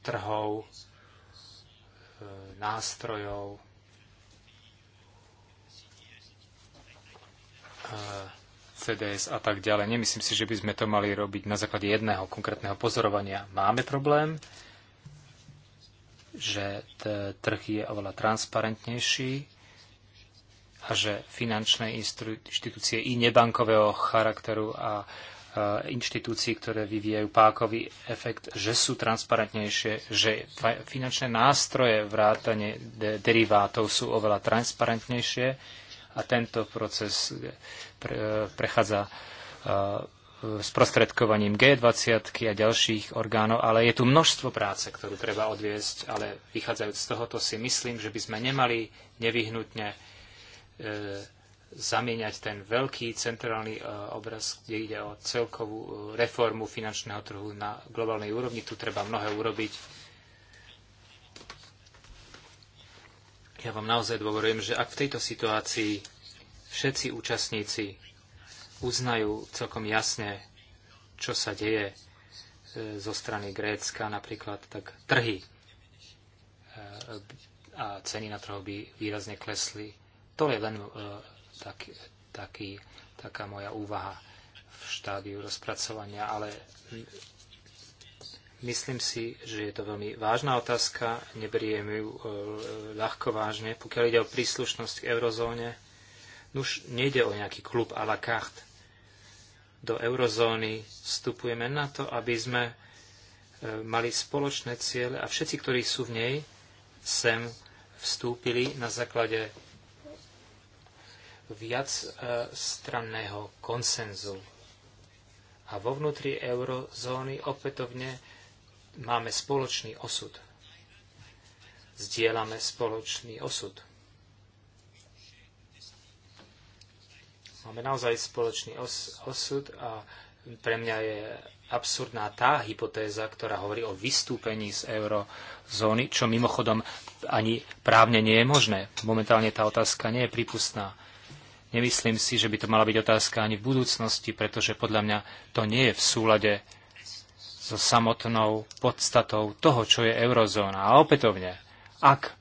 trhov, e, nástrojov, e, CDS a tak ďalej. Nemyslím si, že by sme to mali robiť na základe jedného konkrétneho pozorovania. Máme problém, že trh je oveľa transparentnejší a že finančné inštitúcie i nebankového charakteru a e, inštitúcií, ktoré vyvíjajú pákový efekt, že sú transparentnejšie, že finančné nástroje vrátane de- derivátov sú oveľa transparentnejšie a tento proces e, pre- prechádza e, sprostredkovaním G20 a ďalších orgánov, ale je tu množstvo práce, ktorú treba odviesť, ale vychádzajúc z tohoto si myslím, že by sme nemali nevyhnutne e, zamieňať ten veľký centrálny e, obraz, kde ide o celkovú e, reformu finančného trhu na globálnej úrovni. Tu treba mnohé urobiť. Ja vám naozaj dôverujem, že ak v tejto situácii všetci účastníci uznajú celkom jasne, čo sa deje e, zo strany Grécka napríklad, tak trhy e, a ceny na trhu by výrazne klesli. To je len e, taký, taký, taká moja úvaha v štádiu rozpracovania, ale myslím si, že je to veľmi vážna otázka, neberiem ju ľahko vážne. Pokiaľ ide o príslušnosť k eurozóne, už nejde o nejaký klub à la carte do eurozóny vstupujeme na to, aby sme e, mali spoločné ciele a všetci, ktorí sú v nej, sem vstúpili na základe viac e, stranného konsenzu. A vo vnútri eurozóny opätovne máme spoločný osud. Zdieľame spoločný osud. Máme naozaj spoločný os- osud a pre mňa je absurdná tá hypotéza, ktorá hovorí o vystúpení z eurozóny, čo mimochodom ani právne nie je možné. Momentálne tá otázka nie je prípustná. Nemyslím si, že by to mala byť otázka ani v budúcnosti, pretože podľa mňa to nie je v súlade so samotnou podstatou toho, čo je eurozóna. A opätovne, ak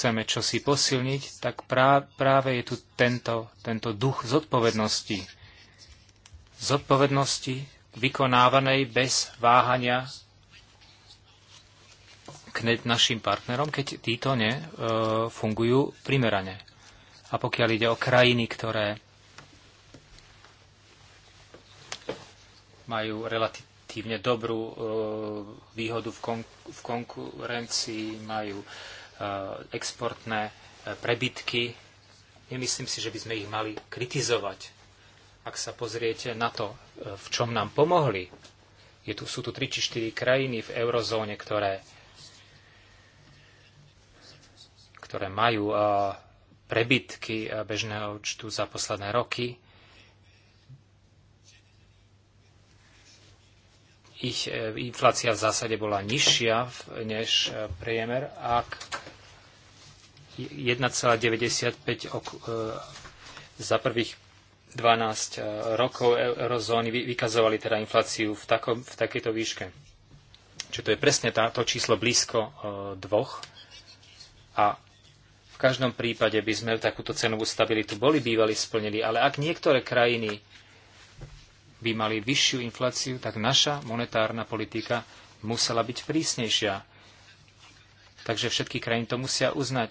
chceme čosi posilniť, tak prá, práve je tu tento, tento duch zodpovednosti. Zodpovednosti vykonávanej bez váhania k našim partnerom, keď títo ne e, primerane. A pokiaľ ide o krajiny, ktoré majú relatívne dobrú e, výhodu v, kon- v konkurencii, majú e, Eh, exportné eh, prebytky. Nemyslím si, že by sme ich mali kritizovať. Ak sa pozriete na to, eh, v čom nám pomohli, je tu, sú tu 3 či 4 krajiny v eurozóne, ktoré, ktoré majú prebytky bežného účtu za posledné roky. Ich inflácia v zásade bola nižšia než priemer. Ak 1,95 e, za prvých 12 e, rokov e, eurozóny vykazovali teda infláciu v, takom, v takejto výške. Čiže to je presne táto číslo blízko dvoch. A v každom prípade by sme takúto cenovú stabilitu boli bývali splnili, ale ak niektoré krajiny by mali vyššiu infláciu, tak naša monetárna politika musela byť prísnejšia. Takže všetky krajiny to musia uznať.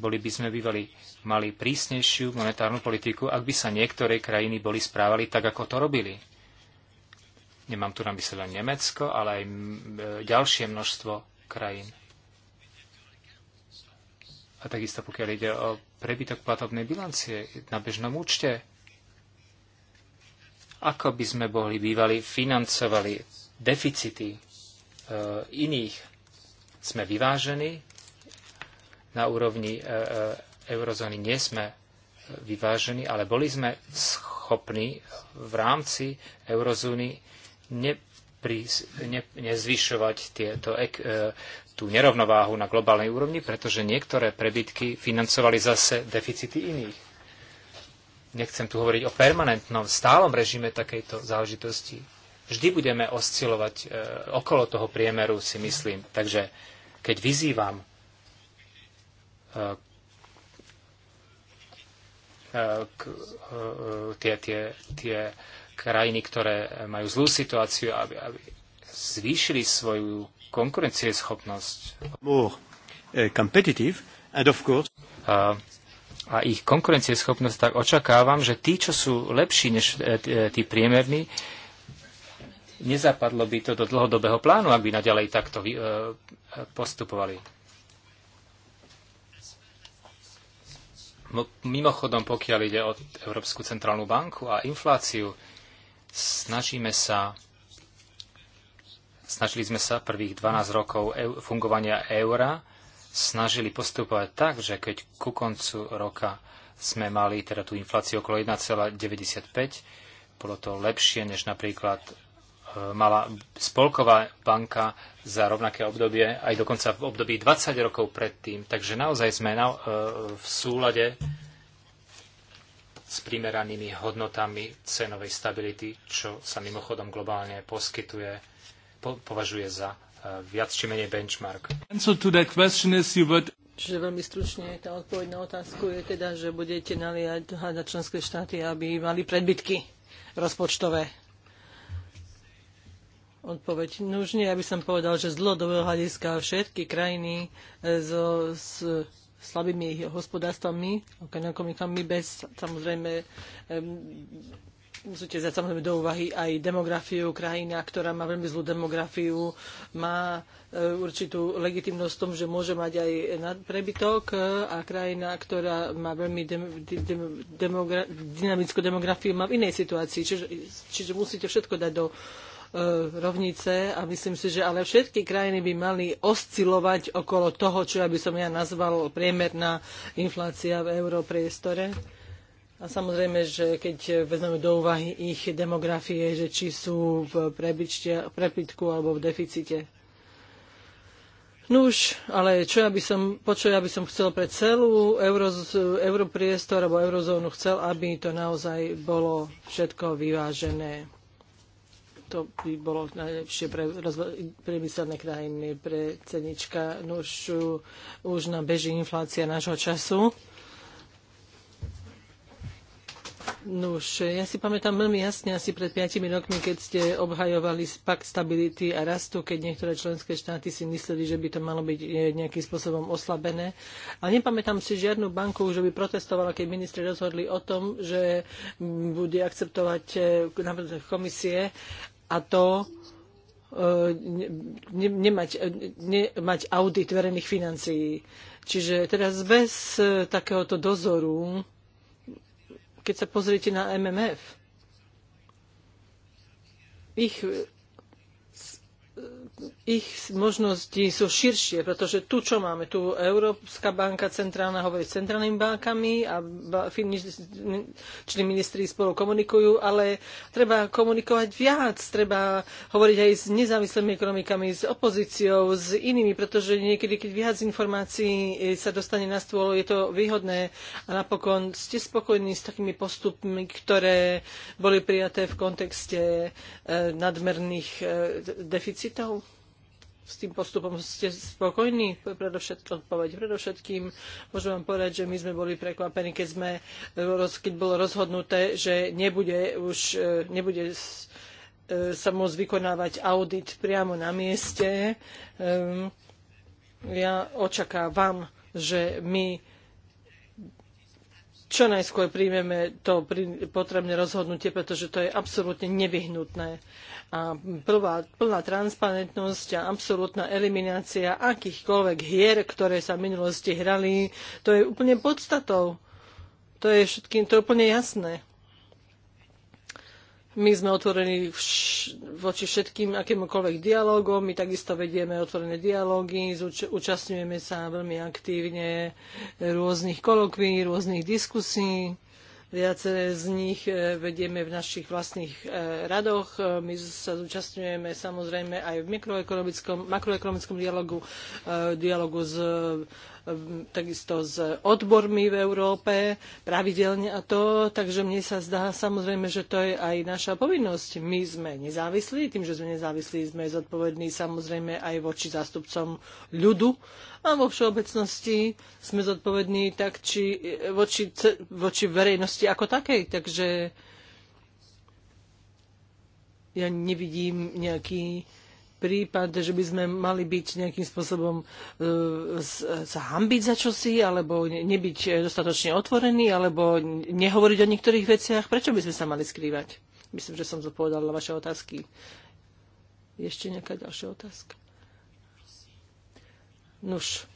Boli by sme bývali mali prísnejšiu monetárnu politiku, ak by sa niektoré krajiny boli správali tak, ako to robili. Nemám tu na mysle len Nemecko, ale aj e, ďalšie množstvo krajín. A takisto pokiaľ ide o prebytok platobnej bilancie na bežnom účte, ako by sme boli bývali financovali deficity e, iných. Sme vyvážení, na úrovni e, e, eurozóny nie sme vyvážení, ale boli sme schopní v rámci eurozóny nepri, ne, nezvyšovať tieto, e, tú nerovnováhu na globálnej úrovni, pretože niektoré prebytky financovali zase deficity iných. Nechcem tu hovoriť o permanentnom, stálom režime takejto záležitosti. Vždy budeme oscilovať okolo toho priemeru, si myslím. Takže keď vyzývam k, tie, tie, tie krajiny, ktoré majú zlú situáciu, aby, aby zvýšili svoju konkurencieschopnosť. More eh, competitive and of course... A, a ich konkurencieschopnosť, tak očakávam, že tí, čo sú lepší než eh, eh, tí priemerní, nezapadlo by to do dlhodobého plánu, aby naďalej takto postupovali. No, mimochodom, pokiaľ ide o Európsku centrálnu banku a infláciu, snažíme sa snažili sme sa prvých 12 rokov fungovania eura snažili postupovať tak, že keď ku koncu roka sme mali teda tú infláciu okolo 1,95, bolo to lepšie než napríklad Eh, mala spolková banka za rovnaké obdobie, aj dokonca v období 20 rokov predtým. Takže naozaj sme na, eh, v súlade s primeranými hodnotami cenovej stability, čo sa mimochodom globálne poskytuje, po, považuje za eh, viac či menej benchmark. Čiže veľmi stručne tá odpoveď na otázku je teda, že budete naliať na členské štáty, aby mali predbytky rozpočtové odpoveď. No už nie, ja by som povedal, že z dlhodobého hľadiska všetky krajiny e, so, s slabými hospodárstvami, ekonomikami bez samozrejme um, musíte zať samozrejme do úvahy aj demografiu. Krajina, ktorá má veľmi zlú demografiu, má e, určitú legitimnosť v tom, že môže mať aj prebytok e, a krajina, ktorá má veľmi dem, dem, demogra, dynamickú demografiu, má v inej situácii. Čiže, čiže musíte všetko dať do E, rovnice a myslím si, že ale všetky krajiny by mali oscilovať okolo toho, čo ja by som ja nazval priemerná inflácia v europriestore. A samozrejme, že keď vezmeme do úvahy ich demografie, že či sú v prebytku alebo v deficite. Nuž, ale čo ja by som, po čo ja by som chcel pre celú europriestor alebo eurozónu chcel, aby to naozaj bolo všetko vyvážené to by bolo najlepšie pre priemyselné krajiny. cenička, no už, už nám beží inflácia nášho času. Nuž, no ja si pamätám veľmi jasne asi pred 5 rokmi, keď ste obhajovali pakt stability a rastu, keď niektoré členské štáty si mysleli, že by to malo byť e, nejakým spôsobom oslabené. A nepamätám si žiadnu banku, že by protestovala, keď ministri rozhodli o tom, že bude akceptovať e, návrh komisie a to e, ne, nemať, e, nemať audit verejných financií. Čiže teraz bez e, takéhoto dozoru, keď sa pozriete na MMF, ich ich možnosti sú širšie, pretože tu, čo máme, tu Európska banka centrálna hovorí s centrálnymi bankami a finanční ministri spolu komunikujú, ale treba komunikovať viac, treba hovoriť aj s nezávislými ekonomikami, s opozíciou, s inými, pretože niekedy, keď viac informácií e, sa dostane na stôl, je to výhodné a napokon ste spokojní s takými postupmi, ktoré boli prijaté v kontexte e, nadmerných e, deficitov? s tým postupom ste spokojní? Predovšetkým, odpoveď. Predovšetkým môžem vám povedať, že my sme boli prekvapení, keď, sme, keď bolo rozhodnuté, že nebude už e, nebude e, sa môcť vykonávať audit priamo na mieste. Ehm, ja očakávam, že my čo najskôr príjmeme to potrebné rozhodnutie, pretože to je absolútne nevyhnutné. A prvá, plná transparentnosť a absolútna eliminácia akýchkoľvek hier, ktoré sa v minulosti hrali, to je úplne podstatou. To je všetkým to je úplne jasné. My sme otvorení voči všetkým akémukoľvek dialogom, my takisto vedieme otvorené dialógy, účastňujeme sa veľmi aktívne rôznych kolokví, rôznych diskusí. Viaceré z nich e, vedieme v našich vlastných e, radoch. E, my sa zúčastňujeme samozrejme aj v makroekonomickom dialogu, dialogu s takisto s odbormi v Európe pravidelne a to, takže mne sa zdá samozrejme, že to je aj naša povinnosť. My sme nezávislí, tým, že sme nezávislí, sme zodpovední samozrejme aj voči zástupcom ľudu a vo všeobecnosti sme zodpovední tak či voči, voči verejnosti ako takej, takže ja nevidím nejaký prípad, že by sme mali byť nejakým spôsobom e, sa hambiť za čosi, alebo nebyť dostatočne otvorení, alebo nehovoriť o niektorých veciach. Prečo by sme sa mali skrývať? Myslím, že som zodpovedala na vaše otázky. Ešte nejaká ďalšia otázka? Nuž.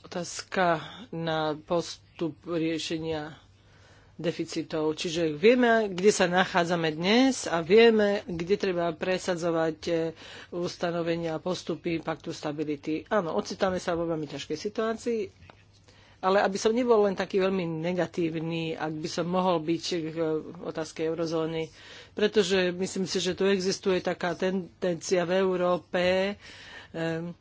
Otázka na postup riešenia deficitov. Čiže vieme, kde sa nachádzame dnes a vieme, kde treba presadzovať e, ustanovenia a postupy paktu stability. Áno, ocitáme sa vo veľmi ťažkej situácii, ale aby som nebol len taký veľmi negatívny, ak by som mohol byť e, v otázke eurozóny, pretože myslím si, že tu existuje taká tendencia v Európe, um,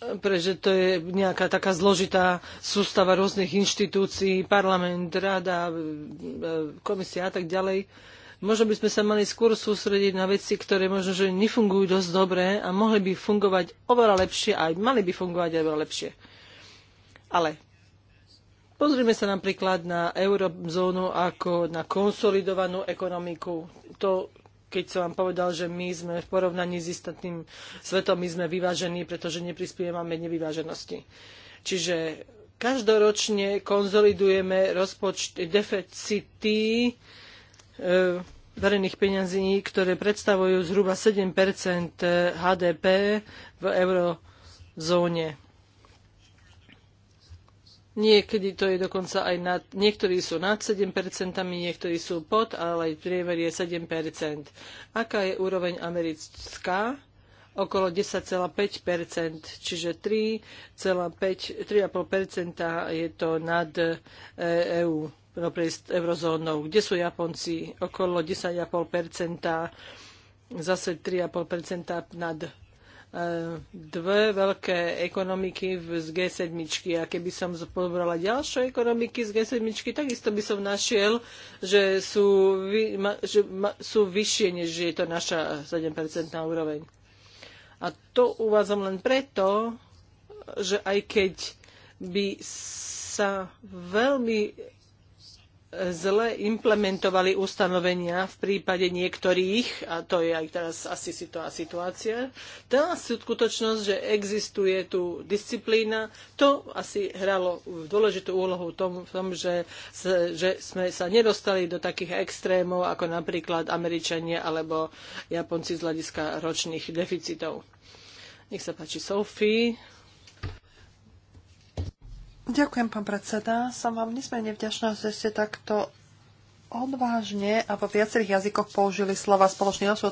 pretože to je nejaká taká zložitá sústava rôznych inštitúcií, parlament, rada, e, e, komisia a tak ďalej. Možno by sme sa mali skôr sústrediť na veci, ktoré možno, že nefungujú dosť dobre a mohli by fungovať oveľa lepšie a aj mali by fungovať oveľa lepšie. Ale Pozrime sa napríklad na eurozónu ako na konsolidovanú ekonomiku. To keď som vám povedal, že my sme v porovnaní s istotným svetom, my sme vyvážení, pretože neprispievame nevyváženosti. Čiže každoročne konzolidujeme rozpočty, deficity e, verejných peňazí, ktoré predstavujú zhruba 7 HDP v eurozóne. Niekedy to je dokonca aj nad, niektorí sú nad 7%, niektorí sú pod, ale aj priemer je 7%. Aká je úroveň americká? Okolo 10,5%, čiže 3,5% je to nad EU, e no, eurozónou. Kde sú Japonci? Okolo 10,5%, zase 3,5% nad dve veľké ekonomiky z G7. A keby som zobrala ďalšie ekonomiky z G7, takisto by som našiel, že sú, že sú vyššie, než je to naša 7% úroveň. A to uvádzam len preto, že aj keď by sa veľmi zle implementovali ustanovenia v prípade niektorých, a to je aj teraz asi situácia, tá skutočnosť, že existuje tu disciplína, to asi hralo dôležitú úlohu v tom, v tom že, že sme sa nedostali do takých extrémov, ako napríklad Američania alebo Japonci z hľadiska ročných deficitov. Nech sa páči, Sophie. Ďakujem, pán predseda. Som vám nesmierne vďačná, že ste takto odvážne a vo viacerých jazykoch použili slova spoločný osud.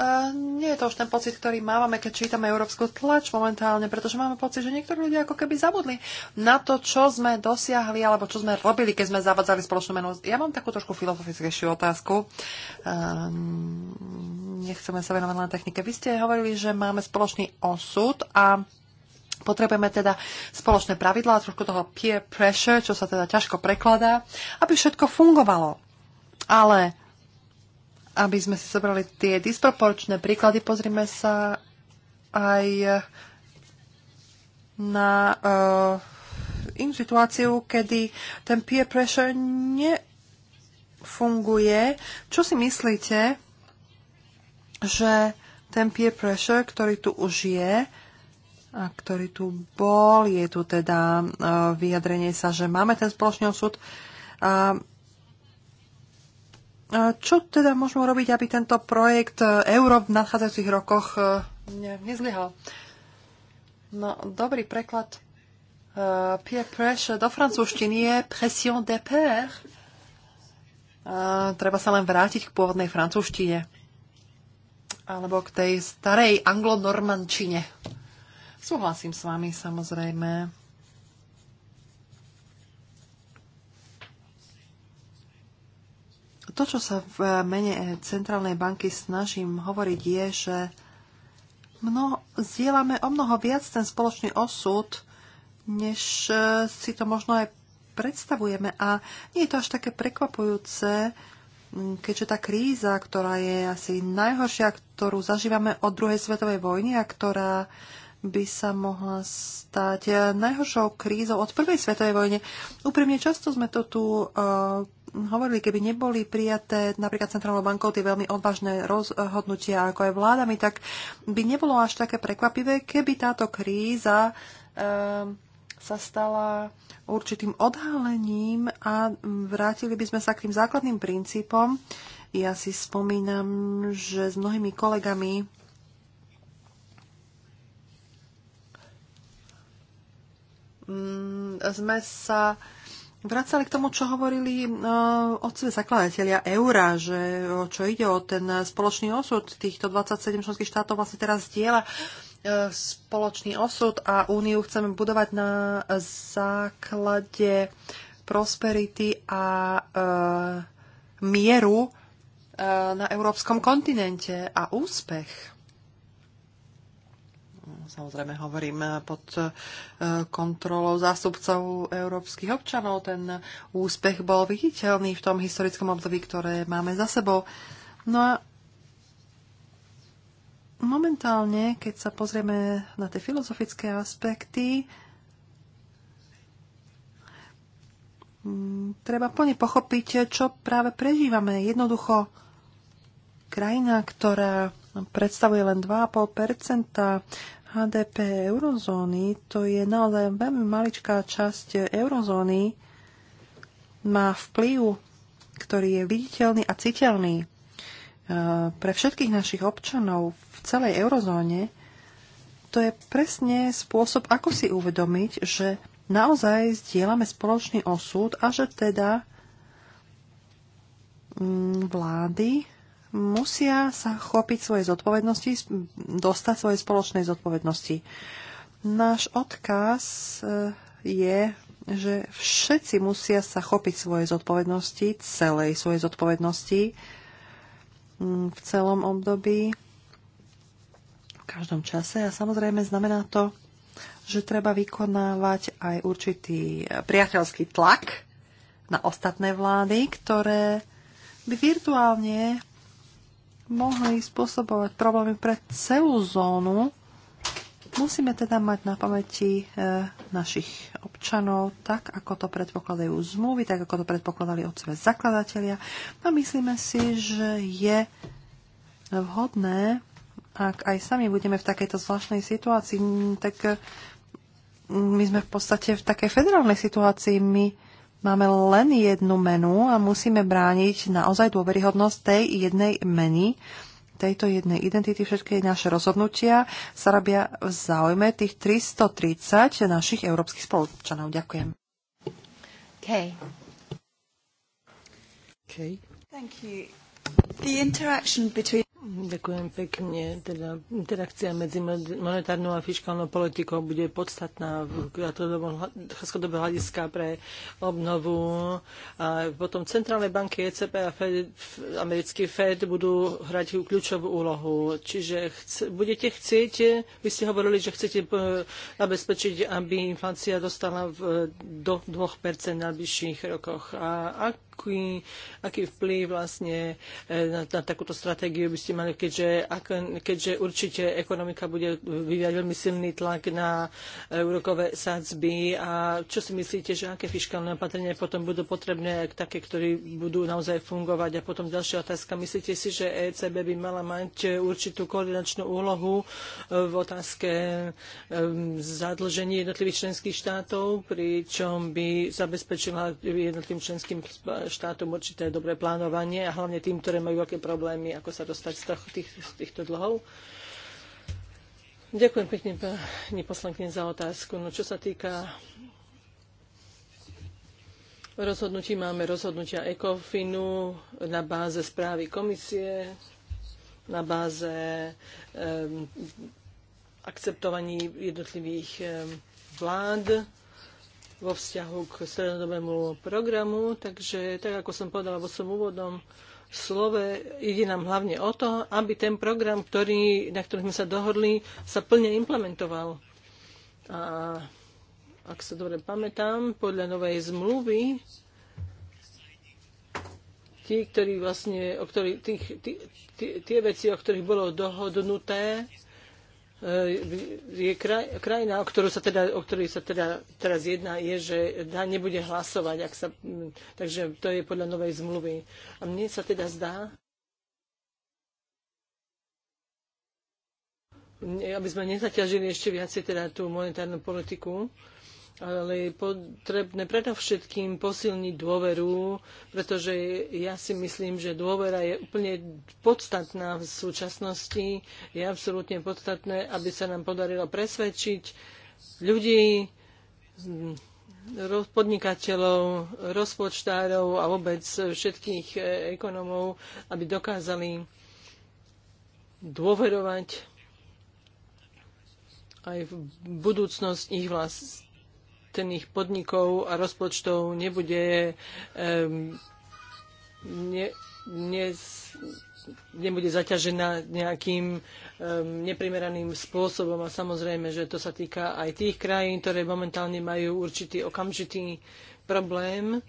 Uh, nie je to už ten pocit, ktorý máme, keď čítame európsku tlač momentálne, pretože máme pocit, že niektorí ľudia ako keby zabudli na to, čo sme dosiahli alebo čo sme robili, keď sme zavadzali spoločnú menu. Ja mám takú trošku filozofickejšiu otázku. Um, nechceme sa venovať na technike. Vy ste hovorili, že máme spoločný osud a Potrebujeme teda spoločné pravidlá, trošku toho peer pressure, čo sa teda ťažko prekladá, aby všetko fungovalo. Ale aby sme si zobrali tie disproporčné príklady, pozrime sa aj na uh, inú situáciu, kedy ten peer pressure nefunguje. Čo si myslíte, že ten peer pressure, ktorý tu už je, a ktorý tu bol. Je tu teda e, vyjadrenie sa, že máme ten spoločný osud. A čo teda môžeme robiť, aby tento projekt e, euro v nadchádzajúcich rokoch e, nezlyhal? No, dobrý preklad. Uh, peer pressure do francúzštiny je pression de père. Uh, treba sa len vrátiť k pôvodnej francúzštine. Alebo k tej starej anglonormančine. Súhlasím s vami samozrejme. To, čo sa v mene Centrálnej banky snažím hovoriť, je, že mno, zdieľame o mnoho viac ten spoločný osud, než e, si to možno aj predstavujeme. A nie je to až také prekvapujúce, keďže tá kríza, ktorá je asi najhoršia, ktorú zažívame od druhej svetovej vojny a ktorá by sa mohla stať eh, najhoršou krízou od prvej svetovej vojne. Úprimne často sme to tu uh, hovorili, keby neboli prijaté napríklad Centrálnou bankou tie veľmi odvážne rozhodnutia, ako aj vládami, tak by nebolo až také prekvapivé, keby táto kríza uh, sa stala určitým odhalením a vrátili by sme sa k tým základným princípom. Ja si spomínam, že s mnohými kolegami Mm, sme sa vracali k tomu, čo hovorili uh, e, otcovia zakladatelia eura, že čo ide o ten spoločný osud týchto 27 členských štátov vlastne teraz diela e, spoločný osud a úniu chceme budovať na základe prosperity a e, mieru e, na európskom kontinente a úspech samozrejme hovorím eh, pod eh, kontrolou zástupcov európskych občanov. Ten úspech bol viditeľný v tom historickom období, ktoré máme za sebou. No a momentálne, keď sa pozrieme na tie filozofické aspekty, mm, treba plne pochopiť, čo práve prežívame. Jednoducho, krajina, ktorá predstavuje len 2,5 HDP eurozóny, to je naozaj veľmi maličká časť eurozóny, má vplyv, ktorý je viditeľný a citeľný eh, pre všetkých našich občanov v celej eurozóne, to je presne spôsob, ako si uvedomiť, že naozaj zdieľame spoločný osud a že teda mm, vlády musia sa chopiť svojej zodpovednosti, dostať svojej spoločnej zodpovednosti. Náš odkaz eh, je, že všetci musia sa chopiť svojej zodpovednosti, celej svojej zodpovednosti mm, v celom období, v každom čase. A samozrejme znamená to, že treba vykonávať aj určitý eh, priateľský tlak na ostatné vlády, ktoré by virtuálne mohli spôsobovať problémy pre celú zónu. Musíme teda mať na pamäti e, našich občanov tak, ako to predpokladajú zmluvy, tak, ako to predpokladali od sebe zakladatelia. A myslíme si, že je vhodné, ak aj sami budeme v takejto zvláštnej situácii, tak my sme v podstate v takej federálnej situácii. My Máme len jednu menu a musíme brániť naozaj dôveryhodnosť tej jednej meny, tejto jednej identity. Všetky naše rozhodnutia sa robia v záujme tých 330 našich európskych spoločanov. Ďakujem. Okay. Okay. Thank you. The interaction between Ďakujem pekne. Teda interakcia medzi monetárnou a fiskálnou politikou bude podstatná v krátkodobého hľadiska pre obnovu. A potom centrálne banky ECB a Fed, americký Fed budú hrať kľúčovú úlohu. Čiže chc- budete chcieť, vy ste hovorili, že chcete e, zabezpečiť, aby inflácia dostala v, do 2% na bližších rokoch. A aký, aký vplyv vlastne e, na, na takúto stratégiu by ste ste mali, keďže, ak, keďže určite ekonomika bude vyviať veľmi silný tlak na úrokové sadzby a čo si myslíte, že aké fiskálne opatrenia potom budú potrebné, také, ktoré budú naozaj fungovať? A potom ďalšia otázka. Myslíte si, že ECB by mala mať určitú koordinačnú úlohu v otázke zadlžení jednotlivých členských štátov, pričom by zabezpečila jednotlivým členským štátom určité dobré plánovanie a hlavne tým, ktoré majú aké problémy, ako sa dostať z, tých, z týchto dlhov. Ďakujem pekne pani poslankyne za otázku. No čo sa týka rozhodnutí, máme rozhodnutia ECOFINu na báze správy komisie, na báze um, akceptovaní jednotlivých um, vlád vo vzťahu k strednodobému programu. Takže, tak ako som povedala vo svojom úvodnom slove ide nám hlavne o to, aby ten program, ktorý, na ktorý sme sa dohodli, sa plne implementoval. A ak sa dobre pamätám, podľa novej zmluvy tí, ktorí vlastne, o ktorý, tých, tí, tí, tie veci, o ktorých bolo dohodnuté, E, je kraj, krajina, o, ktorú sa teda, o ktorej sa teda teraz jedná, je, že dá, nebude hlasovať. Ak sa, takže to je podľa novej zmluvy. A mne sa teda zdá, aby sme nezaťažili ešte viacej teda tú monetárnu politiku, ale je potrebné predovšetkým posilniť dôveru, pretože ja si myslím, že dôvera je úplne podstatná v súčasnosti. Je absolútne podstatné, aby sa nám podarilo presvedčiť ľudí, podnikateľov, rozpočtárov a vôbec všetkých e, ekonomov, aby dokázali dôverovať aj v budúcnosť ich vlast štátnych podnikov a rozpočtov nebude, um, ne, ne, nebude zaťažená nejakým um, neprimeraným spôsobom. A samozrejme, že to sa týka aj tých krajín, ktoré momentálne majú určitý okamžitý problém,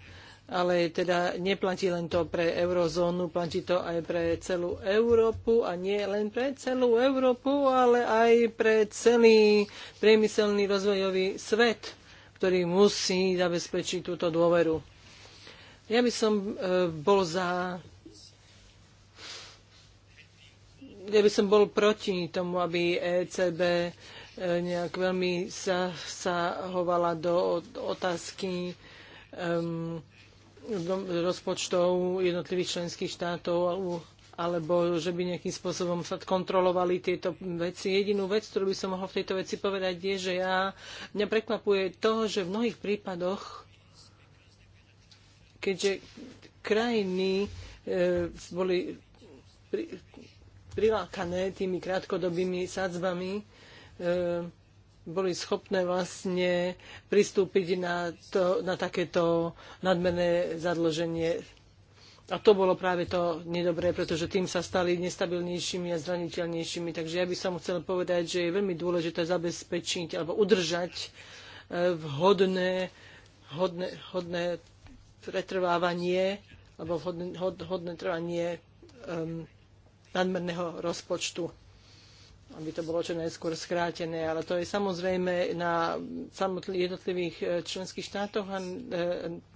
ale teda neplatí len to pre eurozónu, platí to aj pre celú Európu a nie len pre celú Európu, ale aj pre celý priemyselný rozvojový svet ktorý musí zabezpečiť túto dôveru. Ja by som e, bol za ja by som bol proti tomu, aby ECB e, nejak veľmi sa, sa hovala do otázky um, rozpočtov jednotlivých členských štátov alebo že by nejakým spôsobom sa kontrolovali tieto veci. Jedinú vec, ktorú by som mohol v tejto veci povedať, je, že ja, mňa prekvapuje to, že v mnohých prípadoch, keďže krajiny e, boli pri, prilákané tými krátkodobými sadzbami, e, boli schopné vlastne pristúpiť na, to, na takéto nadmerné zadlženie a to bolo práve to nedobré, pretože tým sa stali nestabilnejšími a zraniteľnejšími. Takže ja by som chcel povedať, že je veľmi dôležité zabezpečiť alebo udržať e, vhodné, hodné, hodné pretrvávanie alebo vhodné, hodné trvanie um, nadmerného rozpočtu aby to bolo čo najskôr skrátené, ale to je samozrejme na jednotlivých e, členských štátoch a e,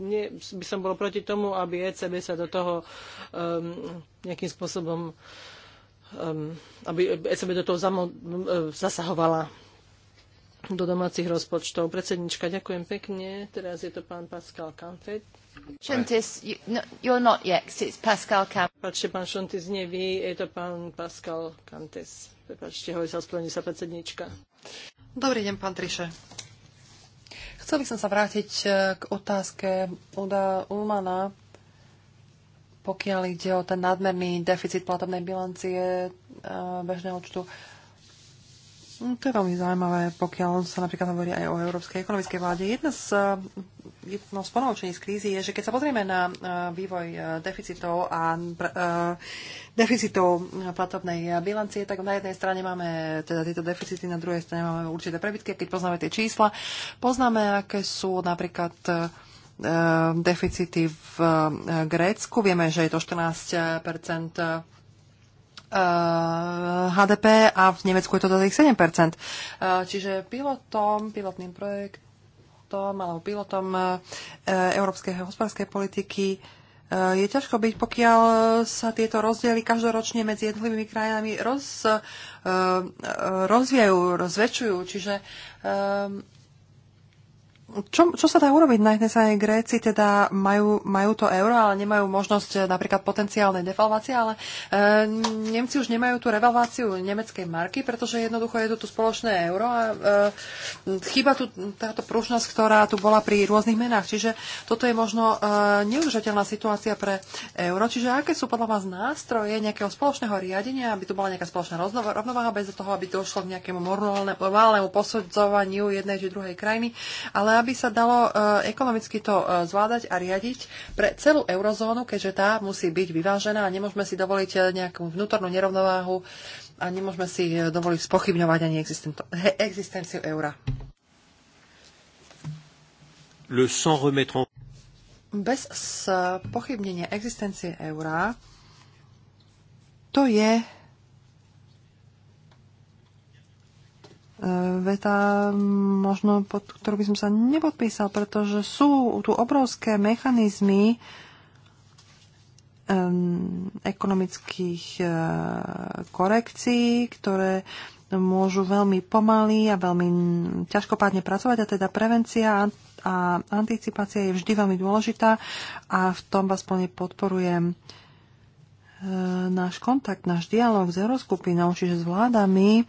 nie, by som bol proti tomu, aby ECB sa do toho um, nejakým spôsobom um, aby ECB do toho zamo, um, zasahovala do domácich rozpočtov. Predsednička, ďakujem pekne. Teraz je to pán Pascal Kamfet. Šuntis, no, you're not Yex, it's Pascal Cantes. Prepačte, pán Šuntis, nie vy, je to pán Pascal Cantes. Prepačte, hovorí sa splní sa predsednička. Dobrý deň, pán Triše. Chcel by som sa vrátiť e, k otázke Uda Ulmana, pokiaľ ide o ten nadmerný deficit platobnej bilancie e, bežného účtu. Mm, to je veľmi zaujímavé, pokiaľ sa napríklad hovorí aj o európskej ekonomickej vláde. Jedna z, eh, jedno z ponovčení z krízy je, že keď sa pozrieme na eh, vývoj eh, deficitov a deficitov platobnej bilancie, tak na jednej strane máme teda tieto deficity, na druhej strane máme určité prebytky. keď poznáme tie čísla, poznáme, aké sú napríklad deficity v Grécku. Vieme, že je to 14 HDP eh, a v Nemecku je to do tých 7%. Eh, čiže pilotom, pilotným projektom alebo pilotom eh, európskej hospodárskej politiky je ťažko byť, pokiaľ sa tieto rozdiely každoročne medzi jednotlivými krajinami roz, rozvíjajú, rozväčšujú. Čiže čo, čo sa dá urobiť? Na jednej strane Gréci teda majú, majú to euro, ale nemajú možnosť e, napríklad potenciálnej devalvácie, ale e, Nemci už nemajú tú revalváciu nemeckej marky, pretože jednoducho je to tu spoločné euro a e, chýba tu táto prúšnosť, ktorá tu bola pri rôznych menách. Čiže toto je možno e, neužiteľná situácia pre euro. Čiže aké sú podľa vás nástroje nejakého spoločného riadenia, aby tu bola nejaká spoločná rovnováha bez toho, aby došlo k nejakému morálnemu posudzovaniu jednej či druhej krajiny, ale aby sa dalo e, ekonomicky to e, zvládať a riadiť pre celú eurozónu, keďže tá musí byť vyvážená a nemôžeme si dovoliť e, nejakú vnútornú nerovnováhu a nemôžeme si dovoliť spochybňovať ani existenciu eura. Le sans remettre Bez pochybnenia existencie eura to je E, veta, možno pod ktorú by som sa nepodpísal, pretože sú tu obrovské mechanizmy um, ekonomických uh, korekcií, ktoré môžu veľmi pomaly a veľmi ťažkopádne pracovať a teda prevencia a anticipácia je vždy veľmi dôležitá a v tom vás plne podporujem. náš kontakt, náš dialog s Euroskupinou, čiže s vládami,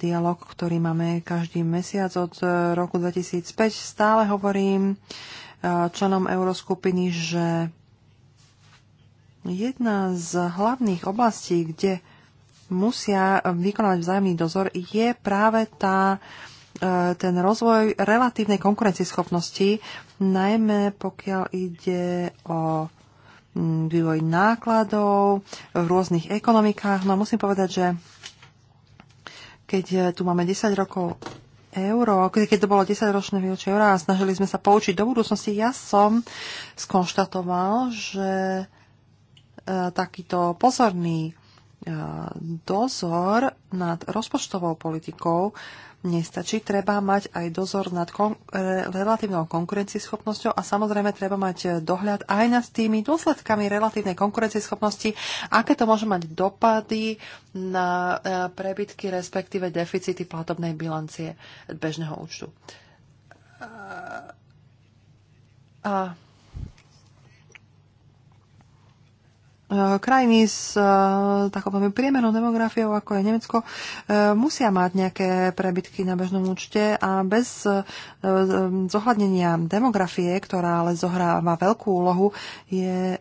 dialog, ktorý máme každý mesiac od e, roku 2005. Stále hovorím e, členom Euroskupiny, že jedna z hlavných oblastí, kde musia vykonávať vzájomný dozor, je práve tá, e, ten rozvoj relatívnej konkurencieschopnosti, najmä pokiaľ ide o vývoj nákladov v rôznych ekonomikách. No musím povedať, že keď eh, tu máme 10 rokov euro, keď to bolo 10-ročné výročie eura a snažili sme sa poučiť do budúcnosti, ja som skonštatoval, že eh, takýto pozorný eh, dozor nad rozpočtovou politikou nestačí. Treba mať aj dozor nad kon- e, relatívnou konkurencieschopnosťou a samozrejme treba mať e, dohľad aj nad tými dôsledkami relatívnej konkurencieschopnosti, aké to môže mať dopady na e, prebytky, respektíve deficity platobnej bilancie bežného účtu. A E, krajiny s e, takou veľmi priemernou demografiou, ako je Nemecko, e, musia mať nejaké prebytky na bežnom účte a bez zohľadnenia demografie, ktorá ale zohráva veľkú úlohu, je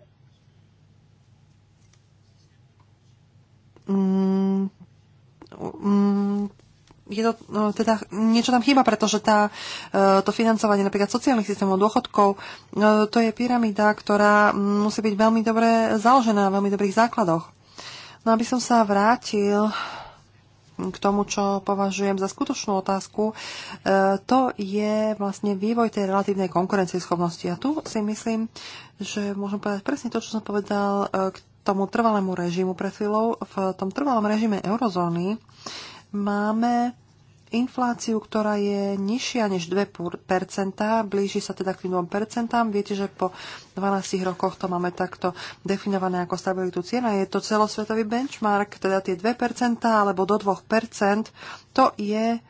mm, mm, je to, no, teda niečo tam chýba, pretože tá, e, to financovanie napríklad sociálnych systémov, dôchodkov, e, to je pyramída, ktorá musí byť veľmi dobre založená na veľmi dobrých základoch. No aby som sa vrátil k tomu, čo považujem za skutočnú otázku, e, to je vlastne vývoj tej relatívnej konkurencieschopnosti. A tu si myslím, že môžem povedať presne to, čo som povedal k tomu trvalému režimu pred chvíľou. V tom trvalom režime eurozóny máme infláciu, ktorá je nižšia než 2%, blíži sa teda k tým 2%. Viete, že po 12 rokoch to máme takto definované ako stabilitu cien a je to celosvetový benchmark, teda tie 2% alebo do 2%, to je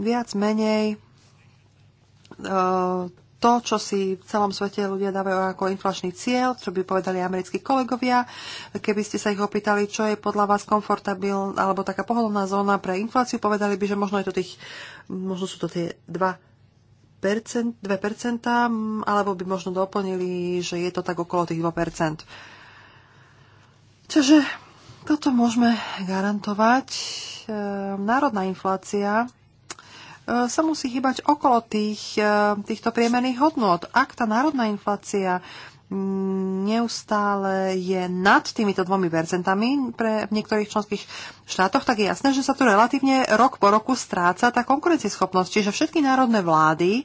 viac menej e, to, čo si v celom svete ľudia dávajú ako inflačný cieľ, čo by povedali americkí kolegovia. Keby ste sa ich opýtali, čo je podľa vás komfortabil alebo taká pohodlná zóna pre infláciu, povedali by, že možno, je to tých, možno sú to tie 2 2%, alebo by možno doplnili, že je to tak okolo tých 2%. Čiže toto môžeme garantovať. Ehm, národná inflácia Eh, sa musí chýbať okolo tých, eh, týchto priemerných hodnot. Ak tá národná inflácia mm, neustále je nad týmito dvomi percentami pre v niektorých členských štátoch, tak je jasné, že sa tu relatívne rok po roku stráca tá konkurencieschopnosť. Čiže všetky národné vlády uh,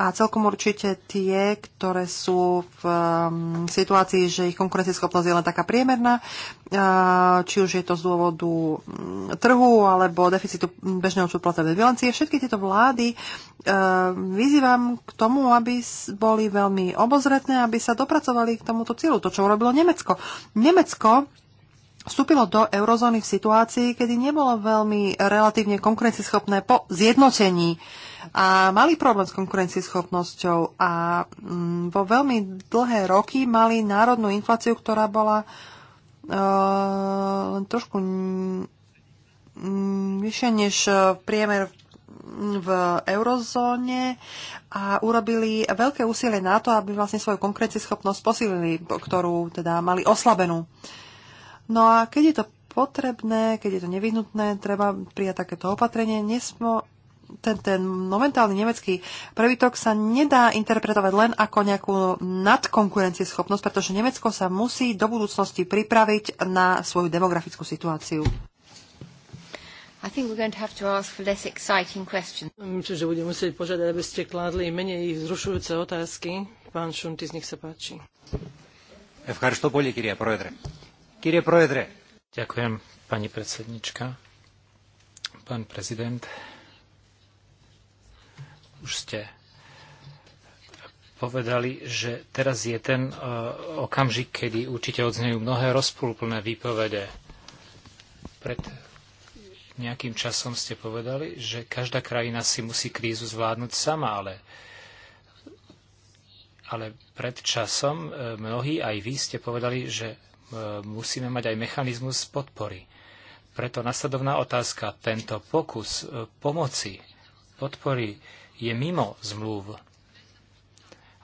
a celkom určite tie, ktoré sú v um, situácii, že ich konkurencieschopnosť je len taká priemerná, uh, či už je to z dôvodu mm, trhu alebo deficitu bežného účtu platebnej bilancie. Všetky tieto vlády uh, vyzývam k tomu, aby boli veľmi obozretné, aby sa dopracovali k tomuto cieľu. To, čo urobilo Nemecko. Nemecko vstúpilo do eurozóny v situácii, kedy nebolo veľmi relatívne konkurencieschopné po zjednotení uh, a mali problém s konkurencieschopnosťou a mm, vo veľmi dlhé roky mali národnú infláciu, ktorá bola uh, trošku mm, vyššia než priemer v eurozóne a urobili veľké úsilie na to, aby vlastne svoju konkurencieschopnosť posilili, ktorú teda mali oslabenú. No a keď je to potrebné, keď je to nevyhnutné, treba prijať takéto opatrenie. Nesmo, ten, ten momentálny nemecký prebytok sa nedá interpretovať len ako nejakú nadkonkurencieschopnosť, pretože Nemecko sa musí do budúcnosti pripraviť na svoju demografickú situáciu. I think we're going to have to ask for less exciting questions. Hm, myslím, že budem musieť požiadať, aby ste kládli menej vzrušujúce otázky. Pán Šuntis, nech sa páči. Ďakujem, pani predsednička. Pán prezident, už ste povedali, že teraz je ten uh, okamžik, kedy určite odznejú mnohé rozpúlplné výpovede. Pred nejakým časom ste povedali, že každá krajina si musí krízu zvládnuť sama, ale, ale pred časom uh, mnohí, aj vy ste povedali, že uh, musíme mať aj mechanizmus podpory. Preto nasledovná otázka, tento pokus uh, pomoci, podpory, je mimo zmluv.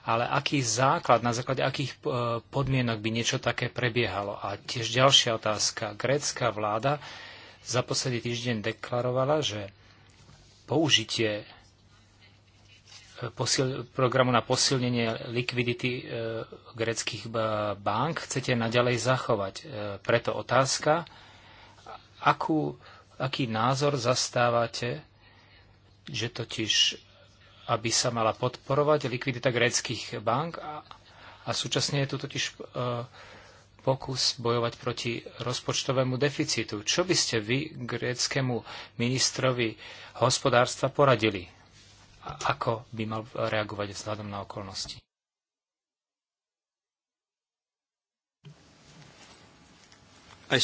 Ale aký základ, na základe akých e, podmienok by niečo také prebiehalo? A tiež ďalšia otázka. Grécka vláda za posledný týždeň deklarovala, že použitie e, posil, programu na posilnenie likvidity e, greckých e, bank chcete naďalej zachovať. E, preto otázka, akú, aký názor zastávate, že totiž aby sa mala podporovať likvidita gréckých bank a, a súčasne je tu totiž e, pokus bojovať proti rozpočtovému deficitu. Čo by ste vy gréckému ministrovi hospodárstva poradili? A ako by mal reagovať vzhľadom na okolnosti? Uh,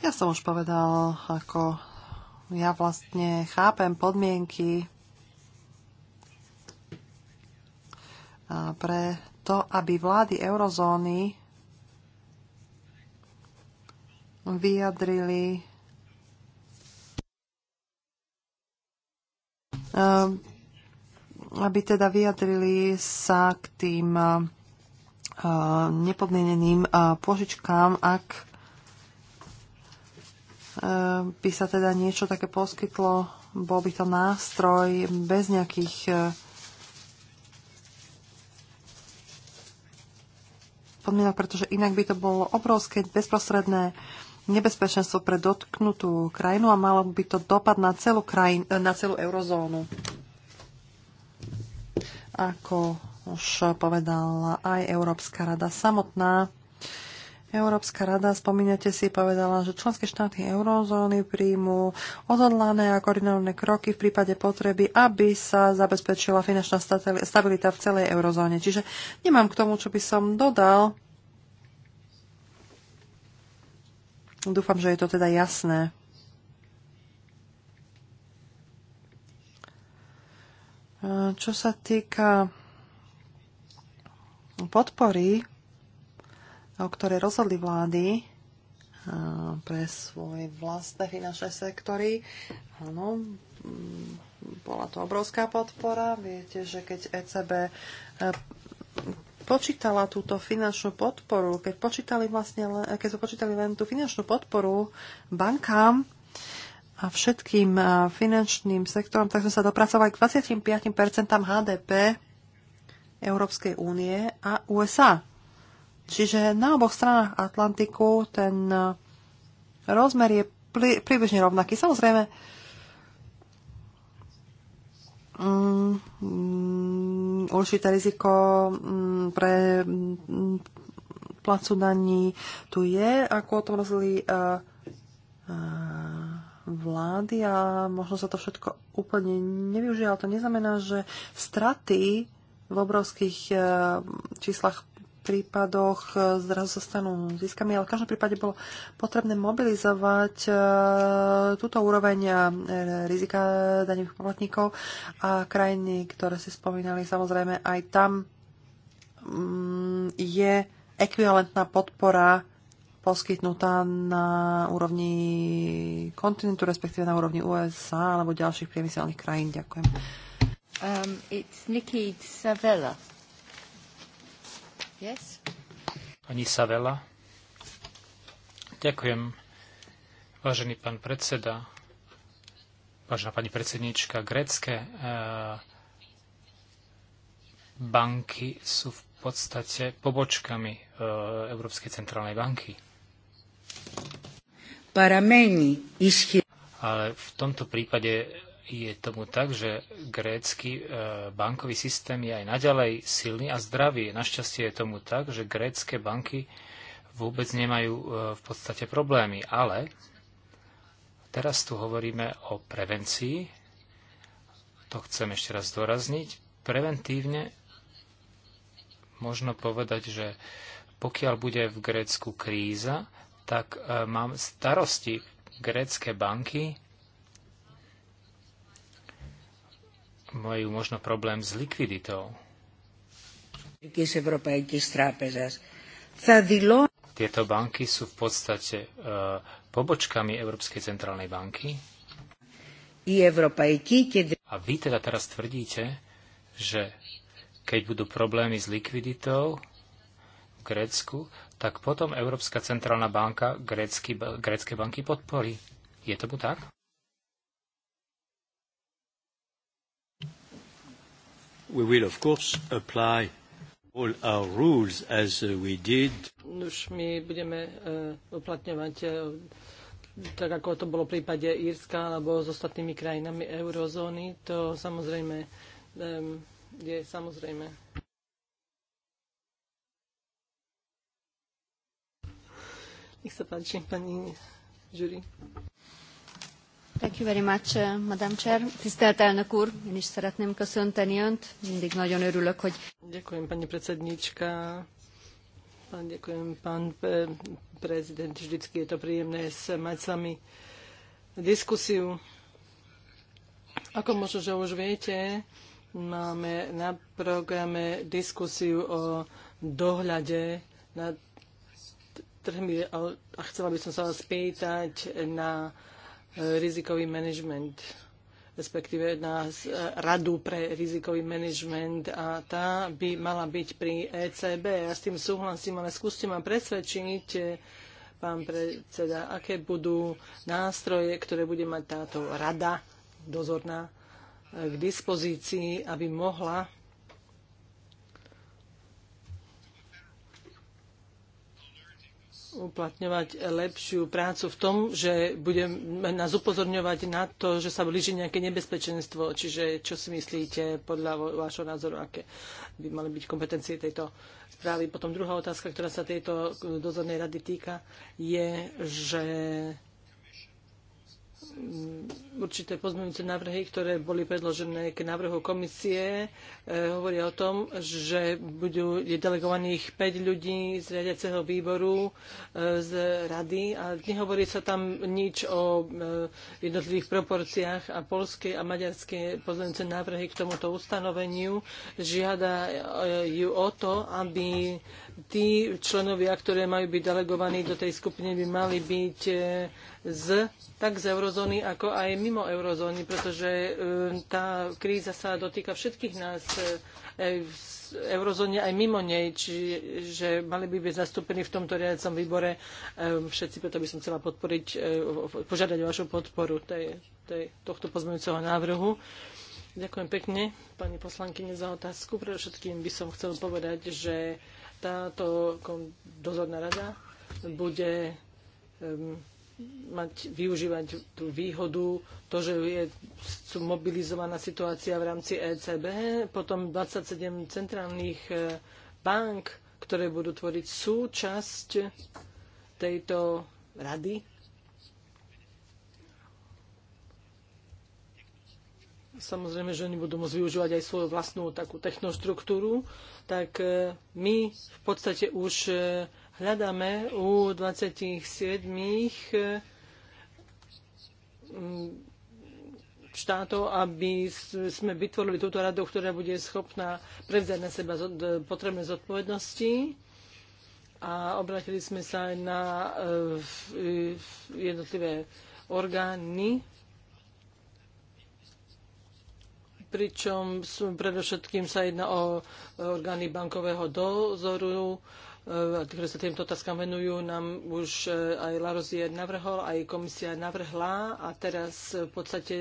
ja som už povedal, ako ja vlastne chápem podmienky pre to, aby vlády eurozóny vyjadrili ehm, aby teda vyjadrili sa k tým ehm, nepodmieneným ehm, pôžičkám, ak E, by sa teda niečo také poskytlo, bol by to nástroj bez nejakých e, podmienok, pretože inak by to bolo obrovské bezprostredné nebezpečenstvo pre dotknutú krajinu a malo by to dopad na celú, krajin, e, na celú eurozónu. Ako už povedala aj Európska rada samotná, Európska rada, spomínate si, povedala, že členské štáty eurozóny príjmú odhodlané a koordinované kroky v prípade potreby, aby sa zabezpečila finančná stabilita v celej eurozóne. Čiže nemám k tomu, čo by som dodal. Dúfam, že je to teda jasné. Čo sa týka podpory o no, ktoré rozhodli vlády eh, pre svoje vlastné finančné sektory. Áno, mm, bola to obrovská podpora. Viete, že keď ECB eh, počítala túto finančnú podporu, keď, počítali vlastne, keď sme počítali len tú finančnú podporu bankám a všetkým eh, finančným sektorom, tak sme sa dopracovali k 25% HDP Európskej únie a USA. Čiže na oboch stranách Atlantiku ten e, rozmer je pri, približne rovnaký. Samozrejme, mm, určité riziko mm, pre um, mm, placu daní tu je, ako o tom rozhodli e, e, vlády a možno sa to všetko úplne nevyužije, ale to neznamená, že straty v obrovských číslach prípadoch e, zrazu sa stanú získami, ale v každom prípade bolo potrebné mobilizovať e, túto úroveň e, rizika daňových poplatníkov a krajiny, ktoré si spomínali, samozrejme aj tam mm, je ekvivalentná podpora poskytnutá na úrovni kontinentu, respektíve na úrovni USA alebo ďalších priemyselných krajín. Ďakujem. Um, it's Nikki Savella. Yes. Pani Savela. Ďakujem, vážený pán predseda, vážená pani predsednička, grecké eh, banky sú v podstate pobočkami eh, Európskej centrálnej banky. Ale v tomto prípade je tomu tak, že grécky e, bankový systém je aj naďalej silný a zdravý. Našťastie je tomu tak, že grécké banky vôbec nemajú e, v podstate problémy. Ale teraz tu hovoríme o prevencii. To chcem ešte raz zdôrazniť. Preventívne možno povedať, že pokiaľ bude v Grécku kríza, tak e, mám starosti grécké banky majú možno problém s likviditou. Tieto banky sú v podstate e, pobočkami Európskej centrálnej banky. A vy teda teraz tvrdíte, že keď budú problémy s likviditou v Grécku, tak potom Európska centrálna banka grécky, grécké banky podporí. Je tomu tak? we will of course apply all our rules as uh, we did. Už my budeme uh, uplatňovať uh, tak ako to bolo v prípade Írska alebo s ostatnými krajinami eurozóny, to samozrejme um, je samozrejme. Nech sa páči, pani žuri. Thank you very much, uh, Madam Chair. Tisztelt elnök úr, én is szeretném köszönteni önt. Mindig nagyon örülök, hogy... Ďakujem, pani predsednička. Pán, ďakujem, pán eh, prezident. Vždycky je to príjemné mať s vami diskusiu. Ako možno, že už viete, máme na programe diskusiu o dohľade na trhmi a chcela by som sa vás pýtať na rizikový manažment respektíve na e, Radu pre rizikový manažment a tá by mala byť pri ECB. Ja s tým súhlasím, ale skúste ma presvedčiť, e, pán predseda, aké budú nástroje, ktoré bude mať táto rada dozorná e, k dispozícii, aby mohla uplatňovať lepšiu prácu v tom, že budeme nás upozorňovať na to, že sa blíži nejaké nebezpečenstvo. Čiže čo si myslíte podľa vášho názoru, aké by mali byť kompetencie tejto správy. Potom druhá otázka, ktorá sa tejto eh, dozornej rady týka, je, že Mm, určité pozmeňujúce návrhy, ktoré boli predložené k návrhu komisie, eh, hovoria o tom, že budú delegovaných 5 ľudí z riadiaceho výboru eh, z rady a nehovorí sa tam nič o eh, jednotlivých proporciách a polské a maďarské pozmeňujúce návrhy k tomuto ustanoveniu žiadajú o to, aby tí členovia, ktoré majú byť delegovaní do tej skupiny, by mali byť z, tak z Euró eurozóny, ako aj mimo eurozóny, pretože um, tá kríza sa dotýka všetkých nás e, e, v eurozóne aj mimo nej, čiže mali by byť zastúpení v tomto riadcom výbore e, všetci, preto by som chcela podporiť, požiadať o vašu podporu tej, tej, tohto pozmeňujúceho návrhu. Ďakujem pekne, pani poslankyne, za otázku. Pre všetkým by som chcel povedať, že táto dozorná rada bude um, mať, využívať tú výhodu, to, že je mobilizovaná situácia v rámci ECB, potom 27 centrálnych e, bank, ktoré budú tvoriť súčasť tejto rady. Samozrejme, že oni budú môcť využívať aj svoju vlastnú takú technoštruktúru, tak e, my v podstate už e, hľadáme u 27 mm, štátov, aby sme vytvorili túto radu, ktorá bude schopná prevziať na seba potrebné zodpovednosti. A obratili sme sa aj na e, e, jednotlivé orgány, pričom predovšetkým sa jedná o e, orgány bankového dozoru, E, ktoré sa týmto otázkam venujú, nám už e, aj Larozie navrhol, aj komisia navrhla a teraz v podstate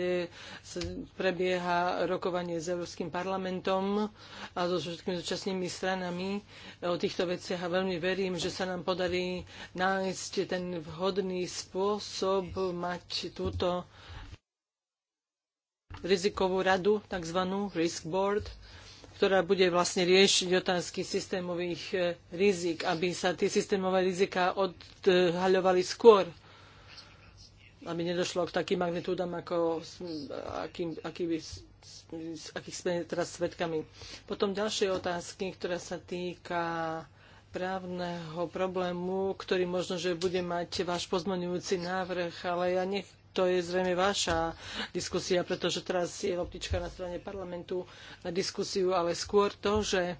prebieha rokovanie s Európskym parlamentom a so všetkými zúčastnými stranami o týchto veciach a veľmi verím, že sa nám podarí nájsť ten vhodný spôsob mať túto rizikovú radu, takzvanú risk board, ktorá bude vlastne riešiť otázky systémových e, rizik, aby sa tie systémové rizika odhaľovali skôr aby nedošlo k takým magnitúdam, ako, aký by, akých sme teraz svedkami. Potom ďalšie otázky, ktorá sa týka právneho problému, ktorý možno, že bude mať váš pozmenujúci návrh, ale ja nech, to je zrejme vaša diskusia, pretože teraz je loptička na strane parlamentu na diskusiu, ale skôr to, že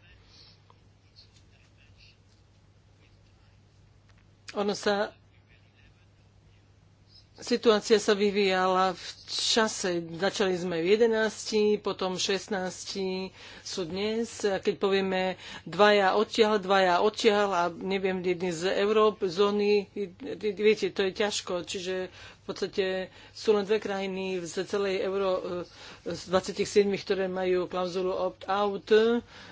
ono sa Situácia sa vyvíjala v čase. Začali sme v 11, potom 16 sú dnes. A keď povieme dvaja odtiaľ, dvaja odtiaľ a neviem, jedni z Európ, zóny, viete, to je ťažko. Čiže v podstate sú len dve krajiny z celej euro e, z 27, ktoré majú klauzulu opt-out,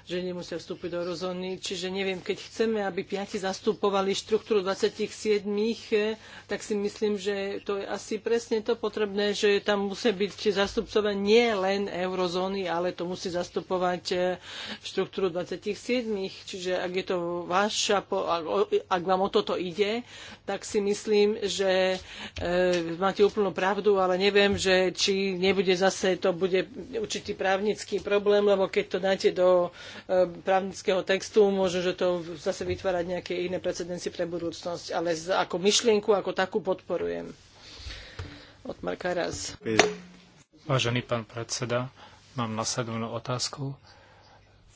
že nemusia vstúpiť do eurozóny. Čiže neviem, keď chceme, aby piati zastupovali štruktúru 27, e, tak si myslím, že to je asi presne to potrebné, že tam musia byť zastupcovia nie len eurozóny, ale to musí zastupovať e, štruktúru 27. Čiže ak je to vaša, ak vám o toto ide, tak si myslím, že máte úplnú pravdu, ale neviem, že či nebude zase, to bude určitý právnický problém, lebo keď to dáte do e, právnického textu, môže, že to zase vytvárať nejaké iné precedencie pre budúcnosť. Ale ako myšlienku, ako takú podporujem. Od Marka Raz. Vážený pán predseda, mám nasledovnú otázku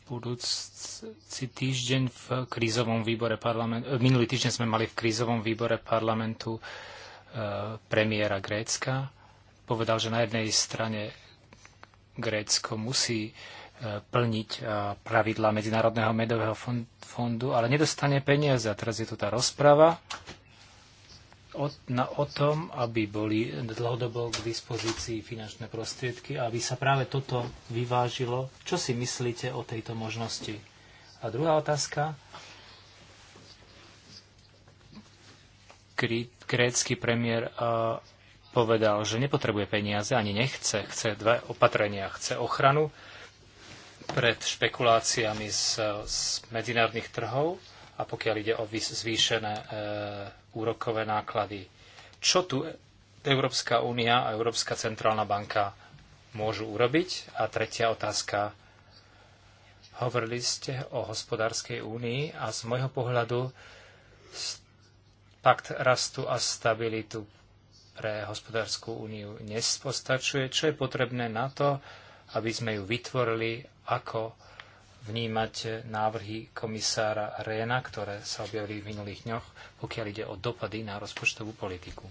budúci týždeň v krízovom výbore parlamentu, minulý týždeň sme mali v krízovom výbore parlamentu premiéra Grécka. Povedal, že na jednej strane Grécko musí e, plniť e, pravidla Medzinárodného medového fondu, ale nedostane peniaze. A teraz je tu tá rozprava o, na, o tom, aby boli dlhodobo k dispozícii finančné prostriedky, aby sa práve toto vyvážilo. Čo si myslíte o tejto možnosti? A druhá otázka, grécky premiér e, povedal, že nepotrebuje peniaze, ani nechce, chce dve opatrenia, chce ochranu pred špekuláciami z, z medzinárodných trhov a pokiaľ ide o zvýšené e, úrokové náklady. Čo tu Európska únia a Európska centrálna banka môžu urobiť? A tretia otázka. Hovorili ste o hospodárskej únii a z môjho pohľadu pakt rastu a stabilitu pre hospodárskú úniu nespostačuje, čo je potrebné na to, aby sme ju vytvorili, ako vnímať návrhy komisára Réna, ktoré sa objavili v minulých dňoch, pokiaľ ide o dopady na rozpočtovú politiku.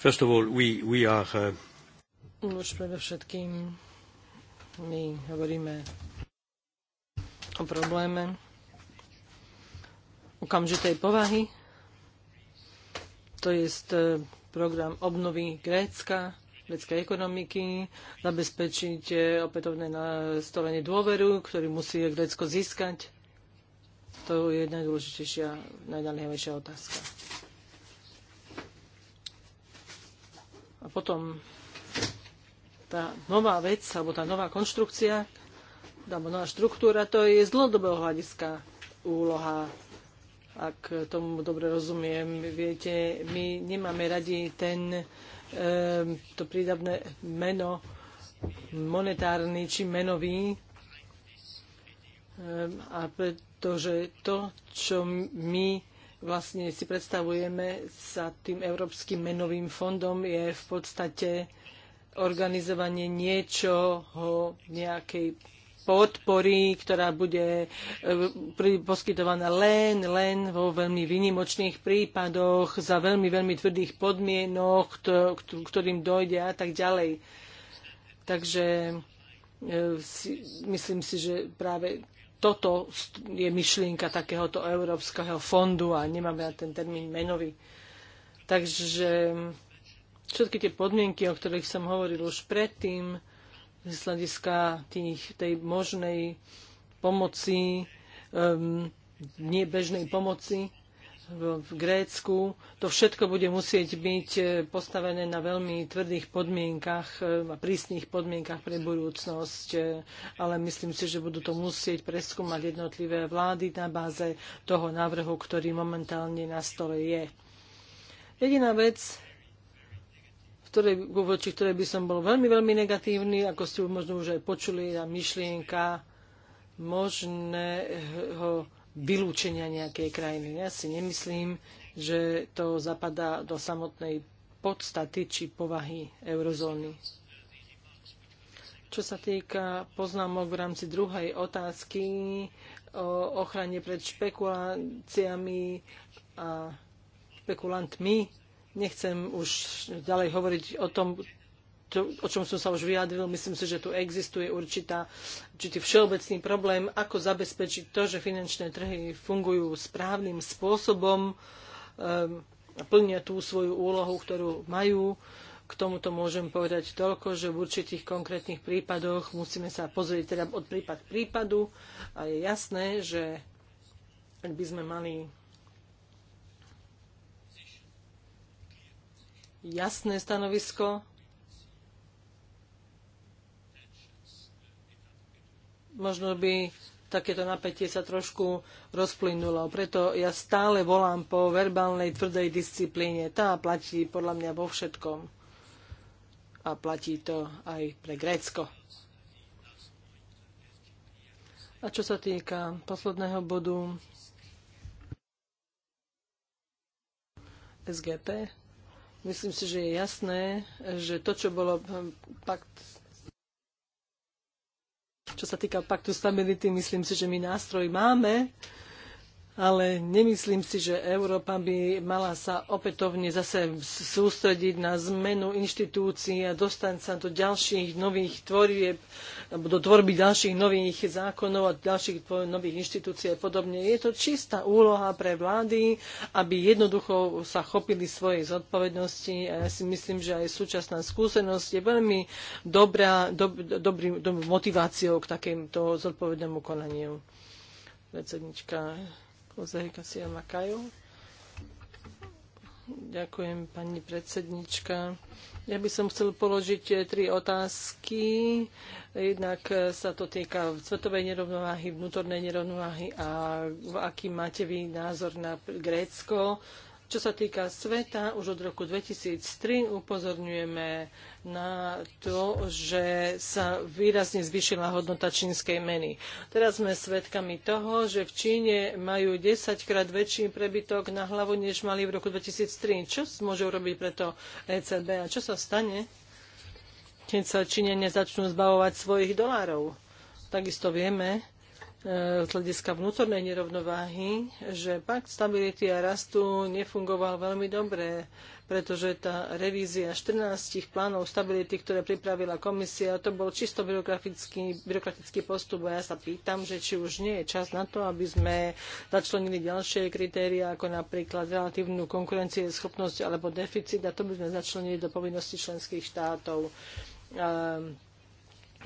First of all, we, we are, uh... Už my hovoríme o probléme okamžitej povahy, to je e, program obnovy Grécka, gréckej ekonomiky, zabezpečiť e, opätovné nastolenie dôveru, ktorý musí Grécko získať. To je najdôležitejšia, najdalejšia otázka. A potom tá nová vec, alebo tá nová konštrukcia, alebo nová štruktúra, to je z dlhodobého hľadiska úloha ak tomu dobre rozumiem. Viete, my nemáme radi ten, e, to prídavné meno monetárny či menový, ehm, a pretože to, čo my vlastne si predstavujeme sa tým Európskym menovým fondom, je v podstate organizovanie niečoho, nejakej podpory, ktorá bude e, poskytovaná len, len vo veľmi výnimočných prípadoch, za veľmi, veľmi tvrdých podmienok, ktorým dojde a tak ďalej. Takže e, myslím si, že práve toto je myšlienka takéhoto Európskeho fondu a nemáme na ten termín menový. Takže všetky tie podmienky, o ktorých som hovoril už predtým, z hľadiska tých, tej možnej pomoci, um, ehm, nebežnej pomoci v, v Grécku. To všetko bude musieť byť e, postavené na veľmi tvrdých podmienkach e, a prísnych podmienkach pre budúcnosť, e, ale myslím si, že budú to musieť preskúmať jednotlivé vlády na báze toho návrhu, ktorý momentálne na stole je. Jediná vec, ktorej, voči ktorej by som bol veľmi, veľmi negatívny, ako ste možno už aj počuli, a myšlienka možného vylúčenia nejakej krajiny. Ja si nemyslím, že to zapadá do samotnej podstaty či povahy eurozóny. Čo sa týka poznámok v rámci druhej otázky o ochrane pred špekuláciami a špekulantmi, Nechcem už ďalej hovoriť o tom, to, o čom som sa už vyjadril, myslím si, že tu existuje určitá, určitý všeobecný problém, ako zabezpečiť to, že finančné trhy fungujú správnym spôsobom, um, plnia tú svoju úlohu, ktorú majú. K tomuto môžem povedať toľko, že v určitých konkrétnych prípadoch musíme sa pozrieť teda od prípad k prípadu a je jasné, že ak by sme mali jasné stanovisko. Možno by takéto napätie sa trošku rozplynulo. Preto ja stále volám po verbálnej tvrdej disciplíne. Tá platí podľa mňa vo všetkom. A platí to aj pre Grécko. A čo sa týka posledného bodu SGP, Myslím si, že je jasné, že to, čo bolo eh, pakt čo sa týka paktu stability, myslím si, že my nástroj máme ale nemyslím si, že Európa by mala sa opätovne zase sústrediť na zmenu inštitúcií a dostať sa do ďalších nových tvorieb, alebo do tvorby ďalších nových zákonov a ďalších nových inštitúcií a podobne. Je to čistá úloha pre vlády, aby jednoducho sa chopili svojej zodpovednosti a ja si myslím, že aj súčasná skúsenosť je veľmi dobrá, dob, dobrý, motiváciou k takémuto zodpovednému konaniu. Predsednička Ďakujem, pani predsednička. Ja by som chcel položiť eh, tri otázky. Jednak eh, sa to týka svetovej nerovnováhy, vnútornej nerovnováhy a aký máte vy názor na Grécko čo sa týka sveta, už od roku 2003 upozorňujeme na to, že sa výrazne zvýšila hodnota čínskej meny. Teraz sme svedkami toho, že v Číne majú 10 krát väčší prebytok na hlavu, než mali v roku 2003. Čo môže urobiť preto ECB a čo sa stane, keď sa Číne nezačnú zbavovať svojich dolárov? Takisto vieme, z hľadiska vnútornej nerovnováhy, že pakt stability a rastu nefungoval veľmi dobre, pretože tá revízia 14 plánov stability, ktoré pripravila komisia, to bol čisto byrokratický, byrokratický postup a ja sa pýtam, že či už nie je čas na to, aby sme začlenili ďalšie kritéria, ako napríklad relatívnu konkurencieschopnosť alebo deficit a to by sme začlenili do povinnosti členských štátov. Ehm,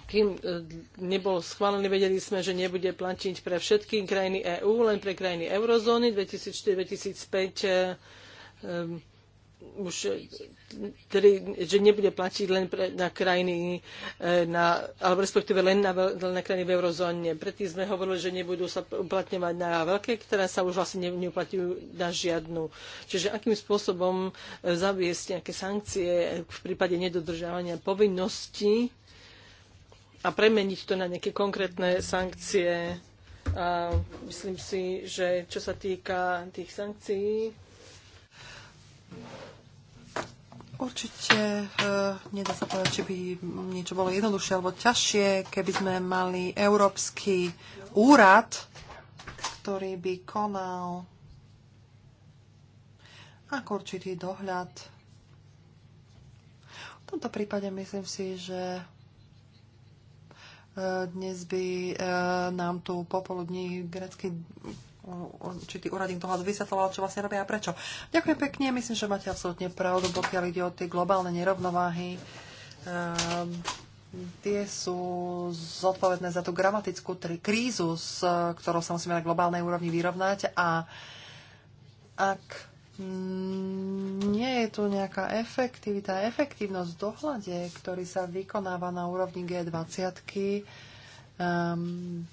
kým e, nebol schválený, vedeli sme, že nebude platiť pre všetky krajiny EÚ, len pre krajiny eurozóny 2004-2005 e, e, už, tedy, že nebude platiť len pre, na krajiny, na, alebo respektíve len na, na krajiny v eurozóne. Predtým sme hovorili, že nebudú sa uplatňovať na veľké, ktoré sa už vlastne neuplatňujú na žiadnu. Čiže akým spôsobom zaviesť nejaké sankcie v prípade nedodržiavania povinností a premeniť to na nejaké konkrétne sankcie. A myslím si, že čo sa týka tých sankcií, Určite uh, nedá sa povedať, či by niečo bolo jednoduchšie alebo ťažšie, keby sme mali Európsky úrad, ktorý by konal ako určitý dohľad. V tomto prípade myslím si, že dnes by e, nám tu popoludní grecký e, určitý úradník dohľadu vysvetloval, čo vlastne robia a prečo. Ďakujem pekne, myslím, že máte absolútne pravdu, pokiaľ ide o tie globálne nerovnováhy. E, tie sú zodpovedné za tú gramatickú krízu, s ktorou sa musíme na globálnej úrovni vyrovnať a ak Mm, nie je tu nejaká efektivita, efektívnosť v dohľade, ktorý sa vykonáva na úrovni G20, um,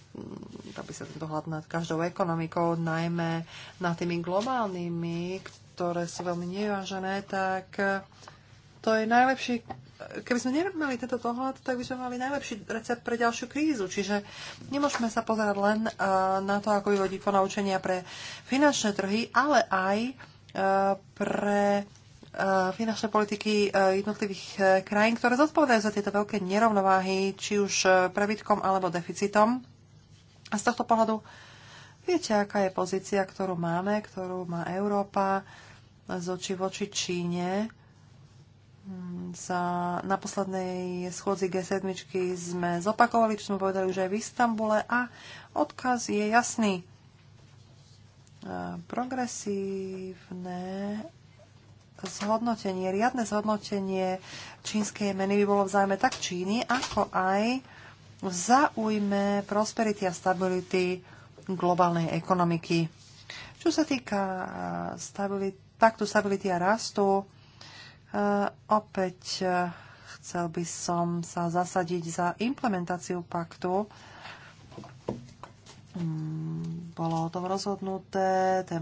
by sa ten dohľad nad každou ekonomikou, najmä nad tými globálnymi, ktoré sú veľmi nevážené, tak eh, to je najlepší keby sme nemali tento dohľad, tak by sme mali najlepší recept pre ďalšiu krízu. Čiže nemôžeme sa pozerať len eh, na to, ako vyvodiť ponaučenia pre finančné trhy, ale aj Eh, pre eh, finančné politiky eh, jednotlivých krajín, ktoré zodpovedajú za tieto veľké nerovnováhy, či už prebytkom alebo deficitom. A z tohto pohľadu viete, aká je pozícia, ktorú máme, ktorú má Európa z oči voči Číne. Mm, za, na poslednej schôdzi G7 sme zopakovali, čo sme povedali už aj v Istambule a odkaz je jasný progresívne zhodnotenie, riadne zhodnotenie čínskej meny by bolo v záujme tak Číny, ako aj v záujme prosperity a stability globálnej ekonomiky. Čo sa týka eh, stability, paktu stability a rastu, eh, opäť eh, chcel by som sa zasadiť za implementáciu paktu, Mm, bolo o tom rozhodnuté, ten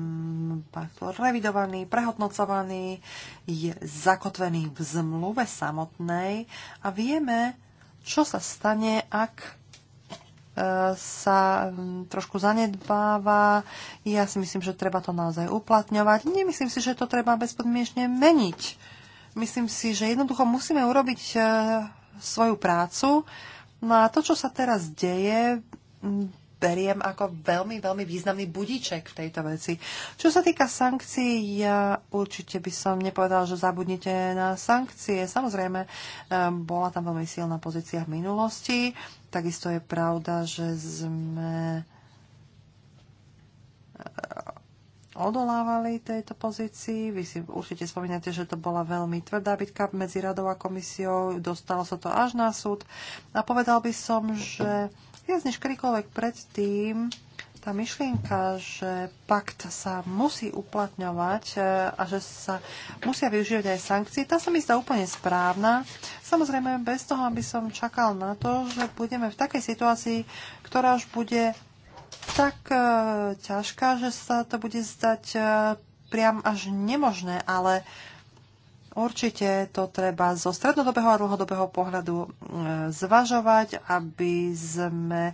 pakt bol revidovaný, prehodnocovaný, je zakotvený v zmluve samotnej a vieme, čo sa stane, ak e, sa mm, trošku zanedbáva. Ja si myslím, že treba to naozaj uplatňovať. Nemyslím si, že to treba bezpodmienečne meniť. Myslím si, že jednoducho musíme urobiť e, svoju prácu. No a to, čo sa teraz deje, mm, beriem ako veľmi, veľmi významný budíček v tejto veci. Čo sa týka sankcií, ja určite by som nepovedal, že zabudnite na sankcie. Samozrejme, eh, bola tam veľmi silná pozícia v minulosti. Takisto je pravda, že sme eh, odolávali tejto pozícii. Vy si určite spomínate, že to bola veľmi tvrdá bitka medzi radou a komisiou. Dostalo sa to až na súd. A povedal by som, že Viac než kedykoľvek predtým tá myšlienka, že pakt sa musí uplatňovať e, a že sa musia využívať aj sankcie, tá sa mi zdá úplne správna. Samozrejme, bez toho, aby som čakal na to, že budeme v takej situácii, ktorá už bude tak e, ťažká, že sa to bude zdať e, priam až nemožné, ale e, Určite to treba zo strednodobého a dlhodobého pohľadu e, zvažovať, aby sme e,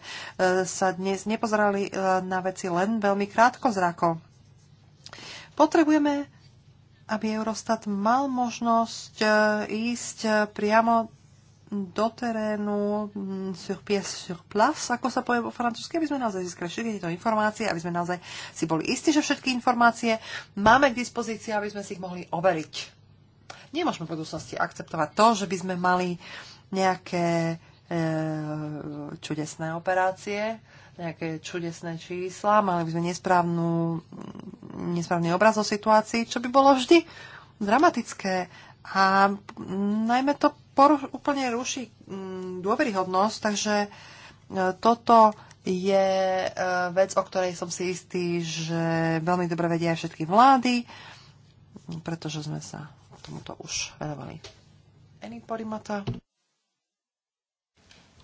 sa dnes nepozerali e, na veci len veľmi krátko zrako. Potrebujeme, aby Eurostat mal možnosť ísť priamo do terénu sur pièce, sur place, ako sa povie po francúzsky, aby sme naozaj získali všetky tieto informácie, aby sme naozaj si boli istí, že všetky informácie máme k dispozícii, aby sme si ich mohli overiť. Nemôžeme v budúcnosti akceptovať to, že by sme mali nejaké eh, čudesné operácie, nejaké čudesné čísla, mali by sme nesprávnu, nesprávny obraz o situácii, čo by bolo vždy dramatické. A najmä to poru- úplne ruší mm, dôveryhodnosť, takže eh, toto je eh, vec, o ktorej som si istý, že veľmi dobre vedia aj všetky vlády, pretože sme sa tomuto už venovali.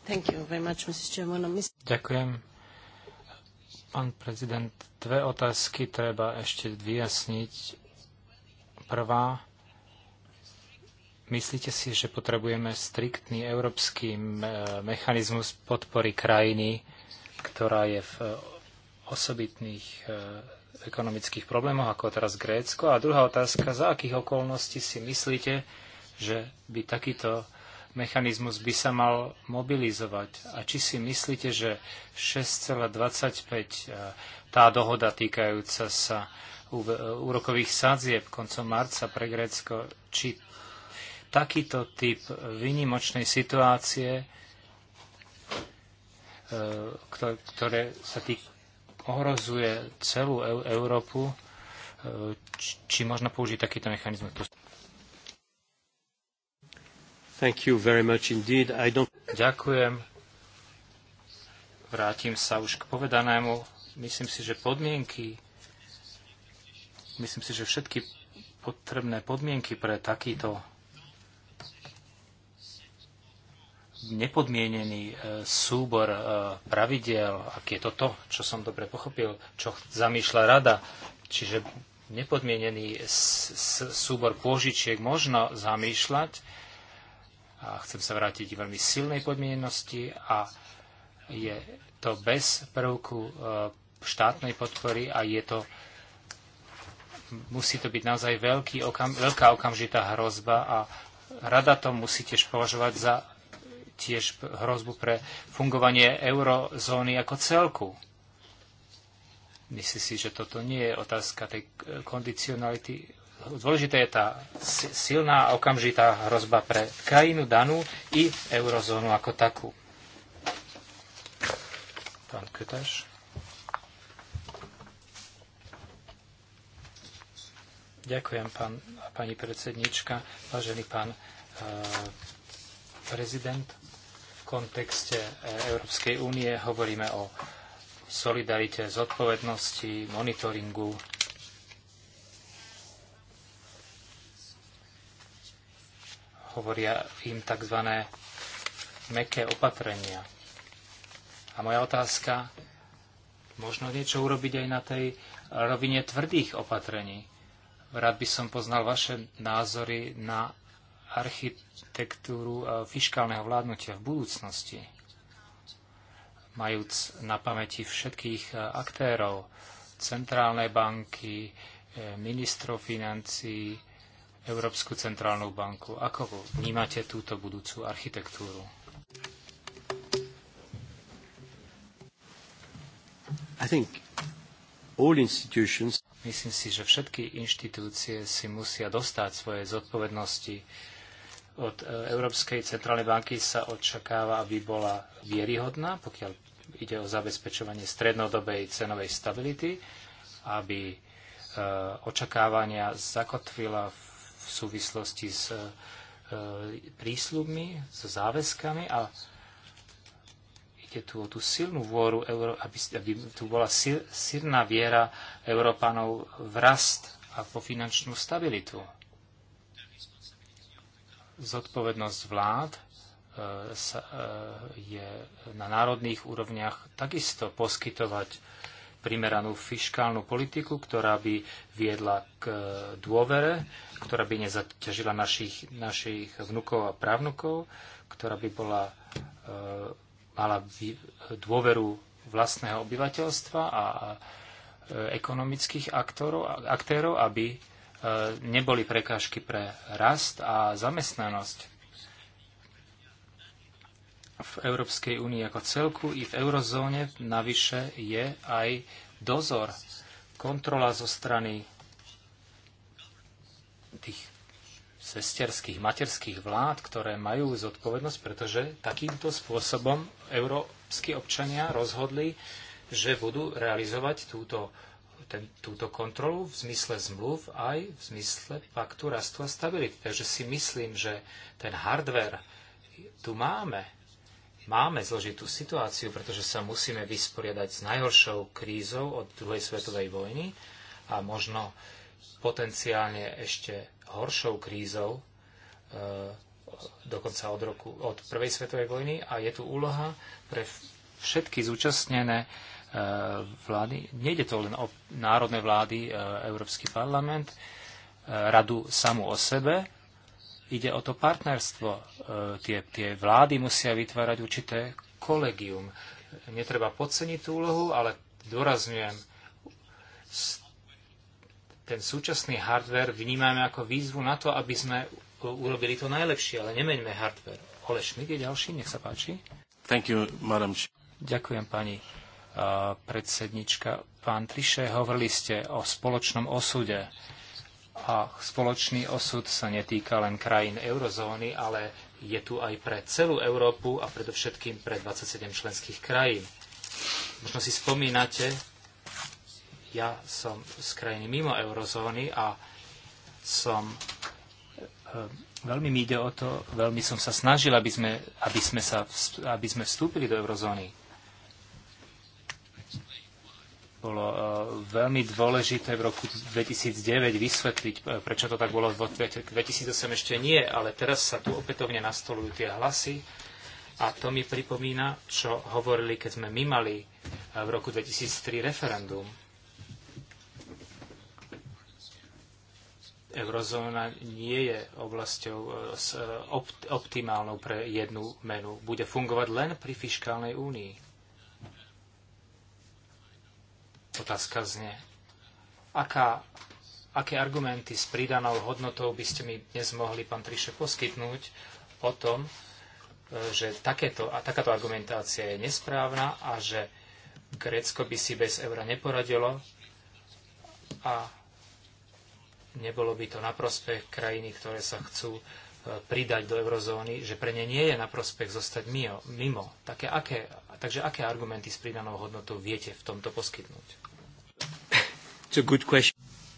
Thank you very much, Mrs. Chairman. Ďakujem. Pán prezident, dve otázky treba ešte vyjasniť. Prvá, myslíte si, že potrebujeme striktný európsky mechanizmus podpory krajiny, ktorá je v e, osobitných e, ekonomických problémoch, ako teraz Grécko? A druhá otázka, za akých okolností si myslíte, že by takýto mechanizmus by sa mal mobilizovať? A či si myslíte, že 6,25 e, tá dohoda týkajúca sa e, úrokových sadzieb koncom marca pre Grécko, či takýto typ výnimočnej situácie, e, ktoré sa týka ohrozuje celú e Európu. Či, možno použiť takýto mechanizmus? Thank you very much indeed. I don't... Ďakujem. Vrátim sa už k povedanému. Myslím si, že podmienky, myslím si, že všetky potrebné podmienky pre takýto nepodmienený e, súbor e, pravidel, ak je to to, čo som dobre pochopil, čo zamýšľa rada, čiže nepodmienený súbor pôžičiek možno zamýšľať, a chcem sa vrátiť k veľmi silnej podmienenosti a je to bez prvku e, štátnej podpory a je to musí to byť naozaj veľký okam, veľká okamžitá hrozba a rada to musí tiež považovať za tiež hrozbu pre fungovanie eurozóny ako celku. Myslím si, že toto nie je otázka tej kondicionality. Dôležité je tá silná a okamžitá hrozba pre krajinu danú i eurozónu ako takú. Pán Kutaš. Ďakujem, pán, pani predsednička, vážený pán e, prezident kontexte e, Európskej únie hovoríme o solidarite, zodpovednosti, monitoringu. Hovoria im tzv. meké opatrenia. A moja otázka, možno niečo urobiť aj na tej rovine tvrdých opatrení. Rád by som poznal vaše názory na architektúru e, fiškálneho vládnutia v budúcnosti, majúc na pamäti všetkých e, aktérov, centrálne banky, e, ministrov financií, Európsku centrálnu banku. Ako vnímate túto budúcu architektúru? I think all institutions... Myslím si, že všetky inštitúcie si musia dostať svoje zodpovednosti od e, Európskej centrálnej banky sa očakáva, aby bola vieryhodná, pokiaľ ide o zabezpečovanie strednodobej cenovej stability, aby e, očakávania zakotvila v súvislosti s e, prísľubmi, so záväzkami a ide tu o tú silnú vôru, aby, aby tu bola silná viera Európanov v rast a po finančnú stabilitu zodpovednosť vlád e, e, je na národných úrovniach takisto poskytovať primeranú fiskálnu politiku, ktorá by viedla k dôvere, ktorá by nezaťažila našich, našich vnukov a právnukov, ktorá by bola, e, mala dôveru vlastného obyvateľstva a, a ekonomických aktorov, aktérov, aby neboli prekážky pre rast a zamestnanosť v Európskej únii ako celku i v eurozóne navyše je aj dozor, kontrola zo strany tých sesterských, materských vlád, ktoré majú zodpovednosť, pretože takýmto spôsobom európsky občania rozhodli, že budú realizovať túto ten, túto kontrolu v zmysle zmluv aj v zmysle paktu rastu a stability. Takže si myslím, že ten hardware tu máme. Máme zložitú situáciu, pretože sa musíme vysporiadať s najhoršou krízou od druhej svetovej vojny a možno potenciálne ešte horšou krízou e, dokonca od, roku, od prvej svetovej vojny a je tu úloha pre všetky zúčastnené e, vlády. Nejde to len o národné vlády, e, Európsky parlament, e, radu samu o sebe. Ide o to partnerstvo. E, tie, tie vlády musia vytvárať určité kolegium. Netreba podceniť tú úlohu, ale dôrazňujem, ten súčasný hardware vnímame ako výzvu na to, aby sme urobili to najlepšie, ale nemeňme hardware. Ole Schmidt je ďalší, nech sa páči. Thank you, madam. Ďakujem, pani predsednička. Pán Triše, hovorili ste o spoločnom osude. A spoločný osud sa netýka len krajín eurozóny, ale je tu aj pre celú Európu a predovšetkým pre 27 členských krajín. Možno si spomínate, ja som z krajiny mimo eurozóny a som e, veľmi mi ide o to, veľmi som sa snažil, aby sme, aby sme, sa, aby sme vstúpili do eurozóny bolo e, veľmi dôležité v roku 2009 vysvetliť, e, prečo to tak bolo v 2008 ešte nie, ale teraz sa tu opätovne nastolujú tie hlasy a to mi pripomína, čo hovorili, keď sme my mali e, v roku 2003 referendum. eurozóna nie je oblasťou optimálnou pre jednu menu. Bude fungovať len pri fiskálnej únii. Otázka znie, aká, aké argumenty s pridanou hodnotou by ste mi dnes mohli, pán Triše, poskytnúť o tom, e, že takéto, a takáto argumentácia je nesprávna a že Grécko by si bez eura neporadilo a nebolo by to na prospech krajiny, ktoré sa chcú e, pridať do eurozóny, že pre ne nie je na prospech zostať mimo. mimo. Také aké Takže aké argumenty s pridanou hodnotou viete v tomto poskytnúť? It's a good question.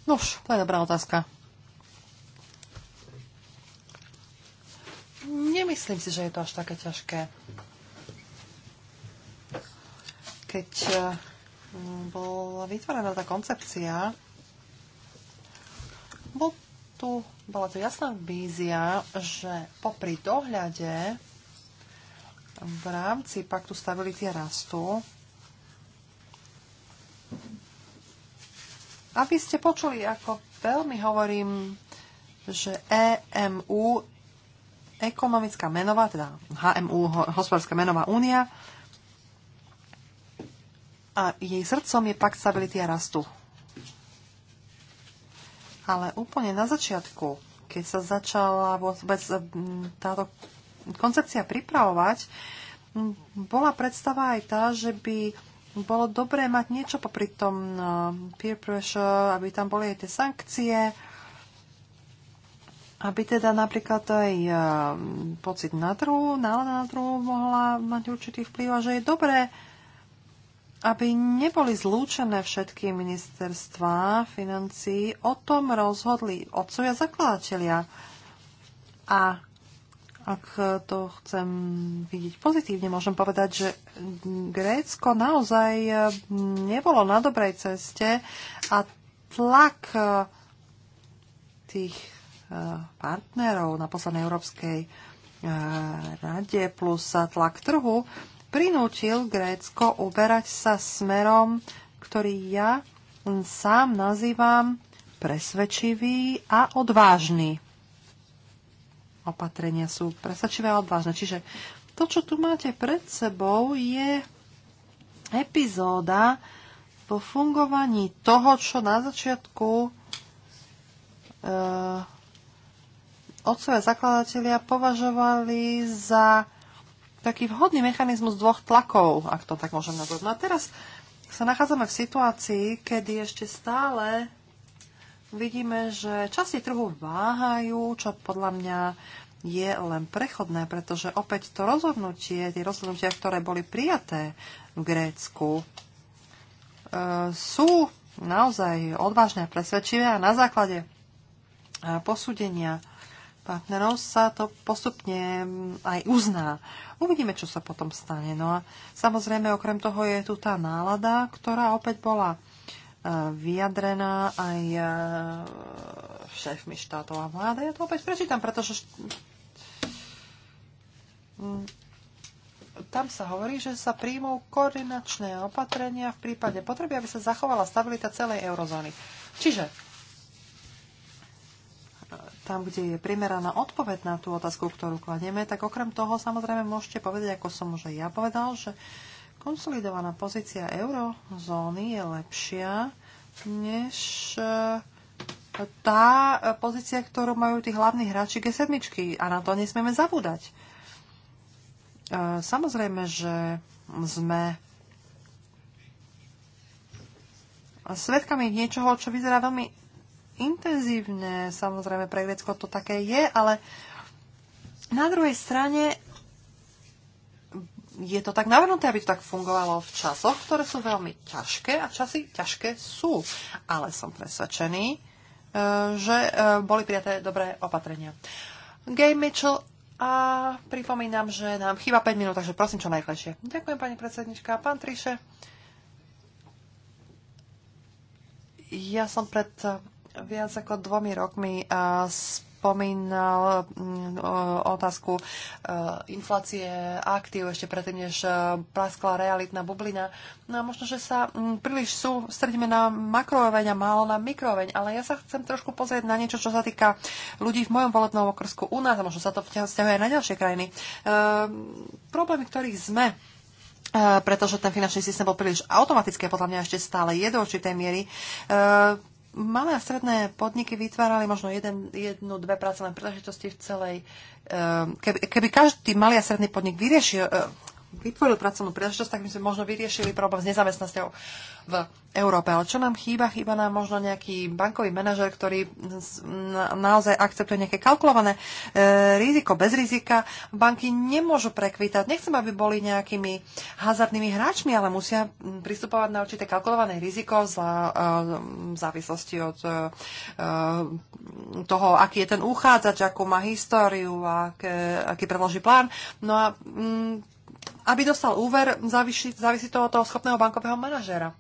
Nož, to je dobrá otázka. Nemyslím si, že je to až také ťažké. Keď eh, bola vytvorená tá koncepcia, bol tu, bola tu jasná vízia, že popri dohľade v rámci paktu stability a rastu, aby ste počuli, ako veľmi hovorím, že EMU, ekonomická menová, teda HMU, hospodárska menová únia, a jej srdcom je pakt stability a rastu. Ale úplne na začiatku, keď sa začala vôbec táto koncepcia pripravovať, bola predstava aj tá, že by bolo dobré mať niečo popri tom no, peer pressure, aby tam boli aj tie sankcie, aby teda napríklad aj e, pocit na trhu, nálada na trhu mohla mať určitý vplyv a že je dobré, aby neboli zlúčené všetky ministerstva financí, o tom rozhodli otcovia zakladatelia. A ak to chcem vidieť pozitívne, môžem povedať, že Grécko naozaj eh, nebolo na dobrej ceste a tlak eh, tých eh, partnerov na poslednej Európskej rade plus tlak trhu prinútil Grécko uberať sa smerom, ktorý ja sám nazývam presvedčivý a odvážny opatrenia sú presvedčivé a odvážne. Čiže to, čo tu máte pred sebou, je epizóda po fungovaní toho, čo na začiatku e, eh, otcovia zakladatelia považovali za taký vhodný mechanizmus dvoch tlakov, ak to tak môžem nazvať. No a teraz sa nachádzame v situácii, kedy ešte stále vidíme, že časti trhu váhajú, čo podľa mňa je len prechodné, pretože opäť to rozhodnutie, tie rozhodnutia, ktoré boli prijaté v Grécku, e, sú naozaj odvážne a presvedčivé a na základe e, posúdenia partnerov sa to postupne aj uzná. Uvidíme, čo sa potom stane. No a samozrejme, okrem toho je tu tá nálada, ktorá opäť bola vyjadrená aj e, šéfmi štátov a vláda. Ja to opäť prečítam, pretože tam sa hovorí, že sa príjmú koordinačné opatrenia v prípade potreby, aby sa zachovala stabilita celej eurozóny. Čiže e, tam, kde je primeraná odpoveď na tú otázku, ktorú kladieme, tak okrem toho samozrejme môžete povedať, ako som už aj ja povedal, že uh, Konsolidovaná pozícia eurozóny je lepšia než e, tá pozícia, ktorú majú tí hlavní hráči G7 a na to nesmieme zabúdať. E, samozrejme, že sme svedkami niečoho, čo vyzerá veľmi intenzívne. Samozrejme, pre Grecko to také je, ale na druhej strane je to tak navrhnuté, aby to tak fungovalo v časoch, ktoré sú veľmi ťažké a časy ťažké sú. Ale som presvedčený, e, že e, boli prijaté dobré opatrenia. Gay Mitchell a pripomínam, že nám chýba 5 minút, takže prosím čo najkrajšie. Ďakujem pani predsednička. Pán Triše, ja som pred e, viac ako dvomi rokmi s spomínal mm, otázku e, inflácie aktív ešte predtým, než e, praskla realitná bublina. No a možno, že sa mm, príliš sústredíme na makroveň a málo na mikroveň, ale ja sa chcem trošku pozrieť na niečo, čo sa týka ľudí v mojom volebnom okrsku u nás a možno sa to vzťahuje aj na ďalšie krajiny. E, problémy, ktorých sme pretože ten finančný systém bol príliš automatický, podľa mňa ešte stále je do určitej miery malé a stredné podniky vytvárali možno jeden, jednu, dve pracovné príležitosti v celej... Eh, keby, keby každý malý a stredný podnik vyriešil, eh, vytvoril pracovnú príležitosť, tak by sme možno vyriešili problém s nezamestnanosťou v Európe. Ale čo nám chýba? Chýba nám možno nejaký bankový manažer, ktorý naozaj akceptuje nejaké kalkulované e, riziko. Bez rizika banky nemôžu prekvítať. Nechcem, aby boli nejakými hazardnými hráčmi, ale musia pristupovať na určité kalkulované riziko e, v závislosti od e, toho, aký je ten uchádzač, akú má históriu, aký predloží plán. No a aby dostal úver, závisí, závisí to od toho schopného bankového manažéra.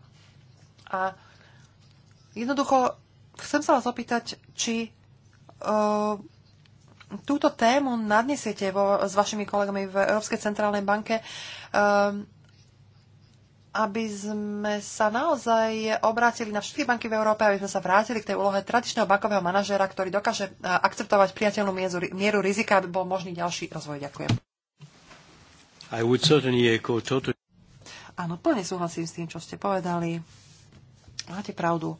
A jednoducho chcem sa vás opýtať, či uh, túto tému nadnesiete vo, s vašimi kolegami v Európskej centrálnej banke, um, aby sme sa naozaj obrátili na všetky banky v Európe, aby sme sa vrátili k tej úlohe tradičného bankového manažéra, ktorý dokáže e, akceptovať priateľnú mieru, mieru rizika, aby bol možný ďalší rozvoj. Ďakujem. I would certainly echo Áno, plne súhlasím s tým, čo ste povedali. Máte pravdu.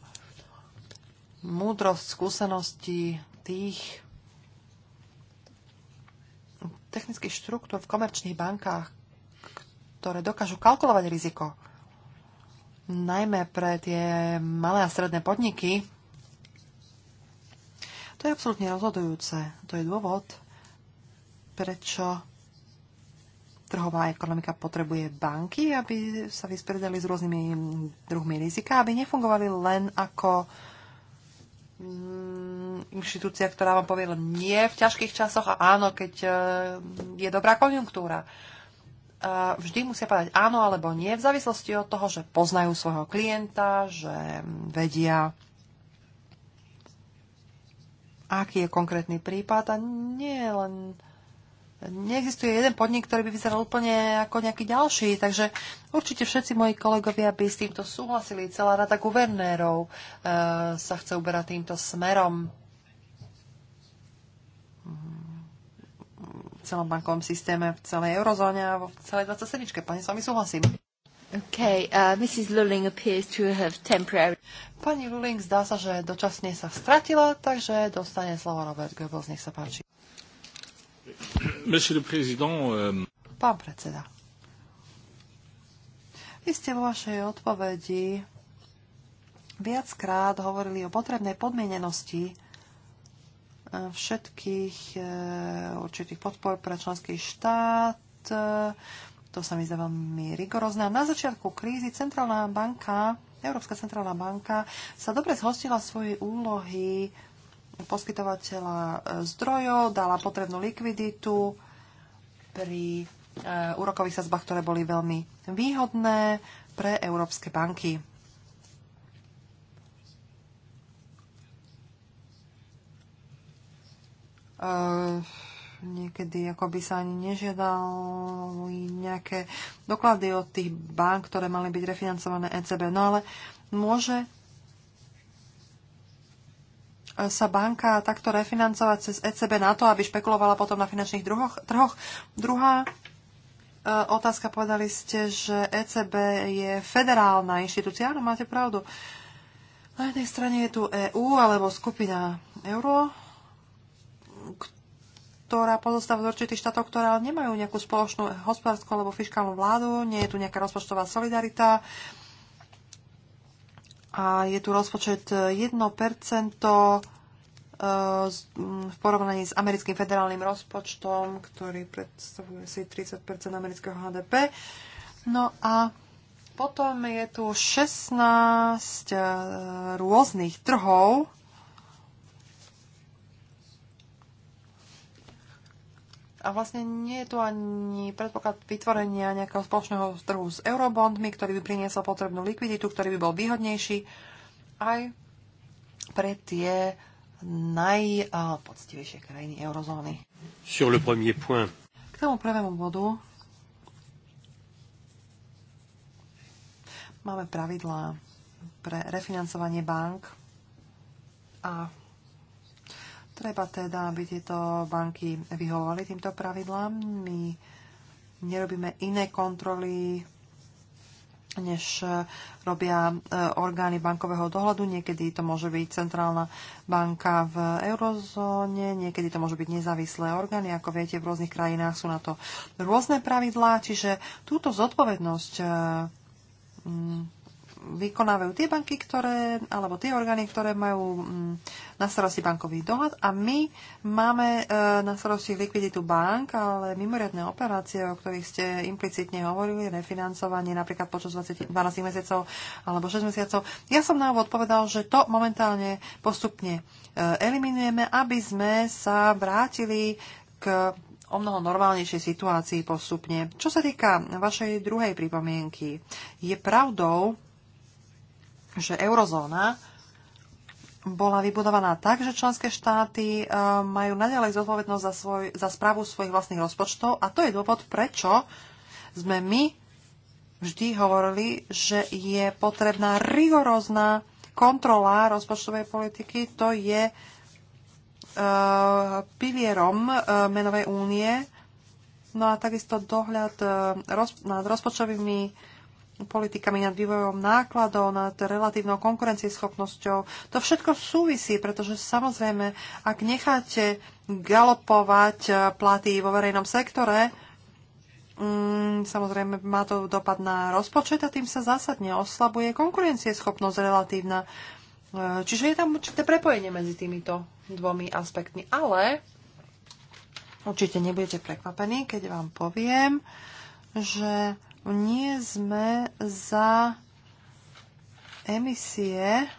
Múdrosť skúsenosti tých technických štruktúr v komerčných bankách, ktoré dokážu kalkulovať riziko, najmä pre tie malé a stredné podniky, to je absolútne rozhodujúce. To je dôvod, prečo trhová ekonomika potrebuje banky, aby sa vyspredali s rôznymi druhmi rizika, aby nefungovali len ako mm, inštitúcia, ktorá vám povie len nie v ťažkých časoch a áno, keď e, je dobrá konjunktúra. E, vždy musia povedať áno alebo nie v závislosti od toho, že poznajú svojho klienta, že vedia, aký je konkrétny prípad a nie len neexistuje jeden podnik, ktorý by vyzeral úplne ako nejaký ďalší, takže určite všetci moji kolegovia by s týmto súhlasili. Celá rada guvernérov e, sa chce uberať týmto smerom. v celom bankovom systéme, v celej eurozóne a v celej 27. Pani, s vami súhlasím. Okay, uh, Mrs. Luling appears to have temporary... Pani Lulling zdá sa, že dočasne sa stratila, takže dostane slovo Robert Goebbels, nech sa páči. Euh, Pán predseda, vy ste vo vašej odpovedi viackrát hovorili o potrebnej podmienenosti e, všetkých e, určitých podpor pre členský štát. E, to sa mi zdá veľmi rigorózne. A na začiatku krízy Centrálna banka, Európska centrálna banka sa dobre zhostila svojej úlohy poskytovateľa e, zdrojov, dala potrebnú likviditu pri e, úrokových sazbách, ktoré boli veľmi výhodné pre európske banky. E, niekedy ako by sa ani nežiadali nejaké doklady od tých bank, ktoré mali byť refinancované ECB. No ale môže sa banka takto refinancovať cez ECB na to, aby špekulovala potom na finančných druhoch, trhoch. Druhá e, otázka, povedali ste, že ECB je federálna inštitúcia, áno, máte pravdu. Na jednej strane je tu EÚ alebo skupina euro, ktorá pozostáva z určitých štátov, ktorá nemajú nejakú spoločnú hospodárskú alebo fiskálnu vládu, nie je tu nejaká rozpočtová solidarita, a je tu rozpočet 1% eh, mm, v porovnaní s americkým federálnym rozpočtom, ktorý predstavuje si 30% amerického HDP. No a potom je tu 16 eh, rôznych trhov, A vlastne nie je tu ani predpoklad vytvorenia nejakého spoločného trhu s eurobondmi, ktorý by priniesol potrebnú likviditu, ktorý by bol výhodnejší aj pre tie najpoctivejšie krajiny eurozóny. Sur le premier point. K tomu prvému bodu máme pravidlá pre refinancovanie bank a Treba teda, aby tieto banky vyhovovali týmto pravidlám. My nerobíme iné kontroly, než robia e, orgány bankového dohľadu. Niekedy to môže byť centrálna banka v eurozóne, niekedy to môžu byť nezávislé orgány. Ako viete, v rôznych krajinách sú na to rôzne pravidlá, čiže túto zodpovednosť e, vykonávajú tie banky, ktoré, alebo tie orgány, ktoré majú mm, na starosti bankový dohľad a my máme e, na starosti likviditu bank, ale mimoriadne operácie, o ktorých ste implicitne hovorili, refinancovanie napríklad počas 20, 12 mesiacov alebo 6 mesiacov. Ja som na úvod povedal, že to momentálne postupne e, eliminujeme, aby sme sa vrátili k o mnoho normálnejšej situácii postupne. Čo sa týka vašej druhej pripomienky, je pravdou, že eurozóna bola vybudovaná tak, že členské štáty e, majú naďalej zodpovednosť za, svoj, za správu svojich vlastných rozpočtov a to je dôvod, prečo sme my vždy hovorili, že je potrebná rigorózna kontrola rozpočtovej politiky. To je uh, pilierom uh, menovej únie. No a takisto dohľad uh, roz, nad rozpočtovými politikami, nad vývojom nákladov, nad relatívnou konkurencieschopnosťou. To všetko súvisí, pretože samozrejme, ak necháte galopovať eh, platy vo verejnom sektore, Mm, samozrejme má to dopad na rozpočet a tým sa zásadne oslabuje konkurencieschopnosť relatívna. Eh, čiže je tam určité prepojenie medzi týmito dvomi aspektmi. Ale určite nebudete prekvapení, keď vám poviem, že nie sme za emisie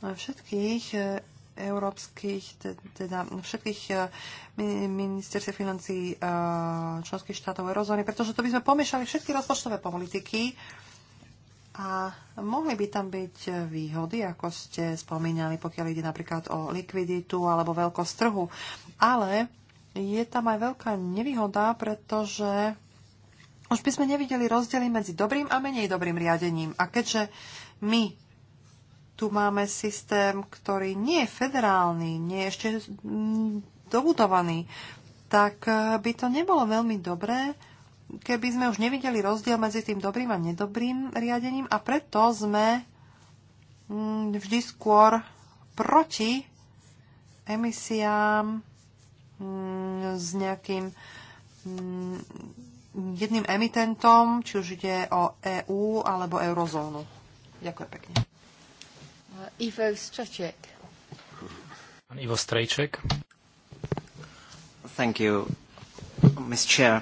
všetkých e, európskych, teda všetkých e, ministerstiev financí e, členských štátov eurozóny, pretože to by sme pomiešali všetky rozpočtové politiky a mohli by tam byť výhody, ako ste spomínali, pokiaľ ide napríklad o likviditu alebo veľkosť trhu. Ale je tam aj veľká nevýhoda, pretože už by sme nevideli rozdiely medzi dobrým a menej dobrým riadením. A keďže my tu máme systém, ktorý nie je federálny, nie je ešte dobudovaný, tak eh, by to nebolo veľmi dobré, keby sme už nevideli rozdiel medzi tým dobrým a nedobrým riadením a preto sme mm, vždy skôr proti emisiám Mm, s nejakým mm, jedným emitentom, či už ide o EU alebo eurozónu. Ďakujem pekne. Uh, Ivo Strejček. Ivo Strejček. Thank you, Ms. Chair.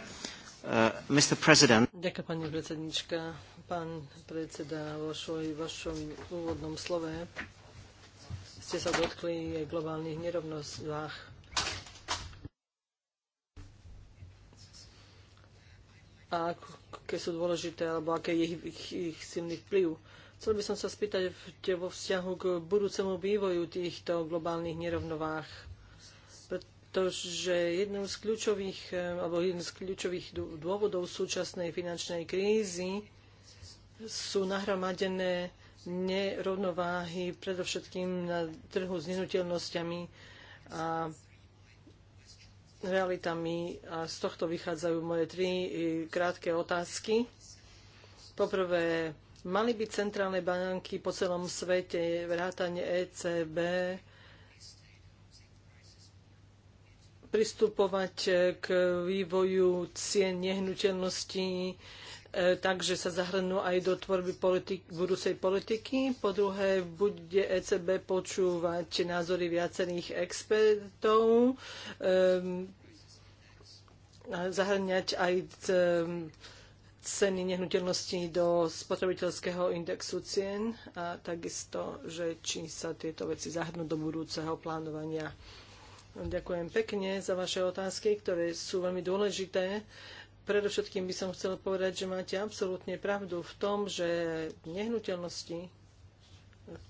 Uh, Mr. President. Ďakujem, pani predsednička. Pán predseda, vo vašom úvodnom slove ste sa dotkli aj globálnych nerovnostvách a aké sú dôležité, alebo aké je ich, ich silný vplyv. Chcel by som sa spýtať vo vzťahu k budúcemu vývoju týchto globálnych nerovnovách. Pretože jednou z kľúčových, eh, alebo jeden z kľúčových dôvodov súčasnej finančnej krízy sú nahromadené nerovnováhy predovšetkým na trhu s nenutelnosťami a realitami a z tohto vychádzajú moje tri eh, krátke otázky. Poprvé, mali by centrálne banky po celom svete, vrátane ECB, pristupovať eh, k vývoju cien nehnuteľností E, takže sa zahrnú aj do tvorby politik, budúcej politiky. Po druhé, bude ECB počúvať názory viacerých expertov, zahŕňať e, zahrňať aj e, ceny nehnuteľností do spotrebiteľského indexu cien a takisto, že či sa tieto veci zahrnú do budúceho plánovania. Ďakujem pekne za vaše otázky, ktoré sú veľmi dôležité predovšetkým by som chcel povedať, že máte absolútne pravdu v tom, že nehnuteľnosti e,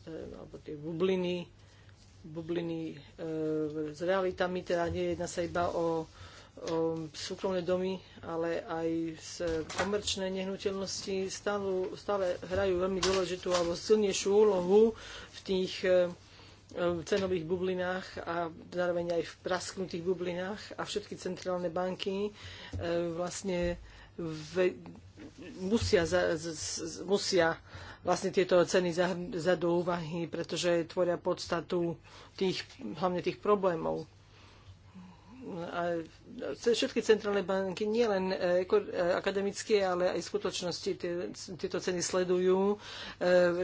alebo tie bubliny, bubliny e, s realitami, teda nie jedna sa iba o, o súkromné domy, ale aj z komerčné nehnuteľnosti stále, stále hrajú veľmi dôležitú alebo silnejšiu úlohu v tých e, v cenových bublinách a zároveň aj v prasknutých bublinách a všetky centrálne banky e, vlastne ve, musia, za, z, musia vlastne tieto ceny za, za do úvahy, pretože tvoria podstatu tých, hlavne tých problémov všetky centrálne banky, nielen e, e, akademické, ale aj v skutočnosti tieto ceny sledujú. E,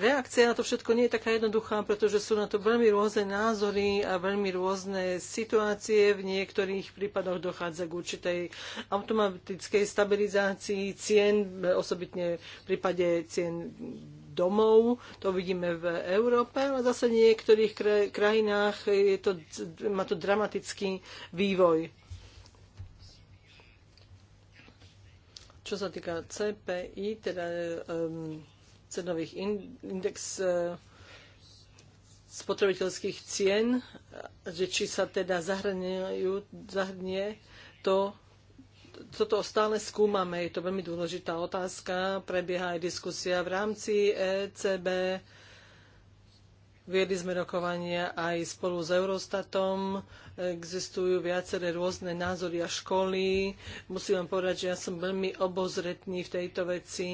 reakcia na to všetko nie je taká jednoduchá, pretože sú na to veľmi rôzne názory a veľmi rôzne situácie. V niektorých prípadoch dochádza k určitej automatickej stabilizácii cien, osobitne v prípade cien domov, to vidíme v Európe, ale zase v niektorých krajinách je to, má to dramatický vývoj. Čo sa týka CPI, teda um, cenových index uh, spotrebiteľských cien, že či sa teda zahrnie to toto stále skúmame, je to veľmi dôležitá otázka, prebieha aj diskusia v rámci ECB. Viedli sme rokovania aj spolu s Eurostatom. Existujú viaceré rôzne názory a školy. Musím vám povedať, že ja som veľmi obozretný v tejto veci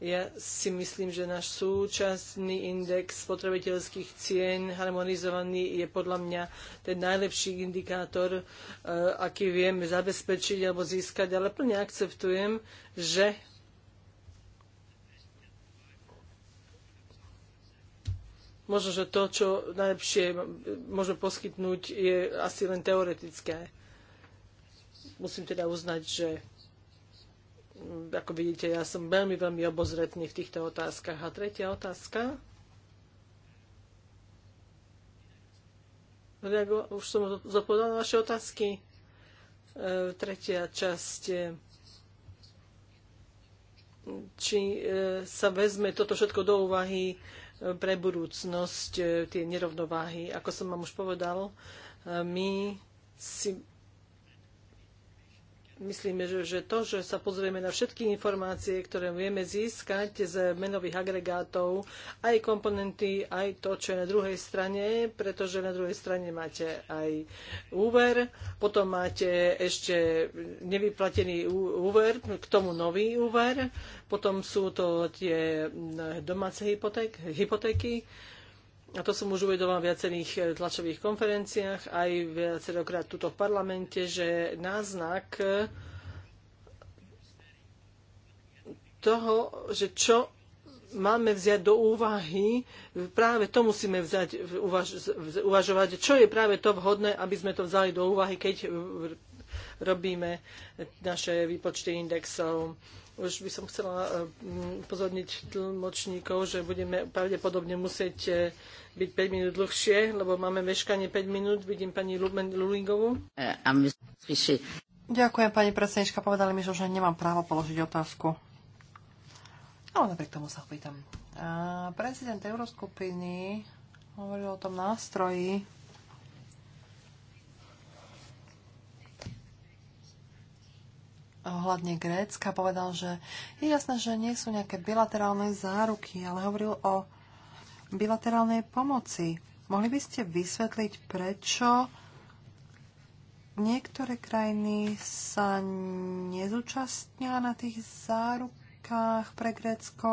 ja si myslím, že náš súčasný index spotrebiteľských cien harmonizovaný je podľa mňa ten najlepší indikátor, e, aký vieme zabezpečiť alebo získať, ale plne akceptujem, že možno, že to, čo najlepšie môžeme poskytnúť, je asi len teoretické. Musím teda uznať, že Mm, ako vidíte, ja som veľmi, veľmi obozretný v týchto otázkach. A tretia otázka. Už som zodpovedala na vaše otázky. E, tretia časť či e, sa vezme toto všetko do úvahy e, pre budúcnosť, tie nerovnováhy. Ako som vám už povedal, my si myslíme, že, že to, že sa pozrieme na všetky informácie, ktoré vieme získať z menových agregátov, aj komponenty, aj to, čo je na druhej strane, pretože na druhej strane máte aj úver, potom máte ešte nevyplatený úver, k tomu nový úver, potom sú to tie domáce hypoték, hypotéky, hypotéky a to som už uvedol v viacerých eh, tlačových konferenciách, aj viacerokrát tuto v parlamente, že náznak eh, toho, že čo máme vziať do úvahy, práve to musíme vzať, uvaž, uvažovať, čo je práve to vhodné, aby sme to vzali do úvahy, keď eh, robíme naše výpočty indexov. Už by som chcela eh, upozorniť tlmočníkov, že budeme pravdepodobne musieť eh, byť 5 minút dlhšie, lebo máme meškanie 5 minút. Vidím pani Lulingovú. Eh, Ďakujem, pani predsednička. Povedali mi, že už nemám právo položiť otázku. Ale napriek tomu sa opýtam. prezident Euroskupiny hovoril o tom nástroji, ohľadne Grécka povedal, že je jasné, že nie sú nejaké bilaterálne záruky, ale hovoril o bilaterálnej pomoci. Mohli by ste vysvetliť, prečo niektoré krajiny sa nezúčastnia na tých zárukách pre Grécko?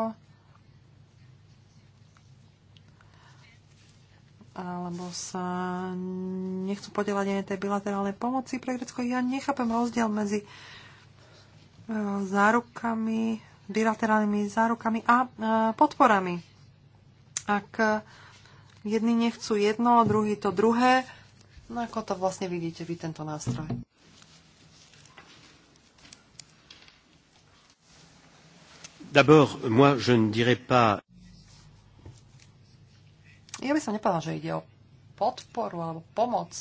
alebo sa nechcú podielať aj tej bilaterálnej pomoci pre Grécko. Ja nechápem rozdiel medzi zárukami, bilaterálnymi zárukami a e, podporami. Ak jedni nechcú jedno, druhý to druhé, no ako to vlastne vidíte vy tento nástroj? D'abord, moi, je ne dirais pas... Ja by som nepovedal, že ide o podporu alebo pomoc.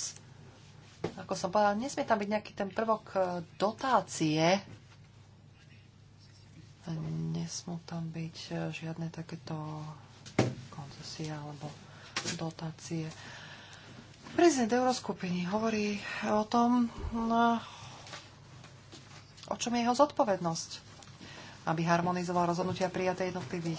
Ako som povedal, nesmie tam byť nejaký ten prvok e, dotácie, nesmú tam byť e, žiadne takéto koncesie alebo dotácie. Prezident Euroskupiny hovorí o tom, no, o čom je jeho zodpovednosť aby harmonizoval rozhodnutia prijaté, e,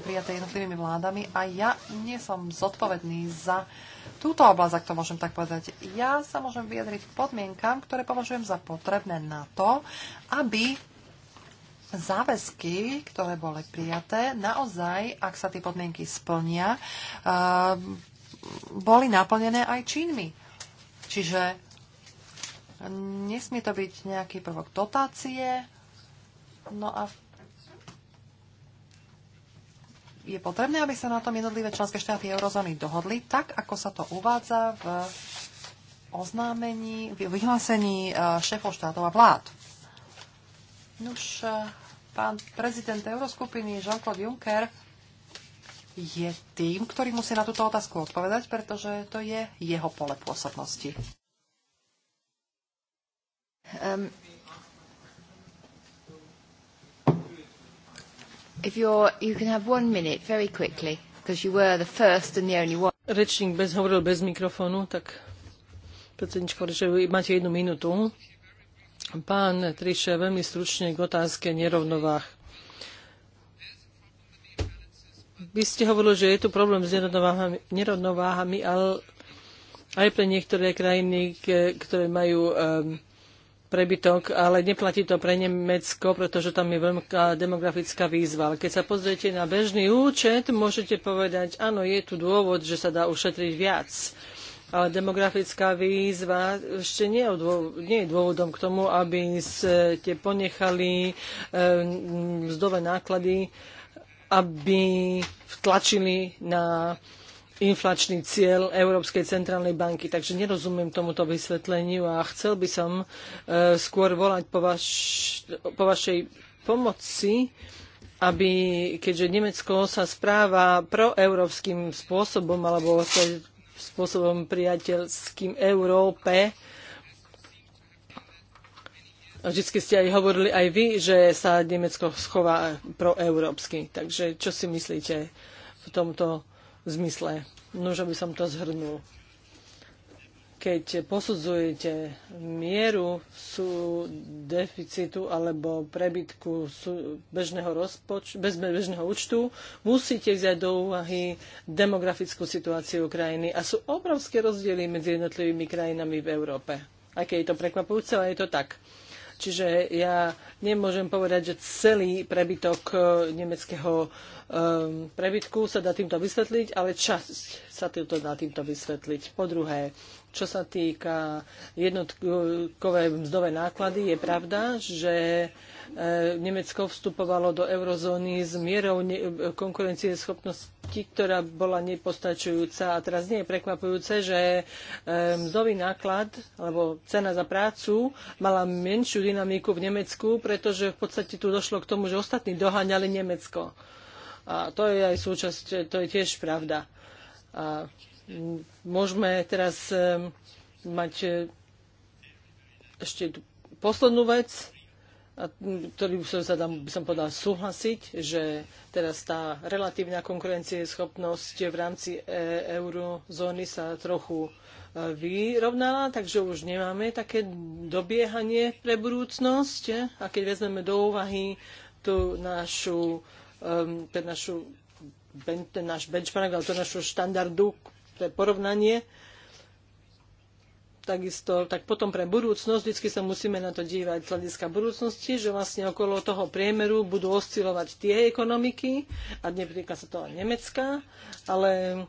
prijaté jednotlivými vládami. A ja nie som zodpovedný za túto oblasť, ak to môžem tak povedať. Ja sa môžem vyjadriť k podmienkam, ktoré považujem za potrebné na to, aby záväzky, ktoré boli prijaté, naozaj, ak sa tie podmienky splnia, eh, boli naplnené aj činmi. Čiže nesmie to byť nejaký prvok dotácie, no a je potrebné, aby sa na tom jednotlivé členské štáty eurozóny dohodli, tak ako sa to uvádza v oznámení, v vyhlásení eh, šéfov štátov a vlád. Nuž, eh, pán prezident Euroskupiny Jean-Claude Juncker je tým, ktorý musí na túto otázku odpovedať, pretože to je jeho pole pôsobnosti. Um, if you're, you can have one minute very quickly, because you were the first and the only one. Rečník bez, hovoril bez mikrofónu, tak predsedničko, že máte jednu minútu. Pán Triše, veľmi stručne k otázke nerovnováh. Vy ste hovorili, že je tu problém s nerovnováhami, nerovnováhami ale aj pre niektoré krajiny, ktoré majú ehm, prebytok, ale neplatí to pre Nemecko, pretože tam je veľká demografická výzva. Ale keď sa pozriete na bežný účet, môžete povedať, áno, je tu dôvod, že sa dá ušetriť viac ale demografická výzva ešte nie, nie je dôvodom k tomu, aby ste ponechali ehm, mzdové náklady, aby vtlačili na inflačný cieľ Európskej centrálnej banky. Takže nerozumiem tomuto vysvetleniu a chcel by som e, skôr volať po, vaš, po vašej pomoci, aby, keďže Nemecko sa správa proeurópskym spôsobom, alebo spôsobom priateľským Európe. Vždycky ste aj hovorili aj vy, že sa Nemecko schová proeurópsky. Takže čo si myslíte v tomto zmysle? No, že by som to zhrnul keď posudzujete mieru sú deficitu alebo prebytku bežného, rozpoč- bez bežného účtu, musíte vziať do úvahy demografickú situáciu krajiny. A sú obrovské rozdiely medzi jednotlivými krajinami v Európe. keď je to prekvapujúce, ale je to tak. Čiže ja nemôžem povedať, že celý prebytok eh, nemeckého um, prebytku sa dá týmto vysvetliť, ale časť sa týmto dá týmto vysvetliť. Po druhé, čo sa týka jednotkové mzdové náklady, je pravda, že ehm, Nemecko vstupovalo do eurozóny s mierou konkurencie schopnosti, ktorá bola nepostačujúca. A teraz nie je prekvapujúce, že ehm, mzdový náklad alebo cena za prácu mala menšiu dynamiku v Nemecku, pretože v podstate tu došlo k tomu, že ostatní doháňali Nemecko. A to je aj súčasť, to je tiež pravda. A môžeme teraz mať e, ešte poslednú vec, a som sa tam, by som povedal, súhlasiť, že teraz tá relatívna konkurencieschopnosť v rámci e, eurozóny sa trochu e, vyrovnala, takže už nemáme také dobiehanie pre budúcnosť. A keď vezmeme do úvahy tú našu Um, ten, našu, ten náš benchmark, alebo to našu štandardu, pre porovnanie, takisto, tak potom pre budúcnosť, vždy sa musíme na to dívať z hľadiska budúcnosti, že vlastne okolo toho priemeru budú oscilovať tie ekonomiky, a netýka sa to aj Nemecka, ale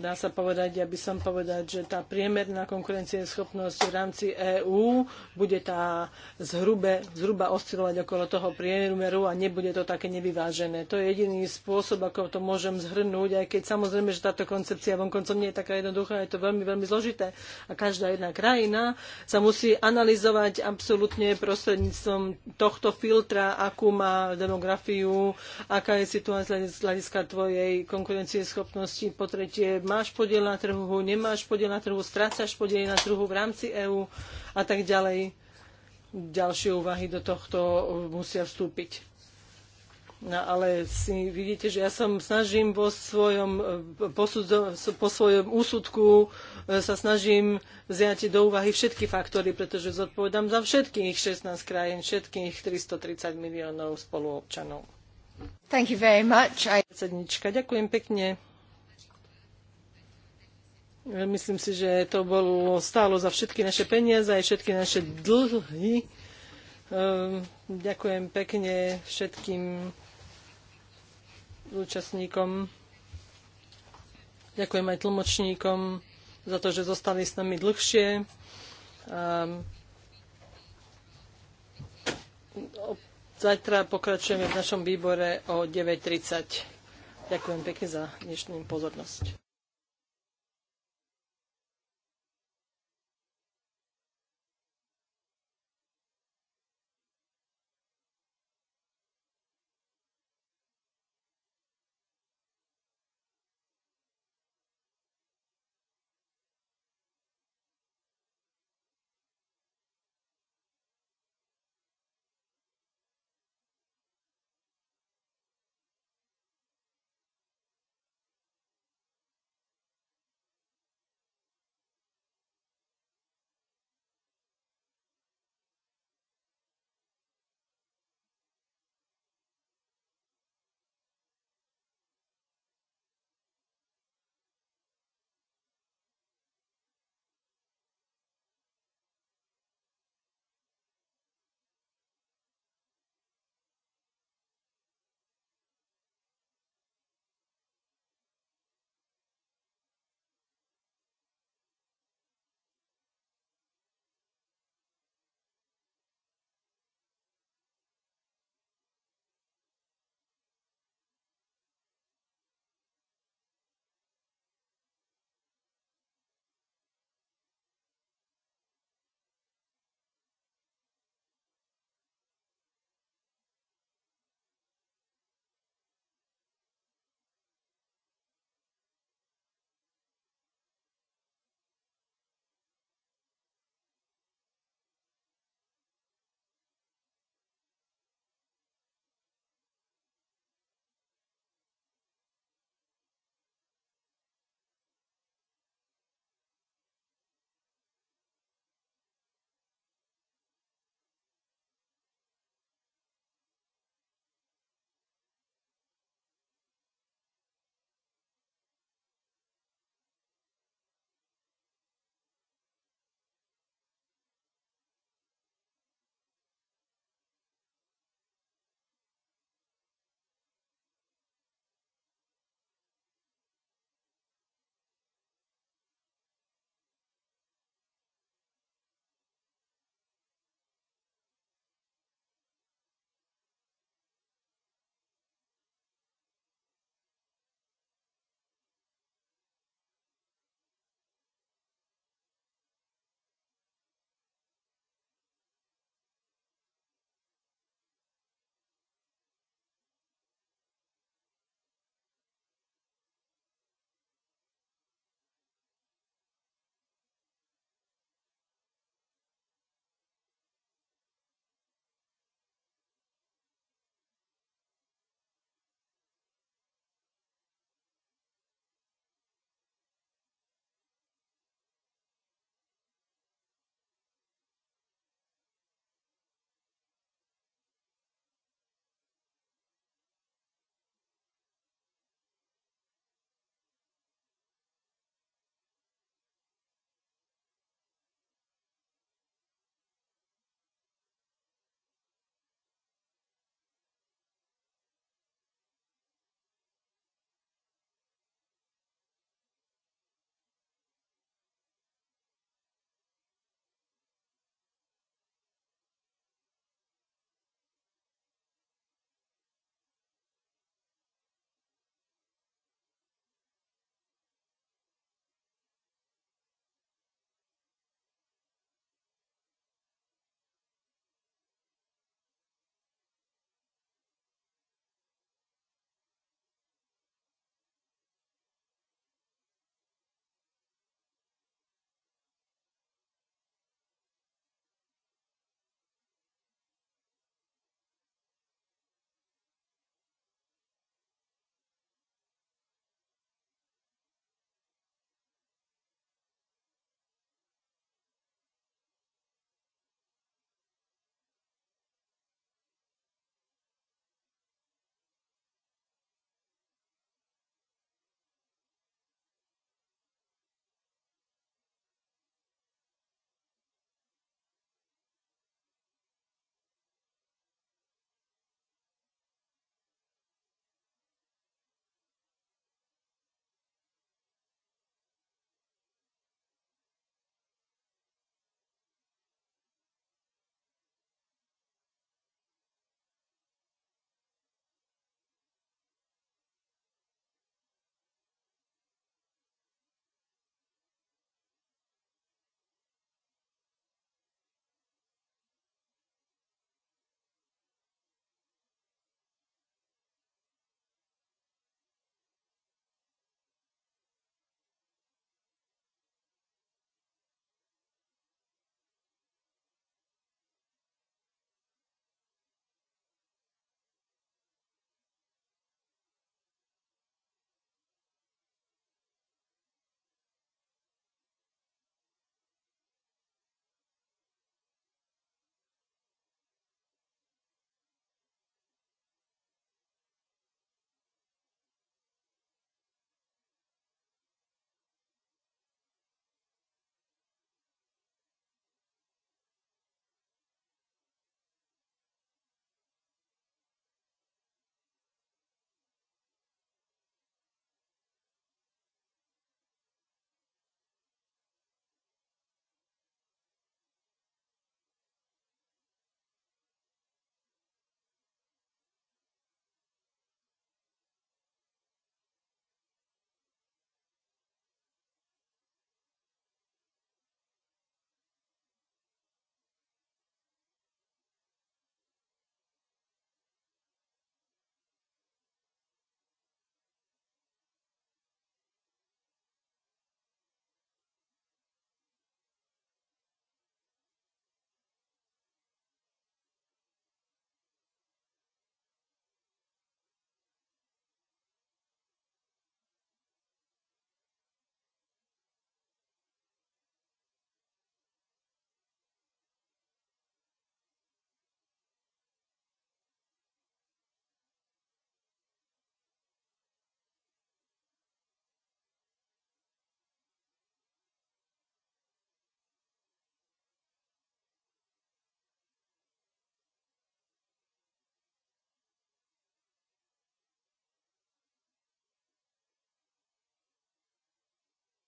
dá sa povedať, ja by som povedať, že tá priemerná konkurencieschopnosť v rámci EÚ bude tá zhrube, zhruba oscilovať okolo toho priemeru a nebude to také nevyvážené. To je jediný spôsob, ako to môžem zhrnúť, aj keď samozrejme, že táto koncepcia vonkoncom nie je taká jednoduchá, je to veľmi, veľmi zložité a každá jedna krajina sa musí analyzovať absolútne prostredníctvom tohto filtra, akú má demografiu, aká je situácia z hľadiska tvojej konkurencieschopnosti, po tretie máš podiel na trhu, nemáš podiel na trhu, strácaš podiel na trhu v rámci EÚ a tak ďalej. Ďalšie úvahy do tohto musia vstúpiť. No, ale si vidíte, že ja sa snažím vo svojom, posudzo, po svojom úsudku e, sa snažím vziať do úvahy všetky faktory, pretože zodpovedám za všetkých 16 krajín, všetkých 330 miliónov spoluobčanov. Thank you very much. I... Ďakujem pekne. Myslím si, že to bolo stálo za všetky naše peniaze aj všetky naše dlhy. Ehm, ďakujem pekne všetkým účastníkom. Ďakujem aj tlmočníkom za to, že zostali s nami dlhšie. A ehm, zajtra pokračujeme v našom výbore o 9.30. Ďakujem pekne za dnešnú pozornosť.